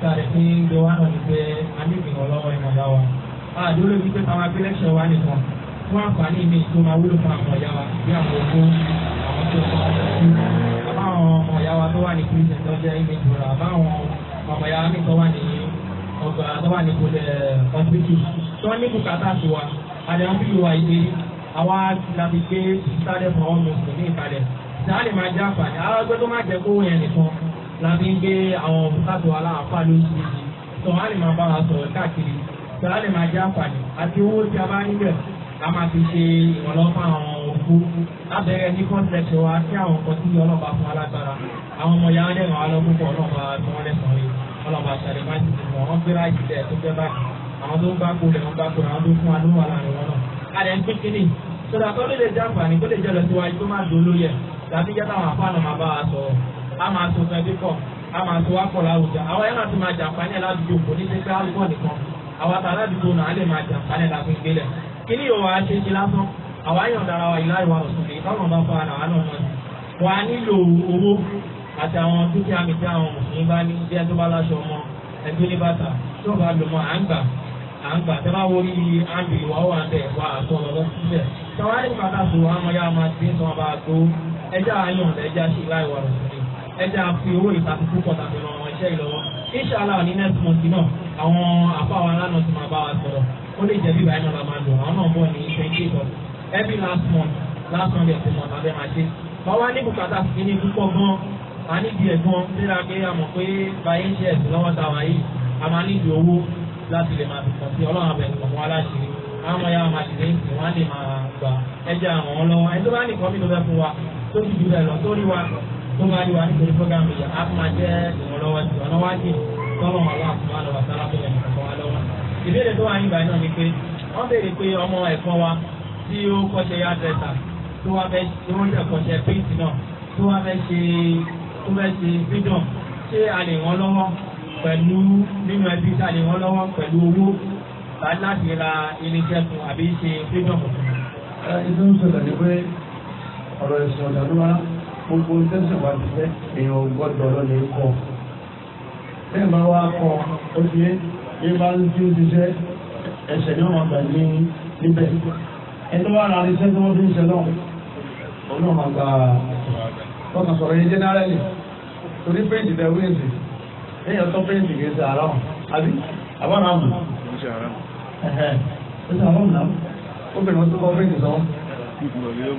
sáré fún gbé wá náà pé a ní ìgbìmọ̀ lọ́wọ́ ìmọ̀ fún àǹfààní mi tó máa wúlò fún àwọn ọ̀yá wa bí àwọn ogún àwọn tó kọ́ àbá àwọn ọmọ ọ̀yá wa tó wà ní prison tó jẹ́ ilé ìtura àbá àwọn ọmọ ọ̀yá wa mi tó wà ní ọgbà tó wà ní kòlẹ̀ ọ̀sìkì tó ní bùkátà sí wa àdéhùn ìlú wa yìí àwa láti gbé sáré fún ọmọ mùsùlùmí ìkàlẹ̀ sáà lè máa jẹ́ àǹfààní àwọn ẹgbẹ́ tó máa jẹ́ kó yẹn nìkan láti ń gbé àwọn bùkátà wa láàpá lóṣìṣì tó wà lè máa bá wa sọ̀rọ̀ káàkiri tó wà máa jẹ́ àǹfààní àti owó tí a bá níbẹ̀ ká máa fi ṣe ìrànlọ́wọ́ fún àwọn òkú lábẹ́rẹ́ ní kọ́ńtẹ̀ẹ̀tì wa kí àwọn nǹkan tí ọlọ́ba fún alágbára àwọn ọmọ yàrá lè ràn wá lọ́wọ́ púpọ̀ ọlọ́ba tí wọ́n lẹ́sàn-án yìí ọlọ́ba ṣàlẹ̀ má ti dìbò wọ́n gbé láì sílẹ̀ tó jẹ́ báyìí àwọn tó ń bá kulẹ̀ wọ́n bá kulẹ̀ àwọn tó fún wa ló wà láàrin wọn náà. adẹ̀ ń pín kínní sọ̀rọ̀ àkọ́ ló lè jẹ́ àǹfààní kó lè jẹ́ lọ síwájú tó máa dolo yẹ tàbí jẹ́ táwọn àfáànà máa bá a máa so fẹ́bí pọ̀ a máa so wá pọ̀ láwùjọ àwọn yẹn náà ti máa jàǹfààní ẹ̀ ládùúgbò kò ní ṣe pé alùpùpù nìkan náà á lè máa jàǹfààní ẹ̀ lágbègbè lẹ̀ kíní yóò wá ṣe ti lásán àwa yàn dára wa ìlà ìwà òṣèlú táwọn bá fa àwọn àlọ́ wọn wà nílò owó àti àwọn dúkìá mi tí àwọn mùsùlùmí bá ní bí ẹjọ́ bá láṣọ ọmọ ẹjọ́ ní bàtà tí wọ́n bá lò mọ́ à ń gbà à ń gbà tí wọ́n bá wọ orí àmì ìwà wà ń bẹ̀ wà àtọ́ lọ́wọ́ síbẹ̀ táwa ní bàtà tó àwọn yá máa ti ń bá gbó ẹjọ́ àyàn ẹjọ́ ṣe ìlà ìwà òṣèlú ẹjọ́ àfi owó ìtàkùkù pọ̀tàkì lọ́wọ́ iṣẹ́ ó lè báyìí náà la máa lò àwọn náà bọ̀ ní twenty eight every last month last month ẹ̀sìn mọ̀ tàbí máa ṣe. wọ́n wá ní bùkátà sí ní púpọ̀ gan-an a ní di ẹ̀gbọ́n síra pé a mọ̀ pé báyìí ń ṣe ẹ̀sìn lọ́wọ́ ta wà yìí a máa ní ìdí owó láti lè máa bìkan sí ọlọ́run abẹ̀sìn ọmọ aláṣẹ àwọn ọmọ yàrá máa ṣèlè ìsìn wọn á lè máa gbà ẹjẹ àwọn ọlọ́wọ́ ẹni tó bá nìkan mi ló fẹ́ fún wa tó ti jù rẹ̀ lọ tó rí wa tó máa rí wa nítorí fọ́gàmù yà á máa jẹ́ ìrànlọ́wọ́ sí ọ̀nà ìbéèrè tó wà ní ìbàdàn ni pé wọ́n béèrè pé ọmọ ẹ̀kọ́ wa tí ó kọ́ṣẹ́ yàtẹ̀ta tó wá fẹ́ tó ń ṣẹ̀kọ́ṣẹ́ péǹtì náà tó wá fẹ́ ṣe tó fẹ́ ṣe freedom ṣé a lè wọ́n lọ́wọ́ pẹ̀lú nínú ẹbí ṣé a lè wọ́n lọ́wọ́ pẹ̀lú owó láti ra irinṣẹ́ fún àbí ṣe freedom. ìdó ń ṣẹlẹ̀ ni pé ọ̀rọ̀ ẹ̀sìn ọ̀dà gbogbo tẹ́sán wa ti fẹ́ èèyàn bí bá ń tí ó ṣiṣẹ́ ẹsẹ̀ ní ọmọ gbàgbé níbẹ̀ ẹni wà lára iṣẹ́ tí wọ́n fi ń ṣe náà òun náà máa gba tọ́ka sọ̀rọ̀ yìí jẹ́nẹ́rẹ́lì torí péǹtì tẹ wíǹsì èèyàn tó péǹtì kì í ṣe àárọ̀ àbí àbọ̀nà àmọ̀ ẹ̀hẹ̀ ẹ̀ obìnrin tó kọ péǹtì sọ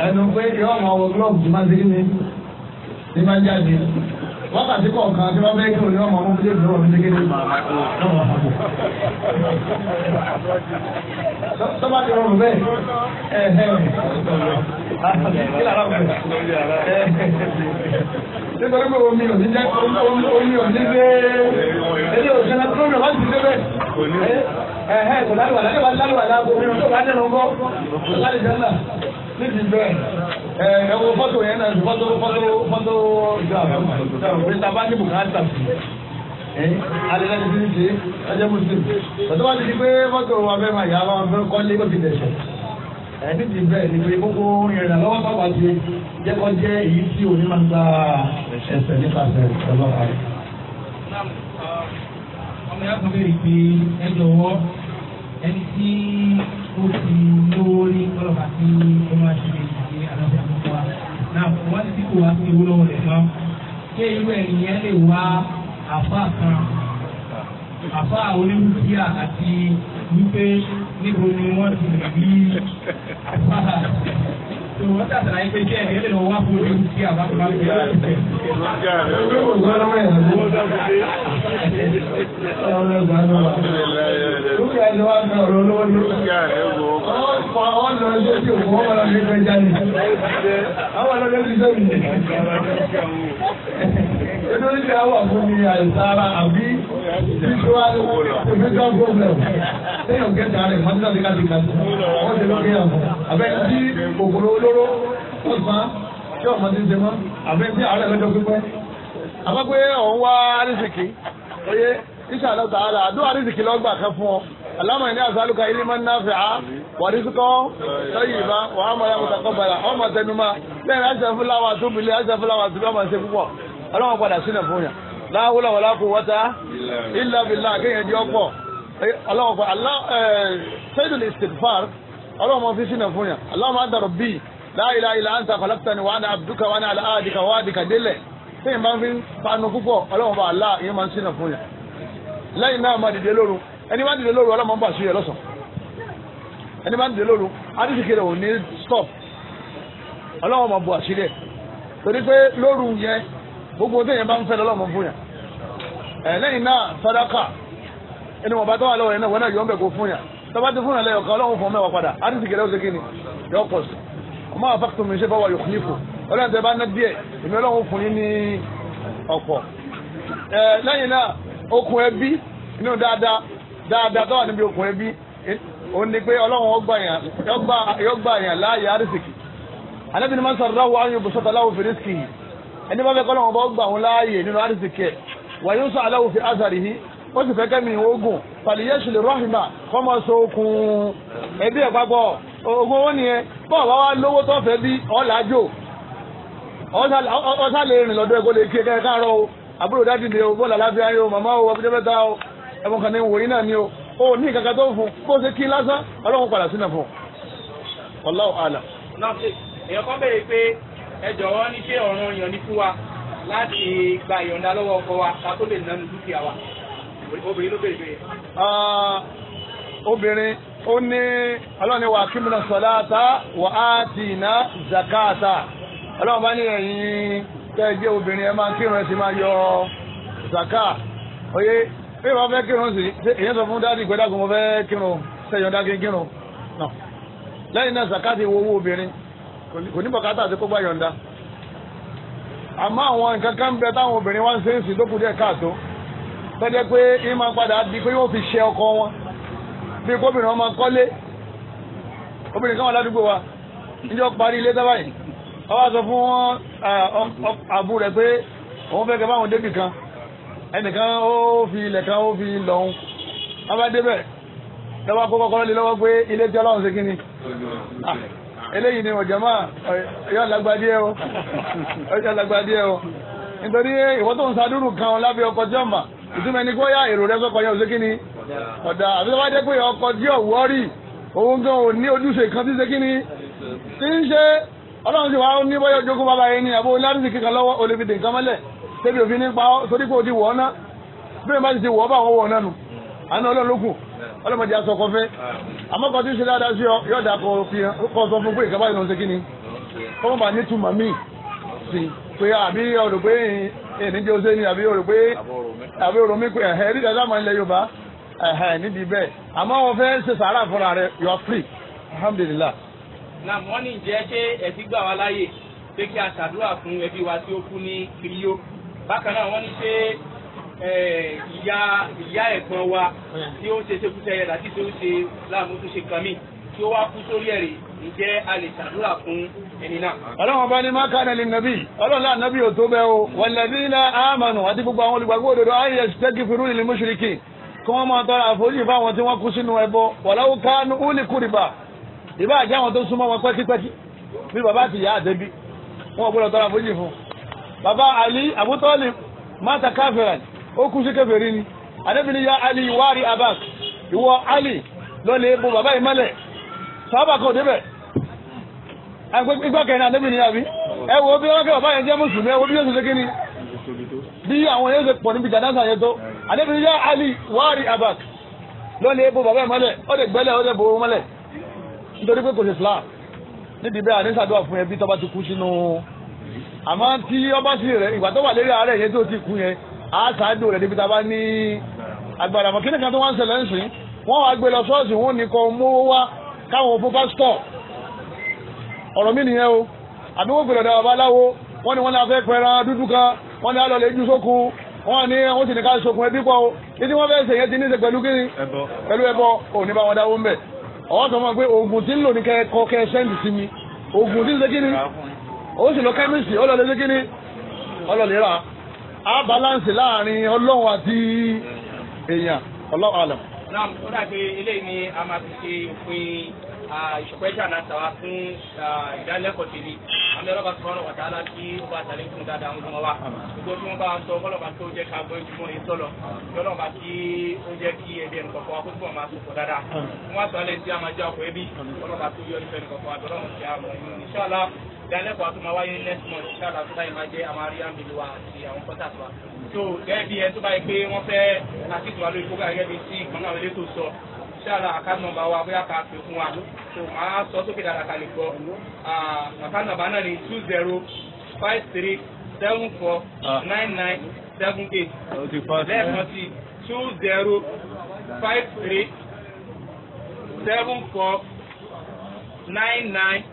ẹnu pé yọ ọmọ wọ gílọ̀bù tí máa ń ṣe kí ni ní máa ń jáde wákàtí kọ̀ọ̀kan tí wọ́n fẹ́ kí òní ọmọ ọmọ méjèèjì lọ́wọ́ méjèèjì lọ́wọ́ sọ́ba ti rọrùn bẹ́ẹ̀ ẹ̀ ẹ̀ kí lára bẹ̀rẹ̀ nítorí pé omi ò ní jẹ́ omi ò ní gbé ilé òṣèlú tó mi ò ti dé bẹ́ẹ̀ ẹ̀hẹ́ kò lálùwàlá lálùwàlá kò mi ò tó bá dẹ̀rọ̀ ń bọ́ láti jẹ́ níbi bẹ́ẹ̀ ẹ wo fọ́tò yẹn náà fọ́tò fọ́tò fọ́tò ìgbà bá ní bùkátà alẹ́lẹ́ ti ní ṣe ọjọ́ mùsùlùmí tọ́tọ́ wá ti di pé fọ́tò abẹ́ máa yà á fẹ́ kọ́lé kó ti dẹ̀ṣẹ̀ ẹni ti bẹ́ẹ̀ ni pé gbogbo ìrìnà lọ́wọ́ bàbá ti jẹ́kọ́ jẹ́ èyí tí òní máa ń gba ẹsẹ̀ nípasẹ̀ ọlọ́wọ́ rẹ̀. Ah, ọmọ yàrá kan bẹ̀rẹ̀ pé ẹ jọ̀wọ́ ẹni tí ó ti lówó rí ọlọ́pàá tí ó máa ṣe náà wọ́n ti kò wá sí ìwúlò rẹ̀ mọ́ ṣé irú ẹ̀yìn lè wá àfa kan àfa oníwùdíà àti wípé níbo ni wọ́n ti rí àfa wọ́n tàtàrà yìí pé kí ẹ̀rí lè lọ wá fún ojú sí àbábá mi. Dúkìá ni wọ́n fẹ́ ọ̀rọ̀ olówó ní. Ọwọ́ lọ sí ti òkú ọmọ lọ sí ìfẹ́ jáde. Àwọn ọlọ́dẹ ti sọ mi. Nítorí pé àwọn àfúnni àìsára àbí Spiritual spiritual problem. Téèyàn kẹta rẹ̀ mọ́tò àti káàdì kan. Wọ́n ti lọ́ọ́ kéèyàn mọ́. Àbẹ́ tí kòkòrò olóró wọ́n fa tí ọmọ ti ń ṣe mọ́. Àbẹ́ tí àárẹ̀ lọ́jọ́ pípẹ́. Àbẹ́ pé òun wá arísìkì. Oye iṣẹ́ àlọ́ tààlà àdúrà arísìkì lọ́gbà kan fún ọ. Àlámà ní àsálùkà ilé máa ń ná fìá. Wàdísíkọ́ sọ́yìn ìbá wàá mọ̀ láwùjọ kọ́ bàrà. Ọmọ tẹnumọ́. Bẹ́ẹ̀ni àṣẹ fúláwà tóbi lé àṣẹ fúláwà tóbi ọmọ ṣe púpọ̀. Ọlọ́run padà sínú fún yàn láwùlọ wọlá kú wọta ilà bìlà kéèyàn jẹ ọ̀pọ̀ ọlọ́wọ́pọ̀ sẹ́dùn istighfar ọlọ́wọ́ fi sínú fún yàn aláwọ̀ máa dàrọ̀ bíi láìlà ilà à ń ta kọlọ́pítà ni wàá ní abdúkà wàá ní aláàdìkà wàá dìkà délẹ̀ sẹ́yìn bá ń fi panu púpọ̀ ọlọ́wọ́ bá aláà yẹn máa ń sínú fún yàn lẹ́yìn náà máa dìde lóru ẹni máa dìde lóru ọlọ́wọ́ bá sùn yẹ lọ́sàn ẹni máa dìde lóru adìsíkè rẹ̀ stop ọlọ́wọ́ máa bu àṣírí ẹ̀ torí yẹn bá ń fẹ́ lọ́lọ́mọ fún yàn lẹ́yìn náà sadaka ẹni wọn bá tọ́wọ́ lọ́wọ́ yẹn náà wọn náà yọ ọ́n bẹ̀ kó fún yà tọ́ba ti fún yà lẹ́yìn ọ̀kan ọlọ́run fún mẹ́wàá padà á ti sì kẹlẹ́ ọ̀sẹ̀ kínní yọ pọ̀ sí ọmọ àfàkùtù mi ṣe fọwọ́ yòókù nífò ọlọ́run tẹ bá ná díẹ̀ èmi ọlọ́run fún yín ní ọ̀pọ̀ lẹ́yìn náà okùn ẹbí inú dáadáa dáadáa tọ́wà níbi okùn ẹbí ó ní pé ọlọ́run yóò gbà yàn láàyè wàyúnsọ aláwọ̀ fi azàrìhí ó sì fẹ́ kẹ́mi ogun fàlìyẹ́sù lè rọ́ọ̀hìmà kọ́mọ so okùn ẹbí ẹ̀ ogun owó nìyẹn bọ́ọ̀ bá lówó tó fẹ́ bí ọ̀làjò lè rìn lọ́dọ̀ o àbúrò ni o bọ́ọ̀lù aláfíà yìí o màmá o ọbẹ̀ jẹ́bẹ̀ta o ẹ̀mọ̀ kan ní wòyí náà ni o o ní ìkàkà tó fún bó ṣe kí lásán ọlọ́run padà sínú láti gba ìyọ̀ǹda lọ́wọ́ ọkọ wa ká lè nánu dúkìá wa obìnrin ló bèrè bèrè. obìnrin ó ní ọlọ́run ní wà á ata wà á tì iná ata. ọlọ́run bá ní ẹ̀yìn obìnrin ẹ máa kírun ẹ sì yọ zaka Oye bí wọ́n fẹ́ kírun sí èyàn sọ fún dáàdì pé dákun fe fẹ́ kírun sẹ́yìn dákin kírun lẹ́yìn náà ti wo owó obìnrin kò ní bọ̀kátà àti kó àmọ́ àwọn nǹkan kan ń bẹ táwọn obìnrin wá ń ṣe ń sìn lókùn díẹ̀ káàtó tọ́jẹ́ pé yín máa padà di pé yóò fi ṣe ọkọ wọn bí kóbìnrin wọn máa kọ́lé obìnrin kan wà ládùúgbò wa níjọ́ parí ilé dábàá yìí wọ́n wá sọ fún wọn àbú rẹ̀ pé òun fẹ́ kẹ́ báwọn débì kan ẹnìkan ó fi ilẹ̀ kan ó fi lọ́hún wọ́n bá débẹ̀ lọ́wọ́ kó kọ́kọ́rọ́ lé lọ́wọ́ pé ilé tí ọlọ́run ṣe kí ni eléyìí ni ọ̀jọ̀mọ́ yóò lágbádé o yóò lágbádé o nítorí ìwọ tó ń sadúrù kan ọ lábẹ́ ọkọ̀ tí ọ̀mà ìtumọ̀ ẹni kó yá èrò rẹ sọ́kọ̀ yẹn ò sí kíni ọ̀dà àbí tó bá pé ọkọ̀ tí ọ̀wọ́ rí òun gan ò ní ojúṣe kan tí ṣe kíni tí ń ṣe ọlọ́run sì wá ó ní bọ́yọ̀ jókòó bàbá yẹn ni àbó lárìsì kíkan lọ́wọ́ olùbìdì nǹkan mọ́lẹ̀ débi òfin nípa torí pé o ti wọ̀ ọ́ ná bí wọ́n bá ti wọ̀ ọ́ bá wọ́ wọ̀ ọ́ ọlọ́mọdé aṣọ kọfẹ́ ah. àmọ́ kan tí ń ṣe dáadáa ọ yóò dà kọ fi hàn kọ sọ fún pé ìkàbá ìlú ń ṣe kíni bá sí pé àbí ènìjẹ́ ni àbí àbí pé ẹ̀hẹ́ dáadáa máa ń lẹ Yorùbá ẹ̀hẹ́ bẹ́ẹ̀ àmọ́ na ṣé gbà wá láyè pé kí a ṣàdúrà fún ẹbí Eh, ìyá ìyá ẹ̀gbọ́n wa tí ó ṣe ṣekúṣẹyẹ láti tí ó ṣe láàmú tó ṣe kan mí tí ó wá kú sórí ẹ̀rì ǹjẹ́ a lè ṣàdúrà fún ẹni náà. ọlọ́run ọba ni má kàn ní nàbí ọlọ́run náà nàbí ò tó bẹ́ẹ̀ o walladhina amanu àti gbogbo àwọn olùgbàgbọ́ òdodo ayé yastaghfiru lil mushrikin kí wọ́n máa tọrọ àforíjì fáwọn tí wọ́n kú sínú ẹbọ walau kanu uli qurba ìbá àjẹ́ àwọn tó súnmọ́ wọn pẹ́kípẹ́kí bí bàbá àti ìyá àdébí wọn ò gbọ́dọ̀ tọrọ àforíjì fún bàbá Ali Abu Talib mata kafiran ó kú sí kèfèrí ni anábìrin ya ali wari abak ìwọ ali lọ lè baba bàbá ìmọ̀lẹ̀ sábà kò débẹ̀ igbá kẹrin anábìrin yàbí ẹ wo bí wọn kẹ bàbá yẹn jẹ́ mùsùlùmí ẹ wo bí yóò ṣe kí bí àwọn ṣe pọ̀ níbi jàdánsà yẹn tó ya ali wari abak lọ lè bo bàbá ìmọ̀lẹ̀ ó lè gbẹ́lẹ̀ ó lè bo mọ́lẹ̀ nítorí pé kò sí Islam níbi bẹ́ẹ̀ àníṣàdúrà fún ẹbí tó bá ti kú sínú àmọ́ tí ọba sí ìgbà tó wà lérí yẹn tó ti á ṣáájú rẹ̀ débi tá a bá ní agbára mọ́ kíni kan tó wá ń ṣẹlẹ̀ ń sìn wọ́n wá gbé lọ ṣọ́ọ̀ṣì o àbí wọ́n gbèrò dáwọ́ babaláwo wọ́n ní wọ́n ní afẹ́ pẹran dúdú kan wọ́n ní alọ́lẹ̀ ijú sókun wọ́n ní o títí wọ́n fẹ́ ṣe ti ní ṣe pẹ̀lú kíni pẹ̀lú ẹbọ A balance láàrin ọlọ́run àti èèyàn ọlọ́run àlọ́. náà ó dàbí eléyìí ni a máa fi ṣe òpin ìṣọ̀pẹ́ ṣàná tàwa fún ìdánilẹ́kọ̀ọ́ tèmi àmì ọlọ́ba sọ̀rọ̀ wàtá ala kí ó bá tàlẹ́ fún dáadáa ń gbọ́n wa gbogbo tí wọ́n bá sọ ọlọ́ba tó jẹ́ ká gbọ́ ìjùmọ̀ yìí sọ̀lọ̀ ọlọ́ba kí ó jẹ́ kí ẹbí ẹnì kọ̀ọ̀kan wa kó túbọ̀ máa sọ̀kọ̀ dáadáa wọ́n wá sọ alẹ́ tí a máa já ọkọ̀ ẹbí ọlọ́ba tó yọ ìfẹ́ ẹnì kọ̀ọ̀kan next month ìṣàlá tó táyì máa jẹ́ àmàrí àmìlú wa àti àwọn kọ́tàtù wa tó gẹ́gẹ́ bí ẹ tó báyìí pé wọ́n fẹ́ àtìkù wa tí ìkànnà àwọn elétò ṣáàlà àkáǹtì nọ́mbà wa bóyá ká pè fún wa so màá sọ sókè dáadáa ká lè gbọ́ àkáǹtì nọ́mbà náà ni two zero five three seven four ah. nine nine seven eight lẹ́ẹ̀kan sí two zero five three seven four nine nine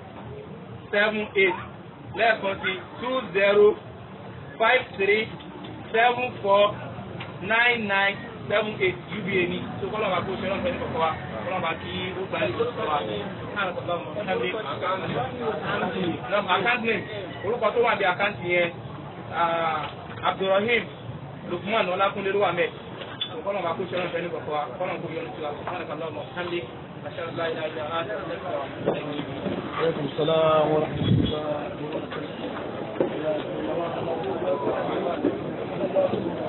seven eight lẹ́ẹ̀kan sí two zero five three seven four nine nine seven eight uba ni so kọ́ lọ́ba kó sẹ́wọ́n fẹ́ẹ́ kọ́kọ́ wa kọ́ lọ́ba kí ó gba ilé kọ́kọ́ wa àkáǹtì name orúkọ tó wà ní àkáǹtì yẹn Abdulrahim Lukman Ọlákúnlé ló wà mẹ́ kọ́ lọ́ba kó sẹ́wọ́n fẹ́ẹ́ kọ́kọ́ wa kọ́ lọ́ba kó yọnu sí wa Aleykum salaam wa rahmatullahi wa barakatuh.